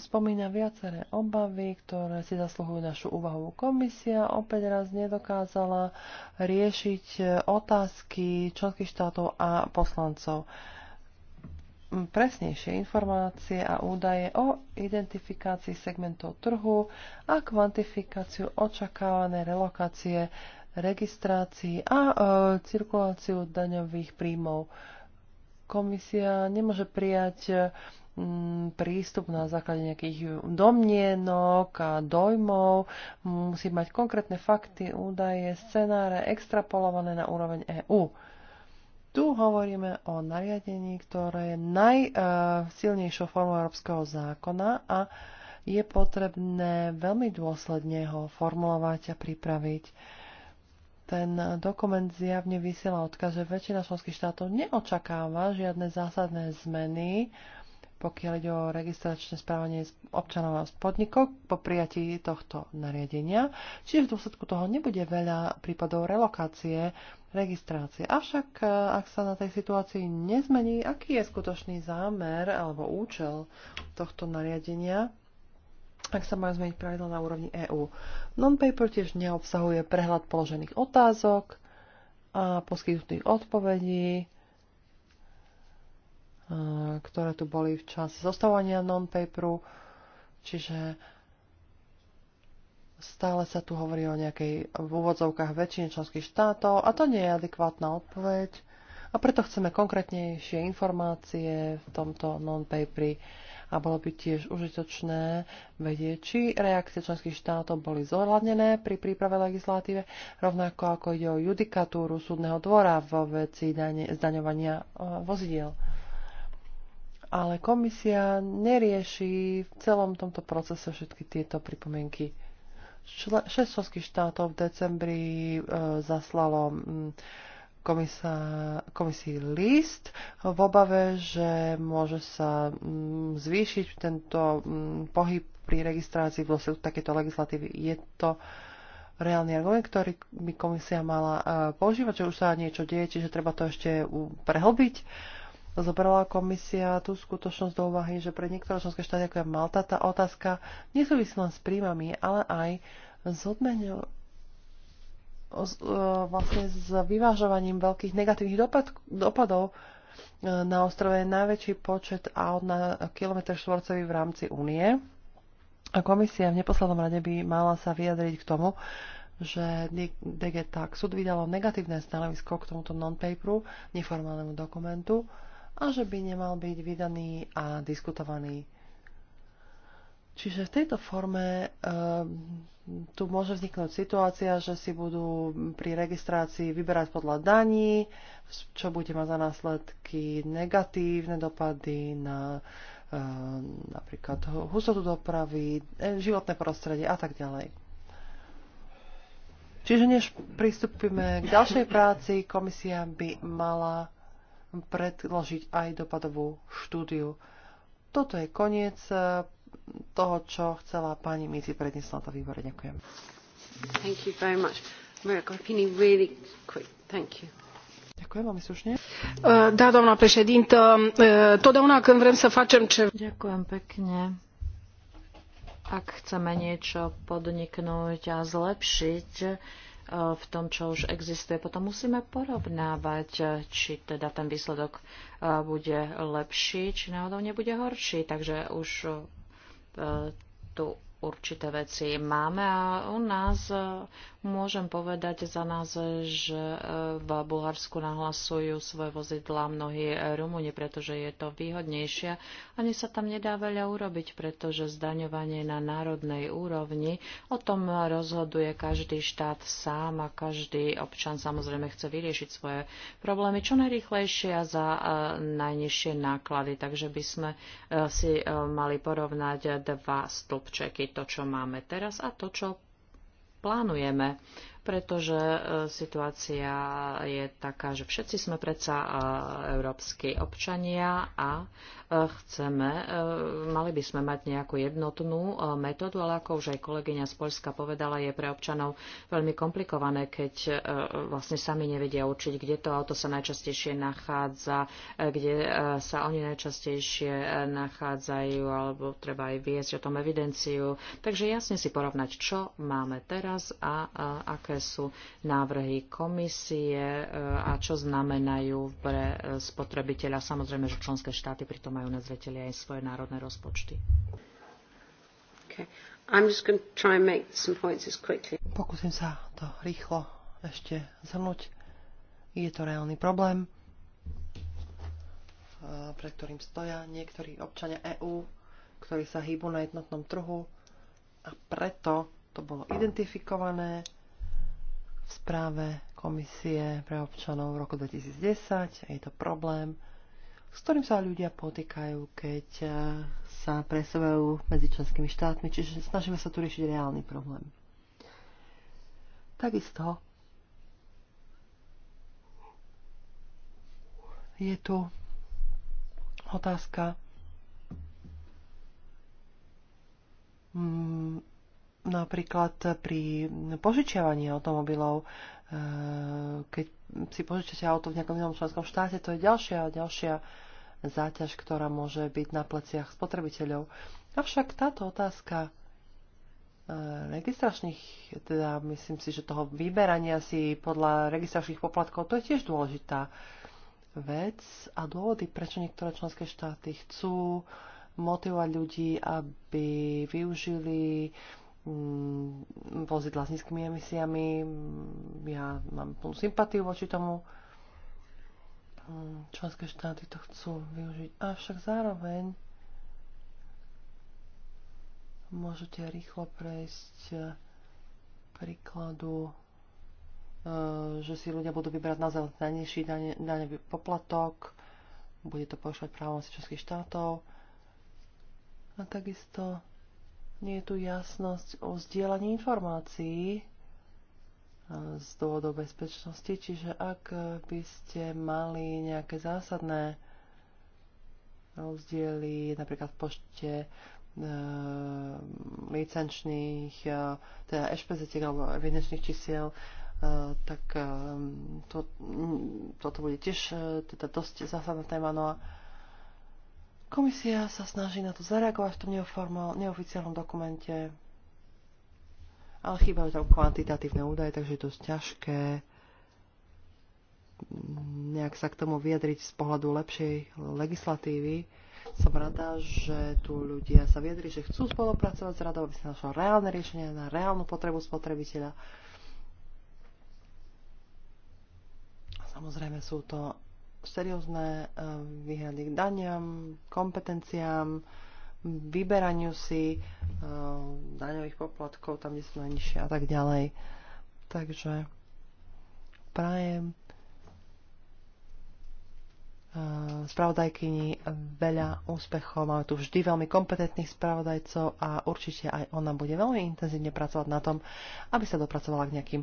spomína viaceré obavy, ktoré si zasluhujú našu úvahu. Komisia opäť raz nedokázala riešiť otázky členských štátov a poslancov. Presnejšie informácie a údaje o identifikácii segmentov trhu a kvantifikáciu očakávané relokácie, registrácií a e, cirkuláciu daňových príjmov. Komisia nemôže prijať Mm, prístup na základe nejakých domnienok a dojmov, musí mať konkrétne fakty, údaje, scenáre extrapolované na úroveň EÚ. Tu hovoríme o nariadení, ktoré je najsilnejšou formou európskeho zákona a je potrebné veľmi dôsledne ho formulovať a pripraviť. Ten dokument zjavne vysiela odkaz, že väčšina členských štátov neočakáva žiadne zásadné zmeny, pokiaľ ide o registračné správanie občanov a podnikov po prijatí tohto nariadenia, čiže v dôsledku toho nebude veľa prípadov relokácie, registrácie. Avšak, e, ak sa na tej situácii nezmení, aký je skutočný zámer alebo účel tohto nariadenia, ak sa majú zmeniť pravidla na úrovni EÚ. Non-paper tiež neobsahuje prehľad položených otázok a poskytnutých odpovedí, Eh, ktoré tu boli v čase zostavovania non-paperu, čiže stále sa tu hovorí o nejakej v úvodzovkách väčšine členských štátov a to nie je adekvátna odpoveď a preto chceme konkrétnejšie informácie v tomto non-paperi a bolo by tiež užitočné vedieť, či reakcie členských štátov boli zohľadnené pri príprave legislatíve, rovnako ako ide o judikatúru súdneho dvora vo veci zdaňovania eh, vozidiel ale komisia nerieši v celom tomto procese všetky tieto pripomienky. 6 členských štátov v decembri e, zaslalo mm, komisa, komisii list v obave, že môže sa mm, zvýšiť tento mm, pohyb pri registrácii v dôsledku takéto legislatívy. Je to reálny argument, ktorý by komisia mala e, používať, že už sa niečo deje, čiže treba to ešte prehlbiť zobrala komisia tú skutočnosť do úvahy, že pre niektoré členské štáty, ako je Malta, tá otázka nesúvisí len s príjmami, ale aj s odmenou e, vlastne s vyvážovaním veľkých negatívnych dopad, dopadov e, na ostrove je najväčší počet aut na kilometr štvorcový v rámci únie. A komisia v neposlednom rade by mala sa vyjadriť k tomu, že DG tak súd vydalo negatívne stanovisko k tomuto non-paperu, neformálnemu dokumentu, a že by nemal byť vydaný a diskutovaný. Čiže v tejto forme e, tu môže vzniknúť situácia, že si budú pri registrácii vyberať podľa daní, čo bude mať za následky negatívne dopady na e, napríklad hustotu dopravy, eh, životné prostredie a tak ďalej. Čiže než pristúpime k ďalšej práci, komisia by mala predložiť aj dopadovú štúdiu. Toto je koniec eh, toho, čo chcela pani Mici predniesť na to výbore. Ďakujem. Thank you very much. Marek, really quick. Thank you. Ďakujem, veľmi slušne. Uh, da, doamna președintă, uh, totdeauna când vrem să facem ce... Ďakujem pekne. Ak chceme niečo podniknúť a zlepšiť, Eh, v tom, čo už existuje. Potom musíme porovnávať, eh, či teda ten výsledok eh, bude lepší, či náhodou nebude horší. Takže už tu určité veci máme a u nás e, môžem povedať za nás, že e, v Bulharsku nahlasujú svoje vozidlá mnohí Rumúni, pretože je to výhodnejšie. Ani sa tam nedá veľa urobiť, pretože zdaňovanie na národnej úrovni o tom rozhoduje každý štát sám a každý občan samozrejme chce vyriešiť svoje problémy čo najrychlejšie a za e, najnižšie náklady. Takže by sme si mali porovnať dva stĺpčeky to, čo máme teraz a to, čo plánujeme, pretože e, situácia je taká, že všetci sme predsa e, európsky občania a E, chceme. E, mali by sme mať nejakú jednotnú e, metódu, ale ako už aj kolegyňa z Polska povedala, je pre občanov veľmi komplikované, keď vlastne sami nevedia určiť, kde to auto sa najčastejšie nachádza, kde sa oni najčastejšie nachádzajú, alebo treba aj viesť o tom evidenciu. Takže jasne si porovnať, čo máme teraz a aké sú návrhy komisie a čo znamenajú pre spotrebiteľa. Samozrejme, že členské štáty pri tom majú na zreteli aj svoje národné rozpočty. Okay. Pokúsim sa to rýchlo ešte zhrnúť. Je to reálny problém, e, pred ktorým stoja niektorí občania EÚ, ktorí sa hýbu na jednotnom trhu a preto to bolo identifikované v správe Komisie pre občanov v roku 2010. Je to problém, s ktorým sa ľudia potýkajú, keď eh, sa presúvajú medzi členskými štátmi, čiže snažíme sa tu riešiť reálny problém. Takisto je tu otázka mm, napríklad pri požičiavaní automobilov, eh, keď si požičate auto v nejakom inom členskom štáte, to je ďalšia a ďalšia záťaž, ktorá môže byť na pleciach spotrebiteľov. Avšak táto otázka e, registračných, teda myslím si, že toho vyberania si podľa registračných poplatkov, to je tiež dôležitá vec a dôvody, prečo niektoré členské štáty chcú motivovať ľudí, aby využili Mm, vozidla s nízkymi emisiami. Ja mám plnú sympatiu voči tomu. Mm, členské štáty to chcú využiť. Avšak zároveň môžete rýchlo prejsť eh, príkladu, eh, že si ľudia budú vybrať naozaj najnižší daňový poplatok, bude to právom si českých štátov a takisto nie je tu jasnosť o zdieľaní informácií e, z dôvodov bezpečnosti, čiže ak by ste mali nejaké zásadné rozdiely napríklad v pošte e, licenčných, e, teda ešpezetiek alebo evidenčných čísiel, e, tak e, to, toto bude tiež e, teda dosť zásadná téma. No a e, Komisia sa snaží na to zareagovať v tom neoficiálnom dokumente, ale chýbajú tam kvantitatívne údaje, takže je dosť ťažké mm, nejak sa k tomu vyjadriť z pohľadu lepšej legislatívy. Som rada, že tu ľudia sa vyjadri, že chcú spolupracovať s radou, aby sa našlo reálne riešenie na reálnu potrebu spotrebiteľa. Samozrejme sú to seriózne eh, výhrady k daniam, kompetenciám, vyberaniu si eh, daňových poplatkov tam, kde sú najnižšie a tak ďalej. Takže prajem eh, spravodajkyni veľa úspechov. Máme tu vždy veľmi kompetentných spravodajcov a určite aj ona bude veľmi intenzívne pracovať na tom, aby sa dopracovala k nejakým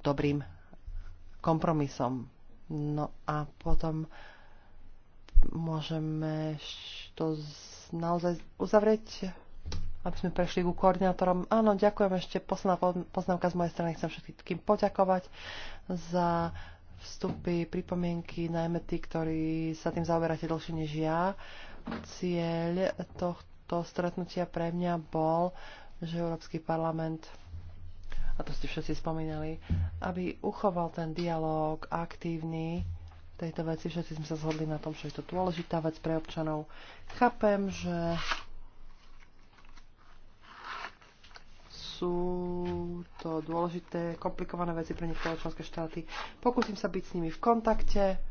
dobrým kompromisom. No a potom môžeme to naozaj uzavrieť, aby sme prešli ku koordinátorom. Áno, ďakujem ešte. Posledná poznámka z mojej strany. Chcem všetkým poďakovať za vstupy, pripomienky, najmä tí, ktorí sa tým zaoberáte dlhšie než ja. Cieľ tohto stretnutia pre mňa bol, že Európsky parlament a to ste všetci spomínali, aby uchoval ten dialog aktívny v tejto veci. Všetci sme sa zhodli na tom, že je to dôležitá vec pre občanov. Chápem, že sú to dôležité, komplikované veci pre niektoré členské štáty. Pokúsim sa byť s nimi v kontakte.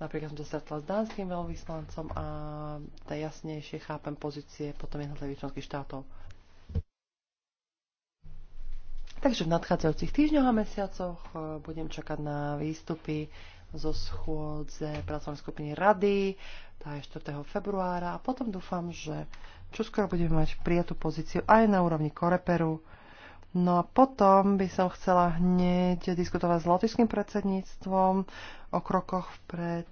Napríklad som sa stretla s dánskym veľvyslancom a tá jasnejšie chápem pozície potom jednotlivých členských štátov. Takže v nadchádzajúcich týždňoch a mesiacoch e, budem čakať na výstupy zo schôdze pracovnej skupiny rady, tá je 4. februára a potom dúfam, že čoskoro budeme mať prijatú pozíciu aj na úrovni Koreperu. No a potom by som chcela hneď diskutovať s lotičským predsedníctvom o krokoch vpred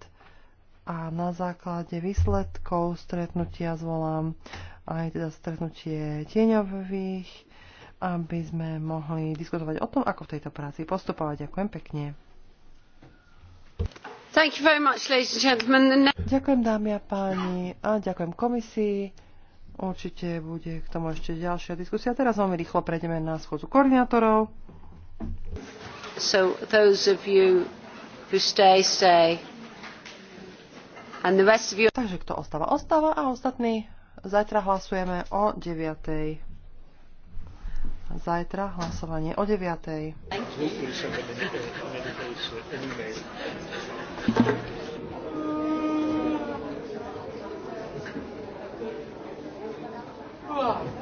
a na základe výsledkov stretnutia zvolám aj teda stretnutie tieňových aby sme mohli diskutovať o tom, ako v tejto práci postupovať. Ďakujem pekne. Thank you very much, ladies and gentlemen. Ďakujem dámy a páni a ďakujem komisii. Určite bude k tomu ešte ďalšia diskusia. Teraz veľmi rýchlo prejdeme na schôdzu koordinátorov. So those of you who stay, stay. And the rest of you... Takže kto ostáva, ostáva a ostatní zajtra hlasujeme o 9. Zajtra hlasovanie o 9. Wow.